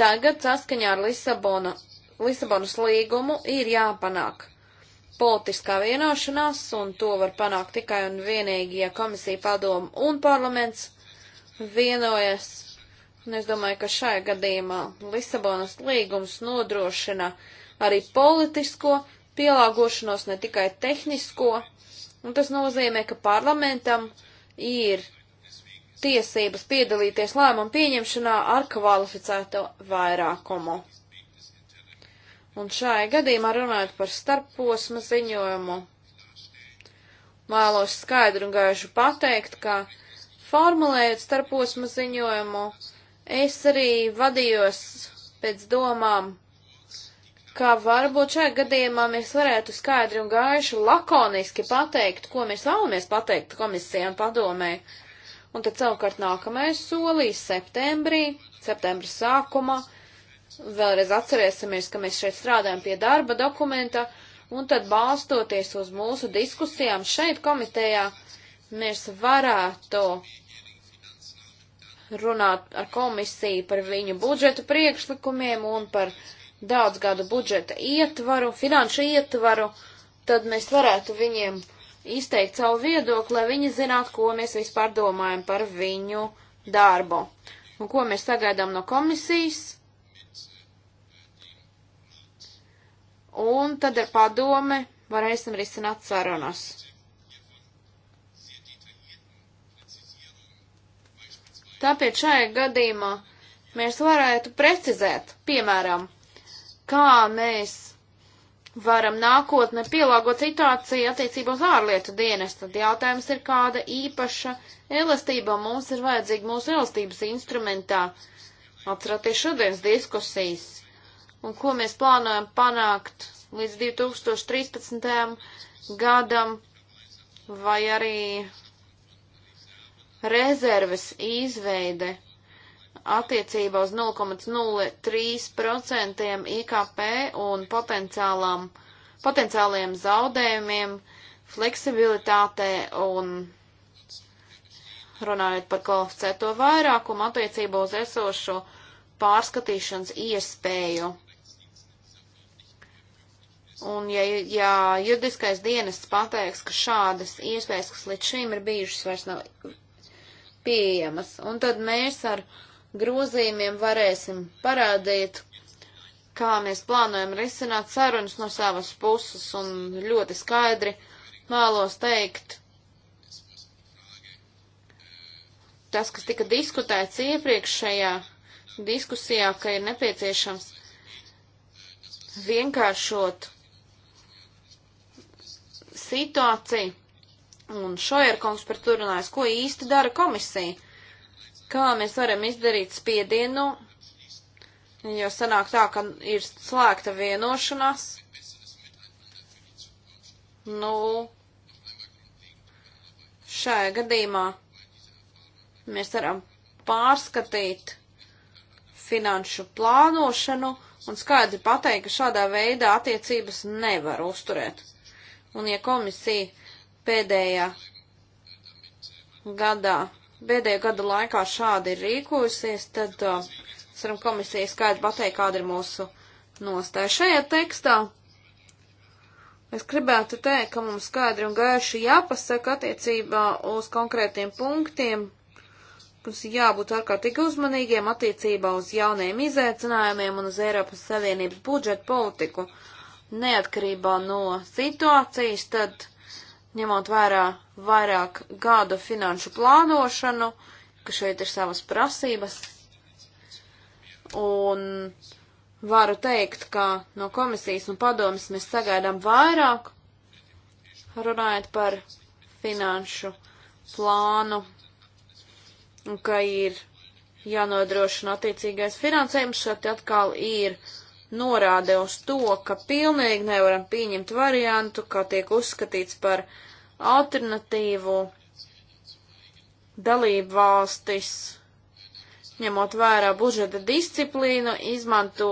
Tagad saskaņā ar Lisabona, Lisabonas līgumu ir jāpanāk politiskā vienošanās, un to var panākt tikai un vienīgi, ja komisija padomu un parlaments vienojas. Un es domāju, ka šajā gadījumā Lisabonas līgums nodrošina arī politisko pielāgošanos, ne tikai tehnisko, un tas nozīmē, ka parlamentam ir tiesības piedalīties lēmumu pieņemšanā ar kvalificēto vairākumu. Un šajā gadījumā runājot par starpposma ziņojumu, vēlos skaidru un gaišu pateikt, ka formulējot starpposma ziņojumu, es arī vadījos pēc domām, ka varbūt šajā gadījumā mēs varētu skaidri un gaiši lakoniski pateikt, ko mēs vēlamies pateikt komisijām padomē. Un tad savukārt nākamais solīs septembrī, septembra sākumā, uh, Vēlreiz atcerēsimies, ka mēs šeit strādājam pie darba dokumenta, un tad balstoties uz mūsu diskusijām šeit komitejā, mēs varētu runāt ar komisiju par viņu budžeta priekšlikumiem un par daudzgadu budžeta ietvaru, finanšu ietvaru, tad mēs varētu viņiem izteikt savu viedokli, lai viņi zinātu, ko mēs vispār domājam par viņu darbu un ko mēs sagaidām no komisijas. un tad ar padome varēsim risināt sarunas. Tāpēc šajā gadījumā mēs varētu precizēt, piemēram, kā mēs varam nākotnē pielāgot situāciju attiecībā uz ārlietu dienestu. Tad jautājums ir, kāda īpaša elastība mums ir vajadzīga mūsu elastības instrumentā. Atcerieties šodienas diskusijas un ko mēs plānojam panākt līdz 2013. gadam, vai arī rezerves izveide attiecībā uz 0,03% IKP un potenciāliem zaudējumiem, fleksibilitātē un runājot par kvalificēto vairākumu attiecībā uz esošo pārskatīšanas iespēju. Un ja, ja juridiskais dienests pateiks, ka šādas iespējas, kas līdz šim ir bijušas, vairs nav pieejamas, un tad mēs ar grozījumiem varēsim parādīt, kā mēs plānojam risināt sarunas no savas puses, un ļoti skaidri vēlos teikt, tas, kas tika diskutēts iepriekšējā diskusijā, ka ir nepieciešams vienkāršot situāciju, un Šojerkungs par to runājas, ko īsti dara komisija, kā mēs varam izdarīt spiedienu, jo sanāk tā, ka ir slēgta vienošanās. Nu, šajā gadījumā mēs varam pārskatīt finanšu plānošanu un skaidri pateikt, ka šādā veidā attiecības nevar uzturēt. Un ja komisija pēdējā gadā, pēdējo gadu laikā šādi ir rīkojusies, tad uh, varam komisija skaidri pateikt, kāda ir mūsu nostāja. Šajā tekstā es gribētu teikt, ka mums skaidri un gaiši jāpasaka attiecībā uz konkrētiem punktiem. Mums jābūt ārkārtīgi uzmanīgiem attiecībā uz jauniem izaicinājumiem un uz Eiropas Savienības budžeta politiku. Uh, neatkarībā no situācijas, tad ņemot vērā vairāk gadu finanšu plānošanu, ka šeit ir savas prasības. Un varu teikt, ka no komisijas un padomas mēs sagaidām vairāk, runājot par finanšu plānu, un ka ir jānodrošina attiecīgais finansējums, šeit atkal ir uh, norāde uz to, ka pilnīgi nevaram pieņemt variantu, kā tiek uzskatīts par alternatīvu dalību valstis, ņemot vērā budžeta disciplīnu, izmanto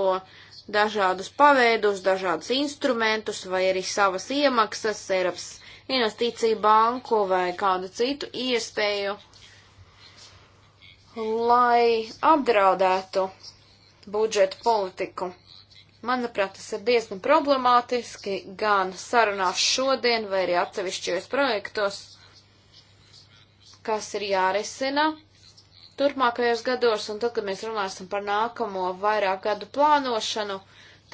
dažādus paveidus, dažādus instrumentus vai arī savas iemaksas, Eiropas investīciju banku vai kādu citu iespēju, lai apdraudētu budžeta politiku. Manuprāt, tas ir diezgan problemātiski gan sarunās šodien vai arī atsevišķos projektos, kas ir jārisina turpmākajos gados, un tad, kad mēs runāsim par nākamo vairāk gadu plānošanu,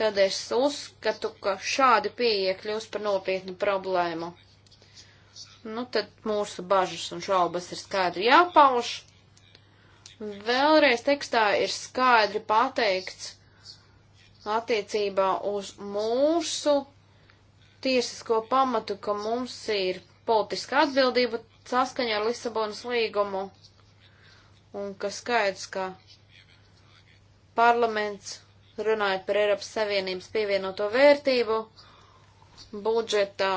tad es uzskatu, ka šādi pieeja kļūs par nopietnu problēmu. Nu, tad mūsu bažas un šaubas ir skaidri jāpauž. Vēlreiz tekstā ir skaidri pateikts, attiecībā uz mūsu tiesisko pamatu, ka mums ir politiska atbildība saskaņā ar Lisabonas līgumu un ka skaidrs, ka parlaments runājot par Eiropas Savienības pievienoto vērtību, budžeta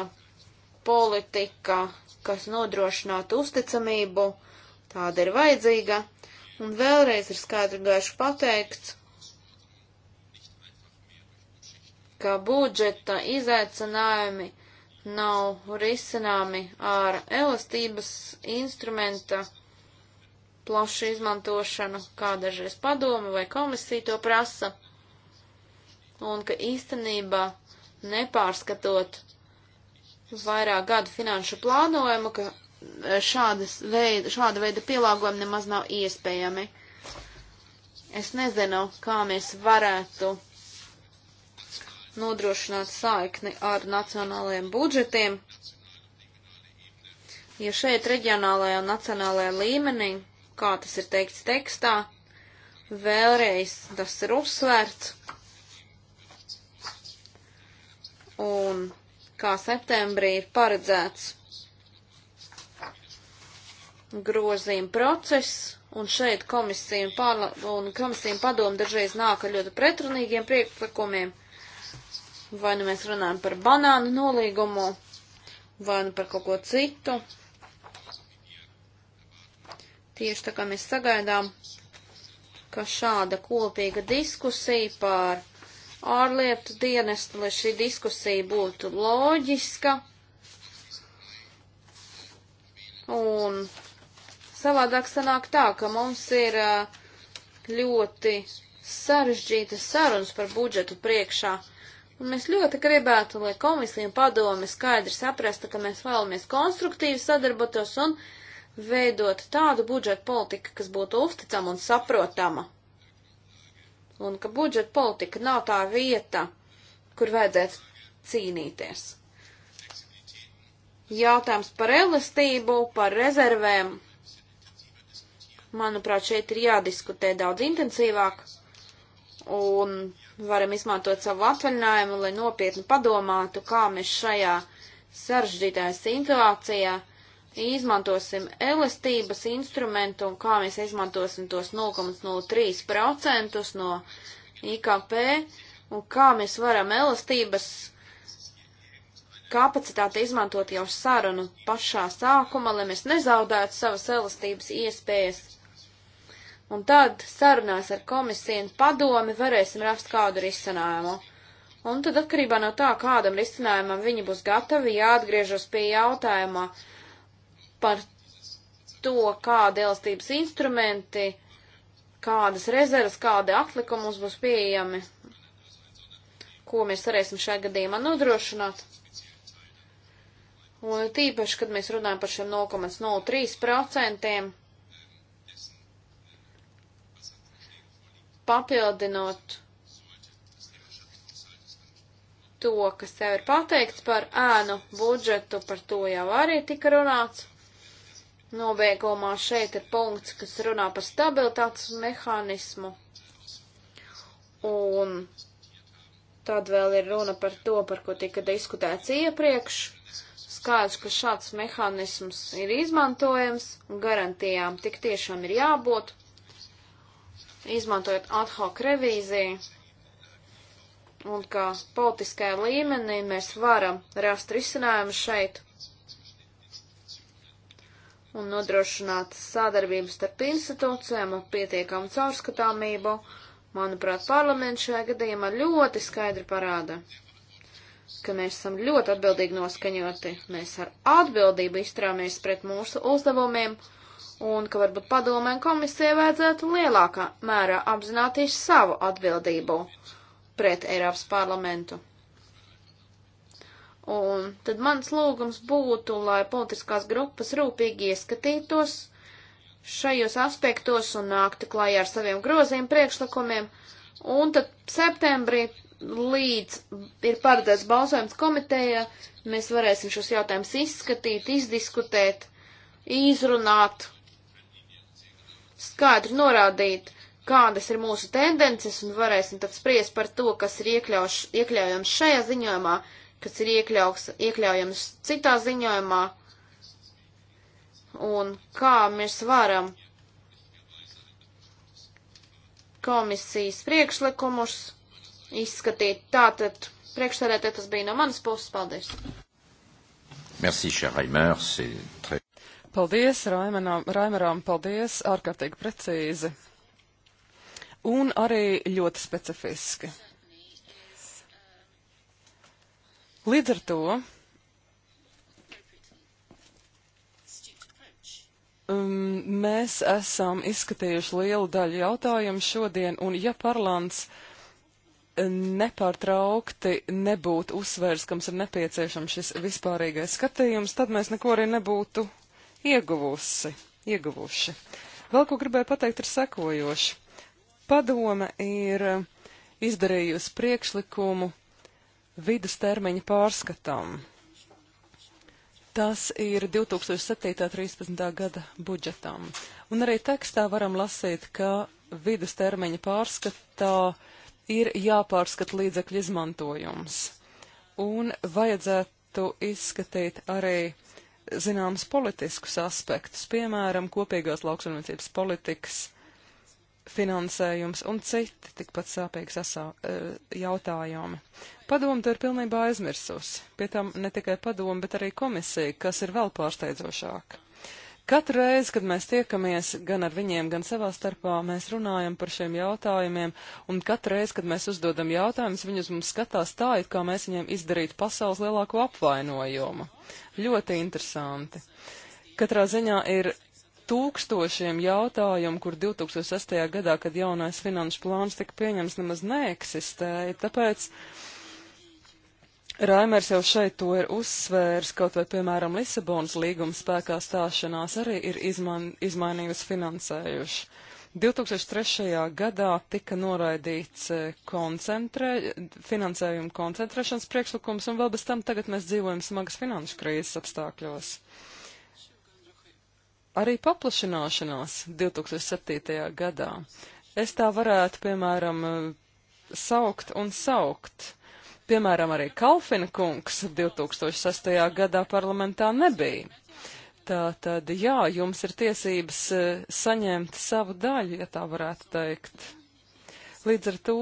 politika, kas nodrošinātu uzticamību, tāda ir vajadzīga. Un vēlreiz ir skaidri gaiši pateikts, ka budžeta izaicinājumi nav risināmi ar elastības instrumenta plašu izmantošanu, kā dažreiz padoma vai komisija to prasa, un ka īstenībā nepārskatot vairāk gadu finanšu plānojumu, ka šādas veida, šāda veida pielāgojumi nemaz nav iespējami. Es nezinu, kā mēs varētu nodrošināt saikni ar nacionālajiem budžetiem, ja šeit reģionālajā un nacionālajā līmenī, kā tas ir teikts tekstā, vēlreiz tas ir uzsvērts. Un kā septembrī ir paredzēts grozījuma process, un šeit komisija un, un komisija padomu dažreiz nāk ar ļoti pretrunīgiem priekšlikumiem. Vai nu mēs runājam par banānu nolīgumu, vai nu par kaut ko citu. Tieši tā kā mēs sagaidām, ka šāda kopīga diskusija par ārlietu dienestu, lai šī diskusija būtu loģiska un savādāk sanāk tā, ka mums ir ļoti sarežģītas sarunas par budžetu priekšā. Un mēs ļoti gribētu, lai komisija un padome skaidri saprasta, ka mēs vēlamies konstruktīvi sadarbotos un veidot tādu budžeta politiku, kas būtu uzticama un saprotama. Un ka budžeta politika nav tā vieta, kur vajadzētu cīnīties. Jautājums par elastību, par rezervēm. Manuprāt, šeit ir jādiskutē daudz intensīvāk. Un varam izmantot savu atvaļinājumu, lai nopietni padomātu, kā mēs šajā saržģītajā situācijā izmantosim elastības instrumentu un kā mēs izmantosim tos 0,03% no IKP un kā mēs varam elastības kapacitāti izmantot jau sarunu pašā sākuma, lai mēs nezaudētu savas elastības iespējas Un tad sarunās ar komisiju un padomi varēsim rast kādu risinājumu. Un tad atkarībā no tā, kādam risinājumam viņi būs gatavi, jāatgriežas pie jautājumā par to, kāda elastības instrumenti, kādas rezervas, kādi atlikumi mums būs pieejami, ko mēs varēsim šajā gadījumā nodrošināt. Un tīpaši, kad mēs runājam par šiem 0,03%, papildinot to, kas jau ir pateikts par ēnu budžetu, par to jau arī tika runāts. Nobeigumā šeit ir punkts, kas runā par stabilitātes mehānismu. Un tad vēl ir runa par to, par ko tika diskutēts iepriekš. Skaidrs, ka šāds mehānisms ir izmantojams un garantijām tik tiešām ir jābūt izmantojot ad hoc revīziju, un ka politiskajā līmenī mēs varam rast risinājumu šeit un nodrošināt sadarbību starp institūcijām un pietiekamu caurskatāmību, manuprāt, parlaments šajā gadījumā ļoti skaidri parāda, ka mēs esam ļoti atbildīgi noskaņoti, mēs ar atbildību izturāmies pret mūsu uzdevumiem, uh, un ka varbūt padomē un komisija vajadzētu lielākā mērā apzināties savu atbildību pret Eiropas parlamentu. Un tad mans lūgums būtu, lai politiskās grupas rūpīgi ieskatītos šajos aspektos un nāktu klājā ar saviem groziem priekšlikumiem, un tad septembrī līdz ir paredzēts balsojums komiteja, mēs varēsim šos jautājumus izskatīt, izdiskutēt, izrunāt, skaidri norādīt, kādas ir mūsu tendences, un varēsim tad spriest par to, kas ir iekļauš, iekļaujams šajā ziņojumā, kas ir iekļauks, iekļaujams citā ziņojumā, un kā mēs varam komisijas priekšlikumus izskatīt. Tātad priekšsēdētāji tas bija no manas puses. Paldies! Merci, cher Reimer, c'est très... Paldies Raimanam, Raimaram, paldies ārkārtīgi precīzi un arī ļoti specifiski. Līdz ar to um, mēs esam izskatījuši lielu daļu jautājumu šodien, un ja parlants nepārtraukti nebūtu uzsvērs, kams ir nepieciešams šis vispārīgais skatījums, tad mēs neko arī nebūtu ieguvusi, ieguvuši. Vēl ko gribēju pateikt ir sekojoši. Padome ir izdarījusi priekšlikumu vidustermiņa pārskatam. Tas ir 2007.13. gada budžetam. Un arī tekstā varam lasīt, ka vidustermiņa pārskatā ir jāpārskata līdzekļu izmantojums. Un vajadzētu izskatīt arī uh, zināmas politiskus aspektus, piemēram, kopīgās lauksaimniecības politikas finansējums un citi tikpat sāpīgi sasā, e, jautājumi. Padoma to ir pilnībā aizmirsusi. Pie tam ne tikai padoma, bet arī komisija, kas ir vēl pārsteidzošāka. Katru reizi, kad mēs tiekamies gan ar viņiem, gan savā starpā, mēs runājam par šiem jautājumiem, un katru reizi, kad mēs uzdodam jautājumus, viņi uz mums skatās tā, it kā mēs viņiem izdarītu pasaules lielāko apvainojumu. Ļoti interesanti. Katrā ziņā ir tūkstošiem jautājumu, kur 2008. gadā, kad jaunais finanšu plāns tika pieņems, nemaz neeksistēja. Tāpēc Raimers jau šeit to ir uzsvērs, kaut vai, piemēram, Lisabonas līguma spēkā stāšanās arī ir izman, izmainījusi finansējuši. 2003. gadā tika noraidīts eh, koncentrē, finansējuma koncentrēšanas priekšlikums, un vēl bez tam tagad mēs dzīvojam smagas finanšu krīzes apstākļos. Arī paplašināšanās 2007. gadā. Es tā varētu, piemēram, eh, saukt un saukt Piemēram, arī Kalfina kungs 2006. gadā parlamentā nebija. Tā tad, jā, jums ir tiesības e, saņemt savu daļu, ja tā varētu teikt. Līdz ar to,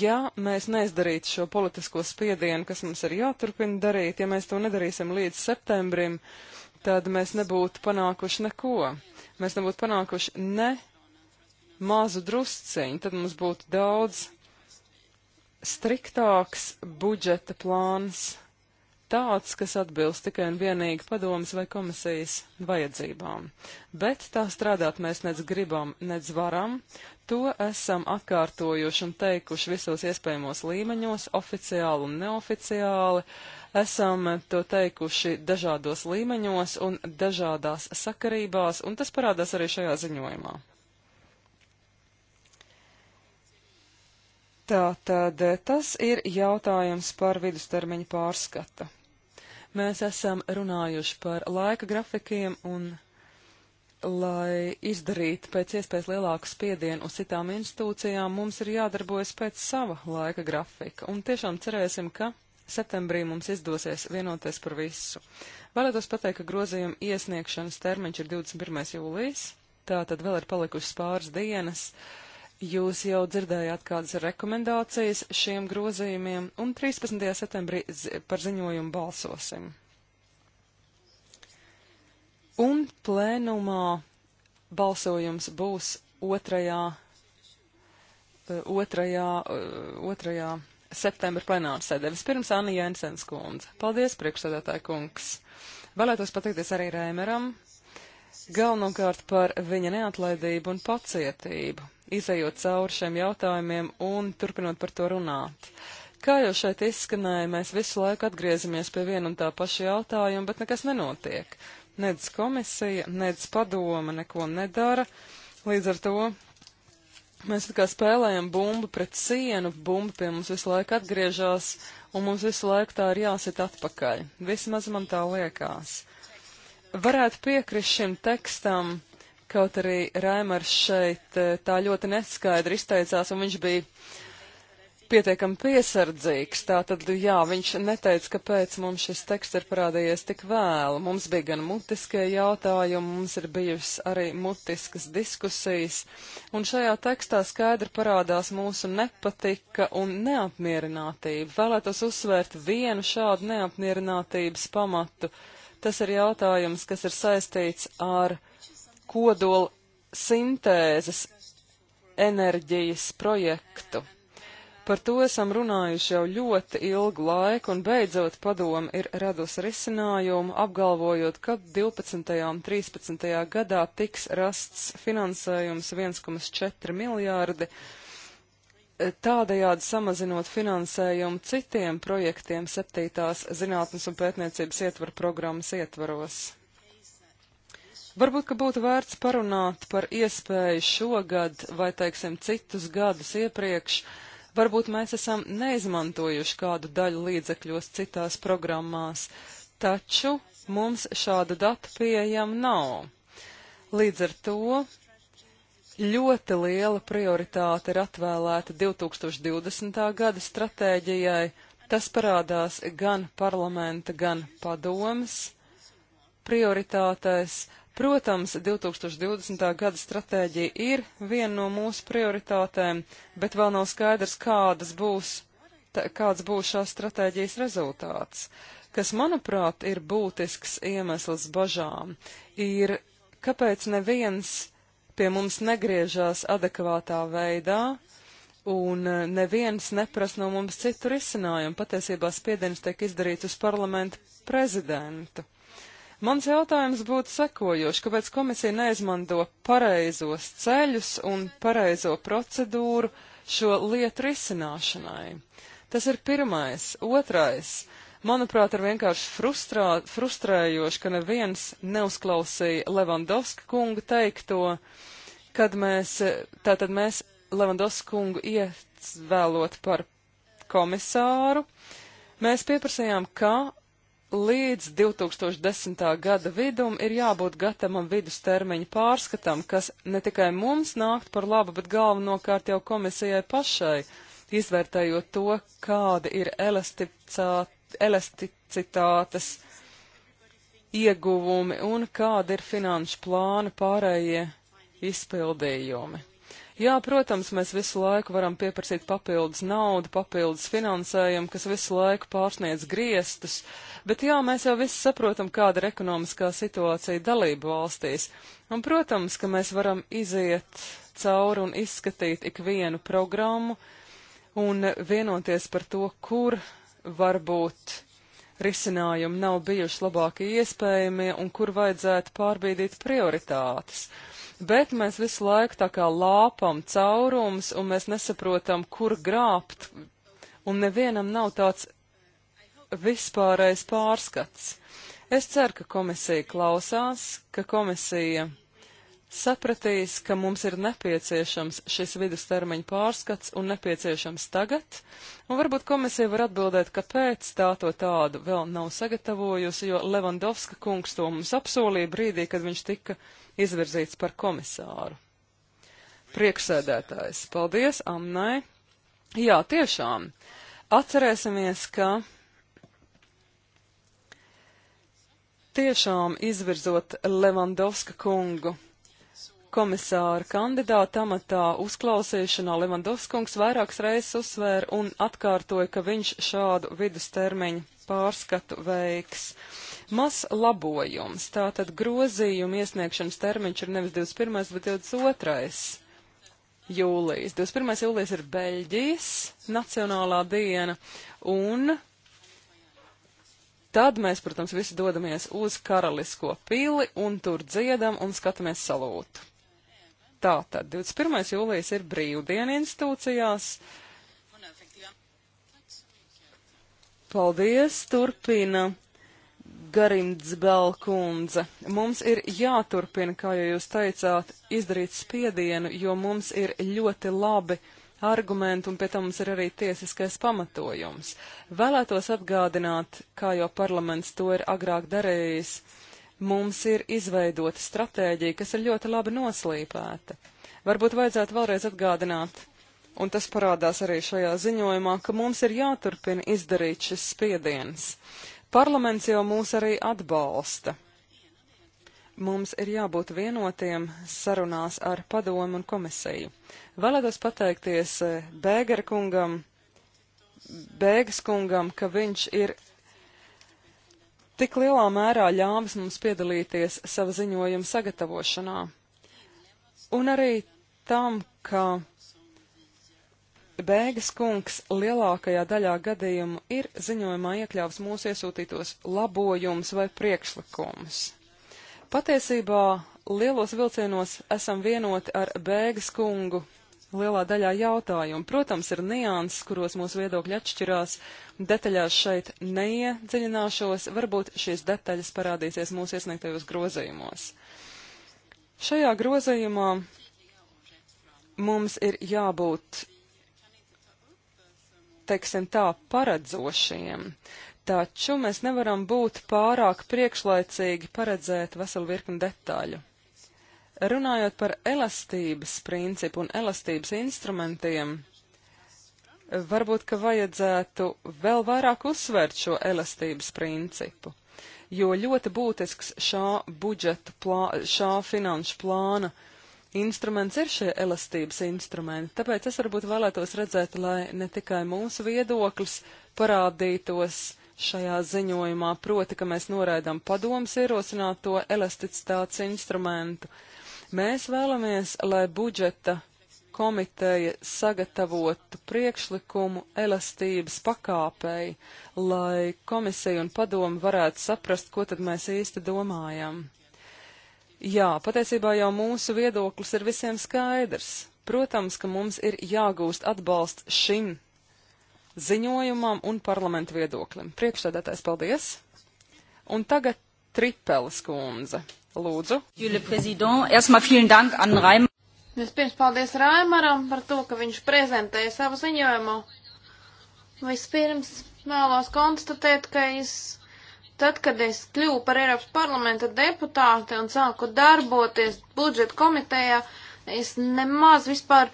ja mēs neizdarītu šo politisko spiedienu, kas mums ir jāturpina darīt, ja mēs to nedarīsim līdz septembrim, tad mēs nebūtu panākuši neko. Mēs nebūtu panākuši ne mazu drusciņu, tad mums būtu daudz striktāks budžeta plāns, tāds, kas atbilst tikai un vienīgi padomas vai komisijas vajadzībām. Bet tā strādāt mēs nec gribam, nec varam. To esam atkārtojuši un teikuši visos iespējamos līmeņos, oficiāli un neoficiāli. Esam to teikuši dažādos līmeņos un dažādās sakarībās, un tas parādās arī šajā ziņojumā. Tātad tas ir jautājums par vidustermiņa pārskata. Mēs esam runājuši par laika grafikiem un lai izdarītu pēc iespējas lielāku spiedienu uz citām institūcijām, mums ir jādarbojas pēc sava laika grafika. Un tiešām cerēsim, ka septembrī mums izdosies vienoties par visu. Vēlētos pateikt, ka grozījuma iesniegšanas termiņš ir 21. jūlijas, tā tad vēl ir palikušas pāris dienas. Uh, Jūs jau dzirdējāt kādas rekomendācijas šiem grozījumiem, un 13. septembrī par ziņojumu balsosim. Un plēnumā balsojums būs 2. 2. 2. septembra plenārsēdē. Vispirms Anna Jensens kundze. Paldies, priekšsēdētāja kungs. Vēlētos pateikties arī Rēmeram galvenokārt par viņa neatlaidību un pacietību, izējot cauri šiem jautājumiem un turpinot par to runāt. Kā jau šeit izskanēja, mēs visu laiku atgriezamies pie viena un tā paša jautājuma, bet nekas nenotiek. Nedz komisija, nedz padoma neko nedara. Līdz ar to mēs kā spēlējam bumbu pret sienu, bumba pie mums visu laiku atgriežas, un mums visu laiku tā ir jāsit atpakaļ. Vismaz man tā liekas varētu piekrist šim tekstam, kaut arī Raimars šeit eh, tā ļoti neskaidri izteicās, un viņš bija pietiekami piesardzīgs. Tātad, jā, viņš neteica, kāpēc mums šis teksts ir parādījies tik vēlu. Mums bija gan mutiskie jautājumi, mums ir bijušas arī mutiskas diskusijas, un šajā tekstā skaidri parādās mūsu nepatika un neapmierinātība. Vēlētos uzsvērt vienu šādu neapmierinātības pamatu Tas ir jautājums, kas ir saistīts ar kodola sintēzes enerģijas projektu. Par to esam runājuši jau ļoti ilgu laiku, un beidzot padoma ir radusi risinājumu, apgalvojot, ka 12. un 13. gadā tiks rasts finansējums 1,4 miljārdi, uh, tādējādi samazinot finansējumu citiem projektiem septītās zinātnes un pētniecības ietvaru programmas ietvaros. Varbūt, ka būtu vērts parunāt par iespēju šogad vai, teiksim, citus gadus iepriekš. Varbūt mēs esam neizmantojuši kādu daļu līdzekļos citās programmās, taču mums šāda data pieejama nav. Līdz ar to Ļoti liela prioritāte ir atvēlēta 2020. gada stratēģijai. Tas parādās gan parlamenta, gan padomas prioritātēs. Protams, 2020. gada stratēģija ir viena no mūsu prioritātēm, bet vēl nav skaidrs, kādas būs, tā, kāds būs šās stratēģijas rezultāts, kas, manuprāt, ir būtisks iemesls bažām, ir kāpēc neviens pie mums negriežās adekvātā veidā, un eh, neviens neprasa no mums citu risinājumu. Patiesībā spiediens tiek izdarīts uz parlamentu prezidentu. Mans jautājums būtu sekojošs, kāpēc komisija neizmanto pareizos ceļus un pareizo procedūru šo lietu risināšanai? Tas ir pirmais. Otrais. Manuprāt, ir vienkārši frustrā, frustrējoši, ka neviens neuzklausīja Levandovska kunga teikto, kad mēs, tātad mēs Levandovska kungu ievēlot par komisāru, mēs pieprasījām, ka līdz 2010. gada vidum ir jābūt gatavam vidustermiņa pārskatam, kas ne tikai mums nākt par labu, bet galvenokārt jau komisijai pašai, izvērtējot to, kāda ir elasticā, elasticitātes ieguvumi un kāda ir finanšu plāna pārējie izpildījumi. Jā, protams, mēs visu laiku varam pieprasīt papildus naudu, papildus finansējumu, kas visu laiku pārsniedz griestus, bet jā, mēs jau visi saprotam, kāda ir ekonomiskā situācija dalību valstīs. Un, protams, ka mēs varam iziet cauri un izskatīt ikvienu programmu un vienoties par to, kur varbūt risinājumi nav bijuši labākie iespējamie un kur vajadzētu pārbīdīt prioritātes. Bet mēs visu laiku tā kā lāpam caurums un mēs nesaprotam, kur grābt, un nevienam nav tāds vispārējs pārskats. Es ceru, ka komisija klausās, ka komisija sapratīs, ka mums ir nepieciešams šis vidustermiņa pārskats un nepieciešams tagad, un varbūt komisija var atbildēt, kāpēc tā to tādu vēl nav sagatavojusi, jo Levandovska kungs to mums apsolīja brīdī, kad viņš tika izvirzīts par komisāru. Prieksēdētājs, paldies, Amnai. Jā, tiešām. Atcerēsimies, ka tiešām izvirzot Levandovska kungu komisāra kandidāta amatā uzklausīšanā Levandovskungs vairākas reizes uzsvēra un atkārtoja, ka viņš šādu vidustermiņu pārskatu veiks. Mas labojums, tātad grozījuma iesniegšanas termiņš ir nevis 21., bet 22. jūlijas. 21. jūlijas ir Beļģijas nacionālā diena un Tad mēs, protams, visi dodamies uz karalisko pili un tur dziedam un skatāmies salūtu. Tātad 21. jūlijas ir brīvdiena institūcijās. Paldies, turpina Garimdzbel kundze. Mums ir jāturpina, kā jau jūs teicāt, izdarīt spiedienu, jo mums ir ļoti labi argumenti un pie tam mums ir arī tiesiskais pamatojums. Vēlētos atgādināt, kā jau parlaments to ir agrāk darījis mums ir izveidota stratēģija, kas ir ļoti labi noslīpēta. Varbūt vajadzētu vēlreiz atgādināt, un tas parādās arī šajā ziņojumā, ka mums ir jāturpina izdarīt šis spiediens. Parlaments jau mūs arī atbalsta. Mums ir jābūt vienotiem sarunās ar padomu un komisiju. Vēlētos pateikties eh, Bēgera kungam, Bēgas kungam, ka viņš ir tik lielā mērā ļāvis mums piedalīties sava ziņojuma sagatavošanā. Un arī tam, ka Bēgas kungs lielākajā daļā gadījumu ir ziņojumā iekļāvis mūsu iesūtītos labojumus vai priekšlikumus. Patiesībā lielos vilcienos esam vienoti ar Bēgas kungu lielā daļā jautājumu. Protams, ir nianses, kuros mūsu viedokļi atšķirās. Detaļās šeit neiedziļināšos, varbūt šīs detaļas parādīsies mūsu iesniegtajos grozījumos. Šajā grozījumā mums ir jābūt, teiksim tā, paredzošiem, taču mēs nevaram būt pārāk priekšlaicīgi paredzēt veselu virkni detaļu. Runājot par elastības principu un elastības instrumentiem, varbūt, ka vajadzētu vēl vairāk uzsvērt šo elastības principu, jo ļoti būtisks šā budžeta, plā, šā finanšu plāna instruments ir šie elastības instrumenti, tāpēc es varbūt vēlētos redzēt, lai ne tikai mūsu viedoklis parādītos šajā ziņojumā, proti, ka mēs noraidām padomas ierosināto elasticitātes instrumentu, Mēs vēlamies, lai budžeta komiteja sagatavotu priekšlikumu elastības pakāpei, lai komisija un padomu varētu saprast, ko tad mēs īsti domājam. Jā, patiesībā jau mūsu viedoklis ir visiem skaidrs. Protams, ka mums ir jāgūst atbalsts šim ziņojumam un parlamentu viedoklim. Priekšsēdētājs, paldies! Un tagad Tripeles kundze. Lūdzu. Vispirms paldies Raimaram par to, ka viņš prezentēja savu ziņojumu. Vispirms vēlos konstatēt, ka es, tad, kad es kļuvu par Eiropas parlamenta deputāti un sāku darboties budžeta komitejā, es nemaz vispār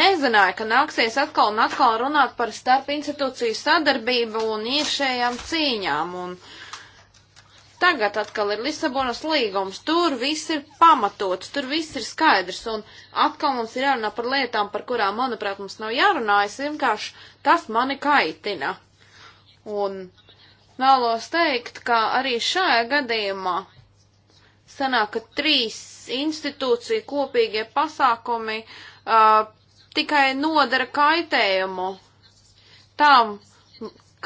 nezināju, ka nāksies atkal un atkal runāt par starp institūciju sadarbību un iekšējām cīņām. Un, uh, Tagad atkal ir Lisabonas līgums, tur viss ir pamatots, tur viss ir skaidrs, un atkal mums ir jārunā par lietām, par kurām, manuprāt, mums nav jārunā, es vienkārši tas mani kaitina. Un vēlos teikt, ka arī šajā gadījumā sanāk, ka trīs institūciju kopīgie pasākumi uh, tikai nodara kaitējumu tam, uh,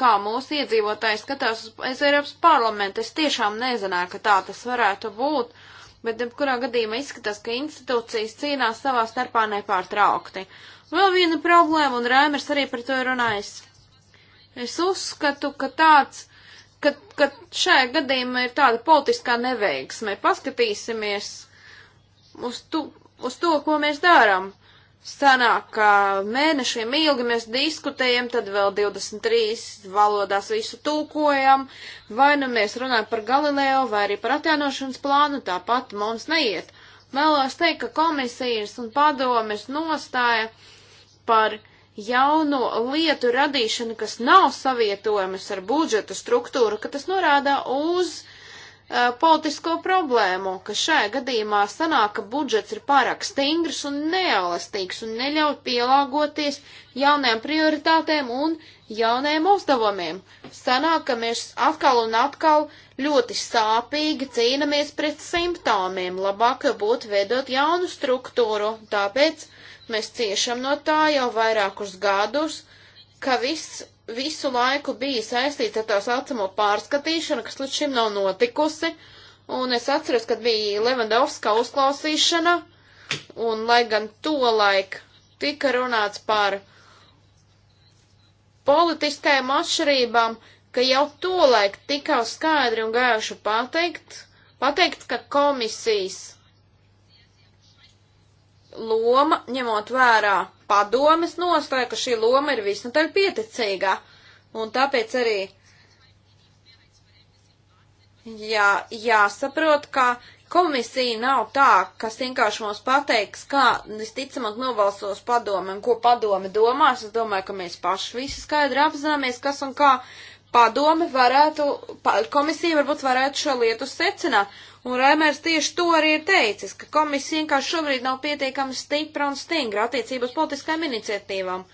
kā mūsu iedzīvotāji skatās uz Eiropas parlamentu. Es tiešām nezināju, ka tā tas varētu būt, bet jebkurā gadījumā izskatās, ka institūcijas cīnās savā starpā nepārtraukti. Vēl viena problēma, un Rēmers arī par to ir runājis. Es uzskatu, ka tāds ka, ka šajā gadījumā ir tāda politiskā neveiksme. Paskatīsimies uz, tu, uz to, ko mēs darām. Sanāk, ka mēnešiem ilgi mēs diskutējam, tad vēl 23 valodās visu tūkojam, vai nu mēs runājam par Galileo vai arī par atjaunošanas plānu, tāpat mums neiet. Vēlos teikt, ka komisijas un padomes nostāja par jauno lietu radīšanu, kas nav savietojamas ar budžeta struktūru, ka tas norāda uz Eh, politisko problēmu, ka šajā gadījumā sanāk, ka budžets ir pārāk stingrs un neelastīgs un neļauj pielāgoties jaunajām prioritātēm un jaunajiem uzdevumiem. Sanāk, ka mēs atkal un atkal ļoti sāpīgi cīnāmies pret simptomiem, labāk būtu veidot jaunu struktūru, tāpēc mēs ciešam no tā jau vairākus gadus, ka viss visu laiku bija saistīta ar tā saucamo pārskatīšanu, kas līdz šim nav notikusi. Un es atceros, kad bija Levandovska uzklausīšana, un lai gan to laik tika runāts par politiskajām atšķirībām, ka jau to laik tika skaidri un gaiši pateikt, pateikt, ka komisijas loma, ņemot vērā padomes nostāja, ka šī loma ir visnotaļ pieticīgā. Un tāpēc arī jā, jāsaprot, ka komisija nav tā, kas vienkārši mums pateiks, kā visticamāk novalsos padome un ko padome domās. Es domāju, ka mēs paši visi skaidri apzināmies, kas un kā padome varētu, komisija varbūt varētu šo lietu secināt. Un Rēmērs tieši to arī ir teicis, ka komisija vienkārši šobrīd nav pietiekami stipra un stingra attiecības politiskām iniciatīvām.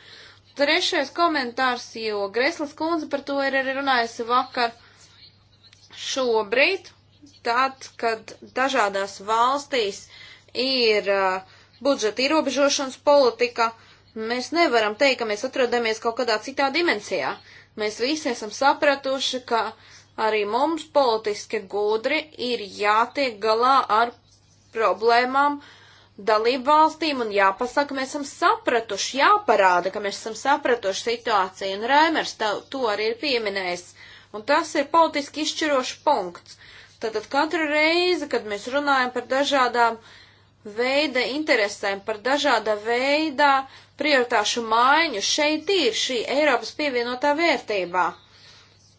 Trešais komentārs, jo Greslas kundze par to ir arī runājusi vakar šobrīd, tad, kad dažādās valstīs ir uh, budžeta ierobežošanas politika, mēs nevaram teikt, ka mēs atrodamies kaut kādā citā dimensijā. Mēs visi esam sapratuši, ka uh, arī mums politiski gudri ir jātiek galā ar problēmām dalību valstīm un jāpasaka, mēs esam sapratuši, jāparāda, ka mēs esam sapratuši situāciju, un Raimers to arī ir pieminējis, un tas ir politiski izšķirošs punkts. Tātad katru reizi, kad mēs runājam par dažādām veida interesēm, par dažāda veida prioritāšu maiņu, šeit ir šī Eiropas pievienotā vērtībā.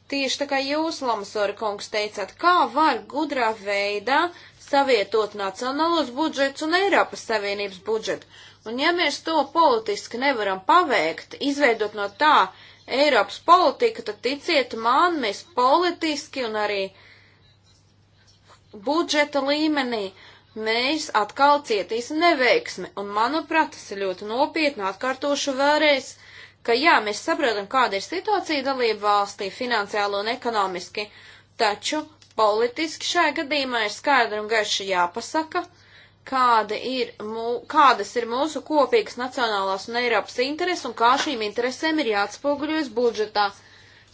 Tieši tā kā jūs, Lamsori kungs, teicāt, kā var gudrā veidā savietot nacionālos budžets un Eiropas Savienības budžetu. Un ja mēs to politiski nevaram paveikt, izveidot no tā Eiropas politiku, tad ticiet man, mēs politiski un arī budžeta līmenī mēs atkal cietīsim neveiksmi. Un manuprāt, tas ir ļoti nopietni, atkārtošu vēlreiz, ka jā, mēs saprotam, kāda ir situācija dalību valstī finansiāli un ekonomiski, taču politiski šajā gadījumā ir skaidri un gaiši jāpasaka, kāda ir, mū, kādas ir mūsu kopīgas nacionālās un Eiropas intereses un kā šīm interesēm ir jāatspoguļojas budžetā.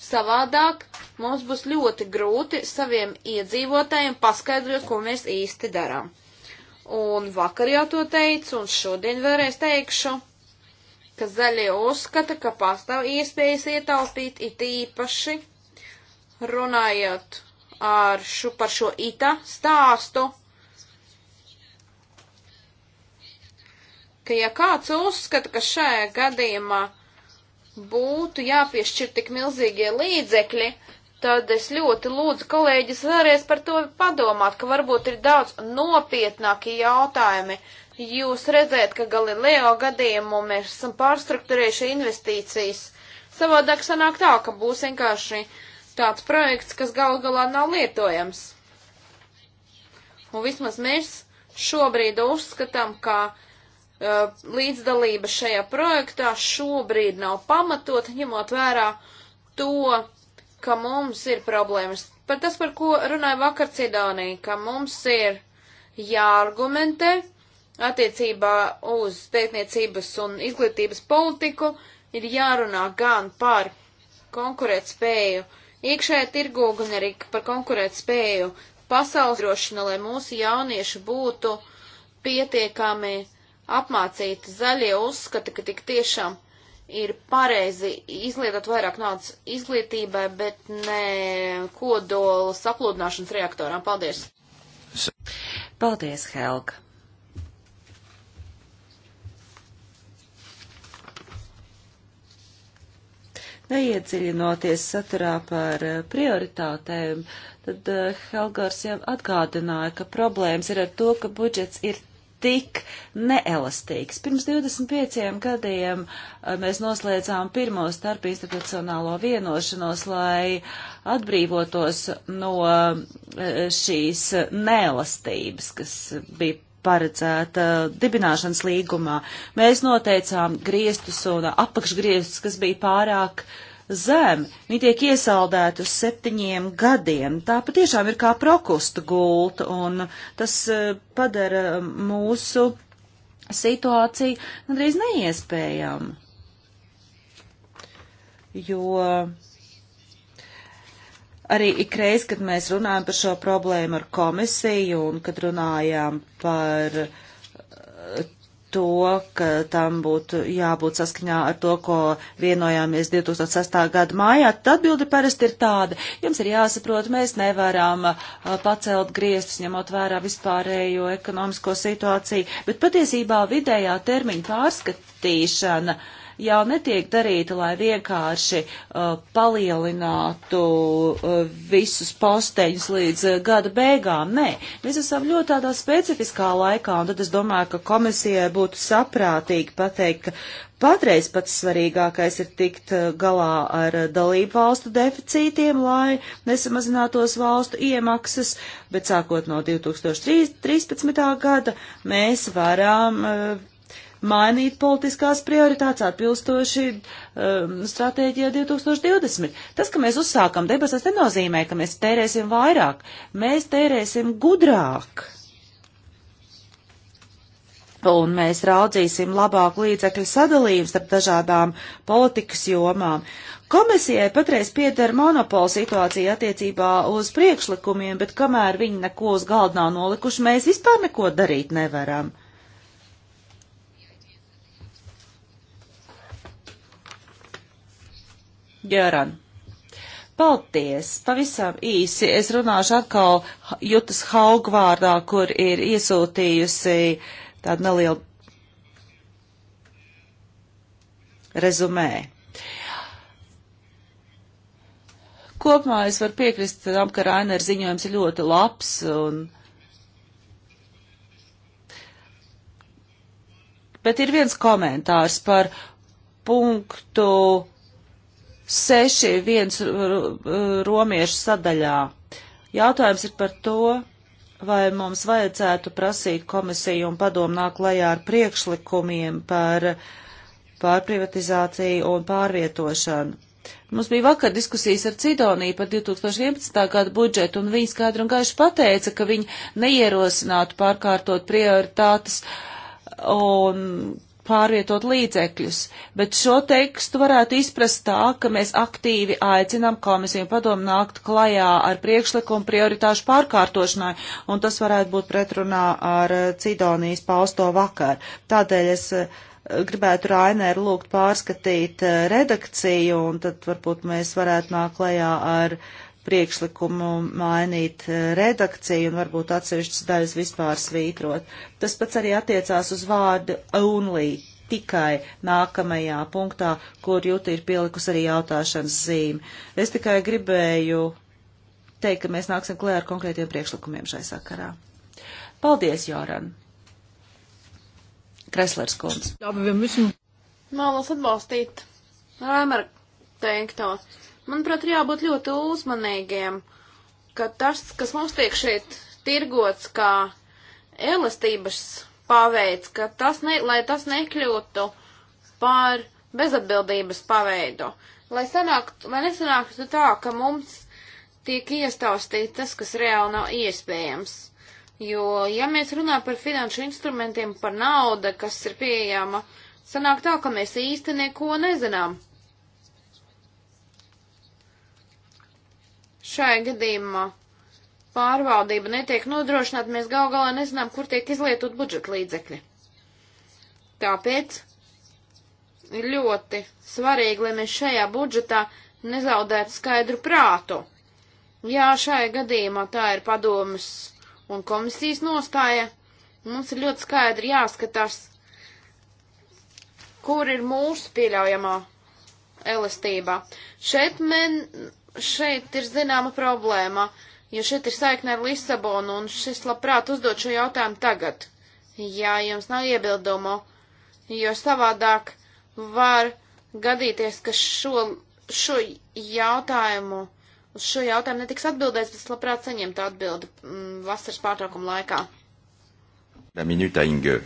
Savādāk mums būs ļoti grūti saviem iedzīvotājiem paskaidrot, ko mēs īsti darām. Un vakar jau to teicu, un šodien vēlreiz teikšu, ka zaļie uzskata, ka pastāv iespējas ietaupīt it īpaši runājot ar šo, par šo ita stāstu, ka ja kāds uzskata, ka šajā gadījumā būtu jāpiešķir tik milzīgie līdzekļi, tad es ļoti lūdzu kolēģis vēlreiz par to padomāt, ka varbūt ir daudz nopietnāki jautājumi, uh, Jūs redzēt, ka Galileo gadījumu mēs esam pārstruktūrējuši investīcijas. Savādāk sanāk tā, ka būs vienkārši tāds projekts, kas gal galā nav lietojams. Un vismaz mēs šobrīd uzskatām, ka uh, līdzdalība šajā projektā šobrīd nav pamatot, ņemot vērā to, ka mums ir problēmas. Par tas, par ko runāja vakar Cidānī, ka mums ir jāargumentē, attiecībā uz pētniecības un izglītības politiku ir jārunā gan par konkurētspēju iekšējā tirgū, gan arī par konkurētspēju pasaules drošina, lai mūsu jaunieši būtu pietiekami apmācīti zaļie uzskata, ka tik tiešām ir pareizi izlietot vairāk naudas izglītībai, bet ne kodola sapludināšanas reaktorām. Paldies! Paldies, Helga! neiedziļinoties saturā par eh, prioritātēm, tad eh, Helgors jau atgādināja, ka problēmas ir ar to, ka budžets ir tik neelastīgs. Pirms 25 gadiem eh, mēs noslēdzām pirmo starpinstitucionālo vienošanos, lai atbrīvotos no šīs neelastības, kas bija paredzēta dibināšanas līgumā. Mēs noteicām griestus un apakšgriestus, kas bija pārāk zemi. Viņi tiek iesaldēti uz septiņiem gadiem. Tā patiešām ir kā prokusta gulta, un tas e, padara mūsu situāciju gandrīz neiespējamu. Jo arī ikreiz, kad mēs runājam par šo problēmu ar komisiju un kad runājam par uh, to, ka tam būtu jābūt saskaņā ar to, ko vienojāmies 2006. gada mājā, tad atbildi parasti ir tāda. Jums ir jāsaprot, mēs nevaram uh, pacelt griestus, ņemot vērā vispārējo ekonomisko situāciju, bet patiesībā vidējā termiņa pārskatīšana uh, jau netiek darīta, lai vienkārši uh, palielinātu uh, visus posteņus līdz uh, gada beigām. Nē, mēs esam ļoti tādā specifiskā laikā, un tad es domāju, ka komisijai būtu saprātīgi pateikt, ka patreiz pats svarīgākais ir tikt uh, galā ar uh, dalību valstu deficītiem, lai nesamazinātos valstu iemaksas, bet sākot no 2013. gada mēs varam uh, mainīt politiskās prioritātes atbilstoši um, stratēģijā 2020. Tas, ka mēs uzsākam debatas, nenozīmē, ka mēs tērēsim vairāk, mēs tērēsim gudrāk. Un mēs raudzīsim labāk līdzekļu sadalījumu starp dažādām politikas jomām. Komisijai patreiz pieder monopola situācija attiecībā uz priekšlikumiem, bet kamēr viņi neko uz galda nav nolikuši, mēs vispār neko darīt nevaram. Gēran. Paldies! Pavisam īsi es runāšu atkal Jutas Haugvārdā, kur ir iesūtījusi tādu nelielu rezumē. Kopumā es varu piekrist tam, ka Rainer ziņojums ir ļoti labs un. Bet ir viens komentārs par punktu seši viens romiešu sadaļā. Jautājums ir par to, vai mums vajadzētu prasīt komisiju un padomu nāk lajā ar priekšlikumiem par pārprivatizāciju un pārvietošanu. Mums bija vakar diskusijas ar Cidoniju par 2011. gada budžetu, un viņi skaidri un gaiši pateica, ka viņi neierosinātu pārkārtot prioritātes un pārvietot līdzekļus, bet šo tekstu varētu izprast tā, ka mēs aktīvi aicinām komisiju padomu nākt klajā ar priekšlikumu prioritāšu pārkārtošanai, un tas varētu būt pretrunā ar Cidonijas eh, pausto vakar. Tādēļ es eh, gribētu Rainēru lūgt pārskatīt eh, redakciju, un tad varbūt mēs varētu nākt klajā ar uh, priekšlikumu mainīt eh, redakciju un varbūt atsevišķas daļas vispār svītrot. Tas pats arī attiecās uz vārdu only, tikai nākamajā punktā, kur jūta ir pielikus arī jautāšanas zīme. Es tikai gribēju teikt, ka mēs nāksim klē ar konkrētiem priekšlikumiem šai sakarā. Paldies, Jāran! Kreslers kundze. Man liekas atbalstīt Rēmera teikto. Manuprāt, ir jābūt ļoti uzmanīgiem, ka tas, kas mums tiek šeit tirgots kā elastības paveids, ka tas ne, lai tas nekļūtu par bezatbildības paveidu. Lai, sanākt, lai nesanāktu tā, ka mums tiek iestāstīts tas, kas reāli nav iespējams. Jo, ja mēs runājam par finanšu instrumentiem, par naudu, kas ir pieejama, sanāk tā, ka mēs īsti neko nezinām. šai gadījumā pārvaldība netiek nodrošināta, mēs gal galā nezinām, kur tiek izlietot budžeta līdzekļi. Tāpēc ir ļoti svarīgi, lai mēs šajā budžetā nezaudētu skaidru prātu. Jā, šajā gadījumā tā ir padomas un komisijas nostāja. Mums ir ļoti skaidri jāskatās, kur ir mūsu pieļaujamā elastība. Šeit men, šeit ir zināma problēma, jo šeit ir saikne ar Lisabonu, un es labprāt uzdot šo jautājumu tagad, ja jums nav iebildumu, jo savādāk var gadīties, ka šo, šo jautājumu, uz šo jautājumu netiks atbildēts, bet es labprāt saņemtu atbildi mm, vasaras pārtraukuma laikā. La minute à Inge,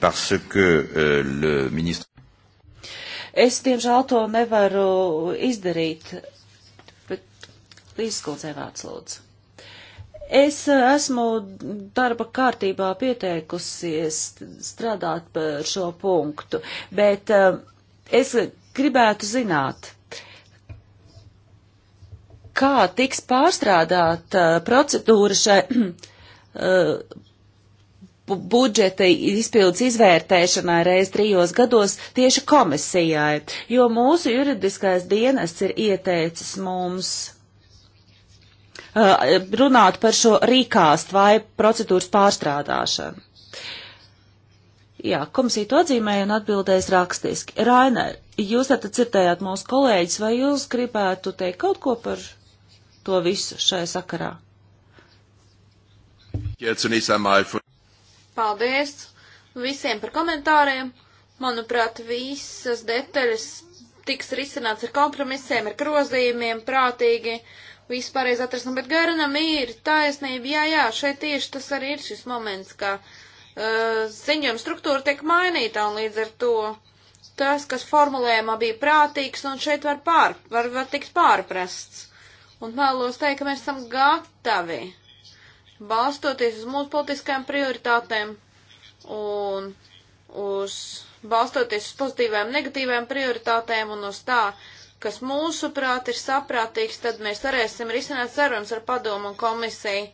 parce que euh, le ministre. Es, diemžēl, to nevaru izdarīt Līdz skoldzē vārds lūdzu. Es eh, esmu darba kārtībā pieteikusies strādāt par šo punktu, bet eh, es gribētu zināt, kā tiks pārstrādāt eh, procedūra šai budžeta izpildes izvērtēšanai reiz trijos gados tieši komisijai, jo mūsu juridiskais dienests ir ieteicis mums Uh, runāt par šo rīkāst vai procedūras pārstrādāšanu. Jā, komisija to atzīmēja un atbildēs rakstiski. Rainer, jūs tātad citējāt mūsu kolēģis, vai jūs gribētu teikt kaut ko par to visu šai sakarā? Paldies visiem par komentāriem. Manuprāt, visas detaļas tiks risināts ar kompromisiem, ar grozījumiem, prātīgi. Uh, vispārreiz atrast, nu, bet Garanam ir taisnība, jā, jā, šeit tieši tas arī ir šis moments, ka uh, ziņojuma struktūra tiek mainīta un līdz ar to tas, kas formulējumā bija prātīgs, un nu, šeit var, pār, var, var tikt pārprasts. Un vēlos teikt, ka mēs esam gatavi balstoties uz mūsu politiskajām prioritātēm un uz balstoties uz pozitīvām, negatīvām prioritātēm un uz tā, uh, kas mūsuprāt ir saprātīgs, tad mēs varēsim risināt sarunas ar padomu un komisiju.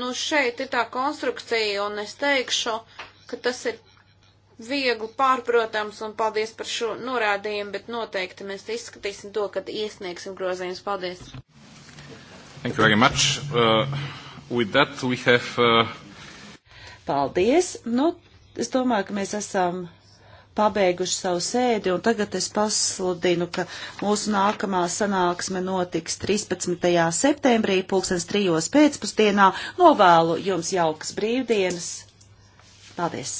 Nu, šeit ir tā konstrukcija, un es teikšu, ka tas ir viegli pārprotams, un paldies par šo norādījumu, bet noteikti mēs izskatīsim to, kad iesniegsim grozījumus. Paldies! Thank you very much. Uh, with that we have... Uh... Paldies! Nu, es domāju, ka mēs esam pabeiguši savu sēdi, un tagad es pasludinu, ka mūsu nākamā sanāksme notiks 13. septembrī, pulkstens trijos pēcpusdienā. Novēlu jums jaukas brīvdienas. Paldies!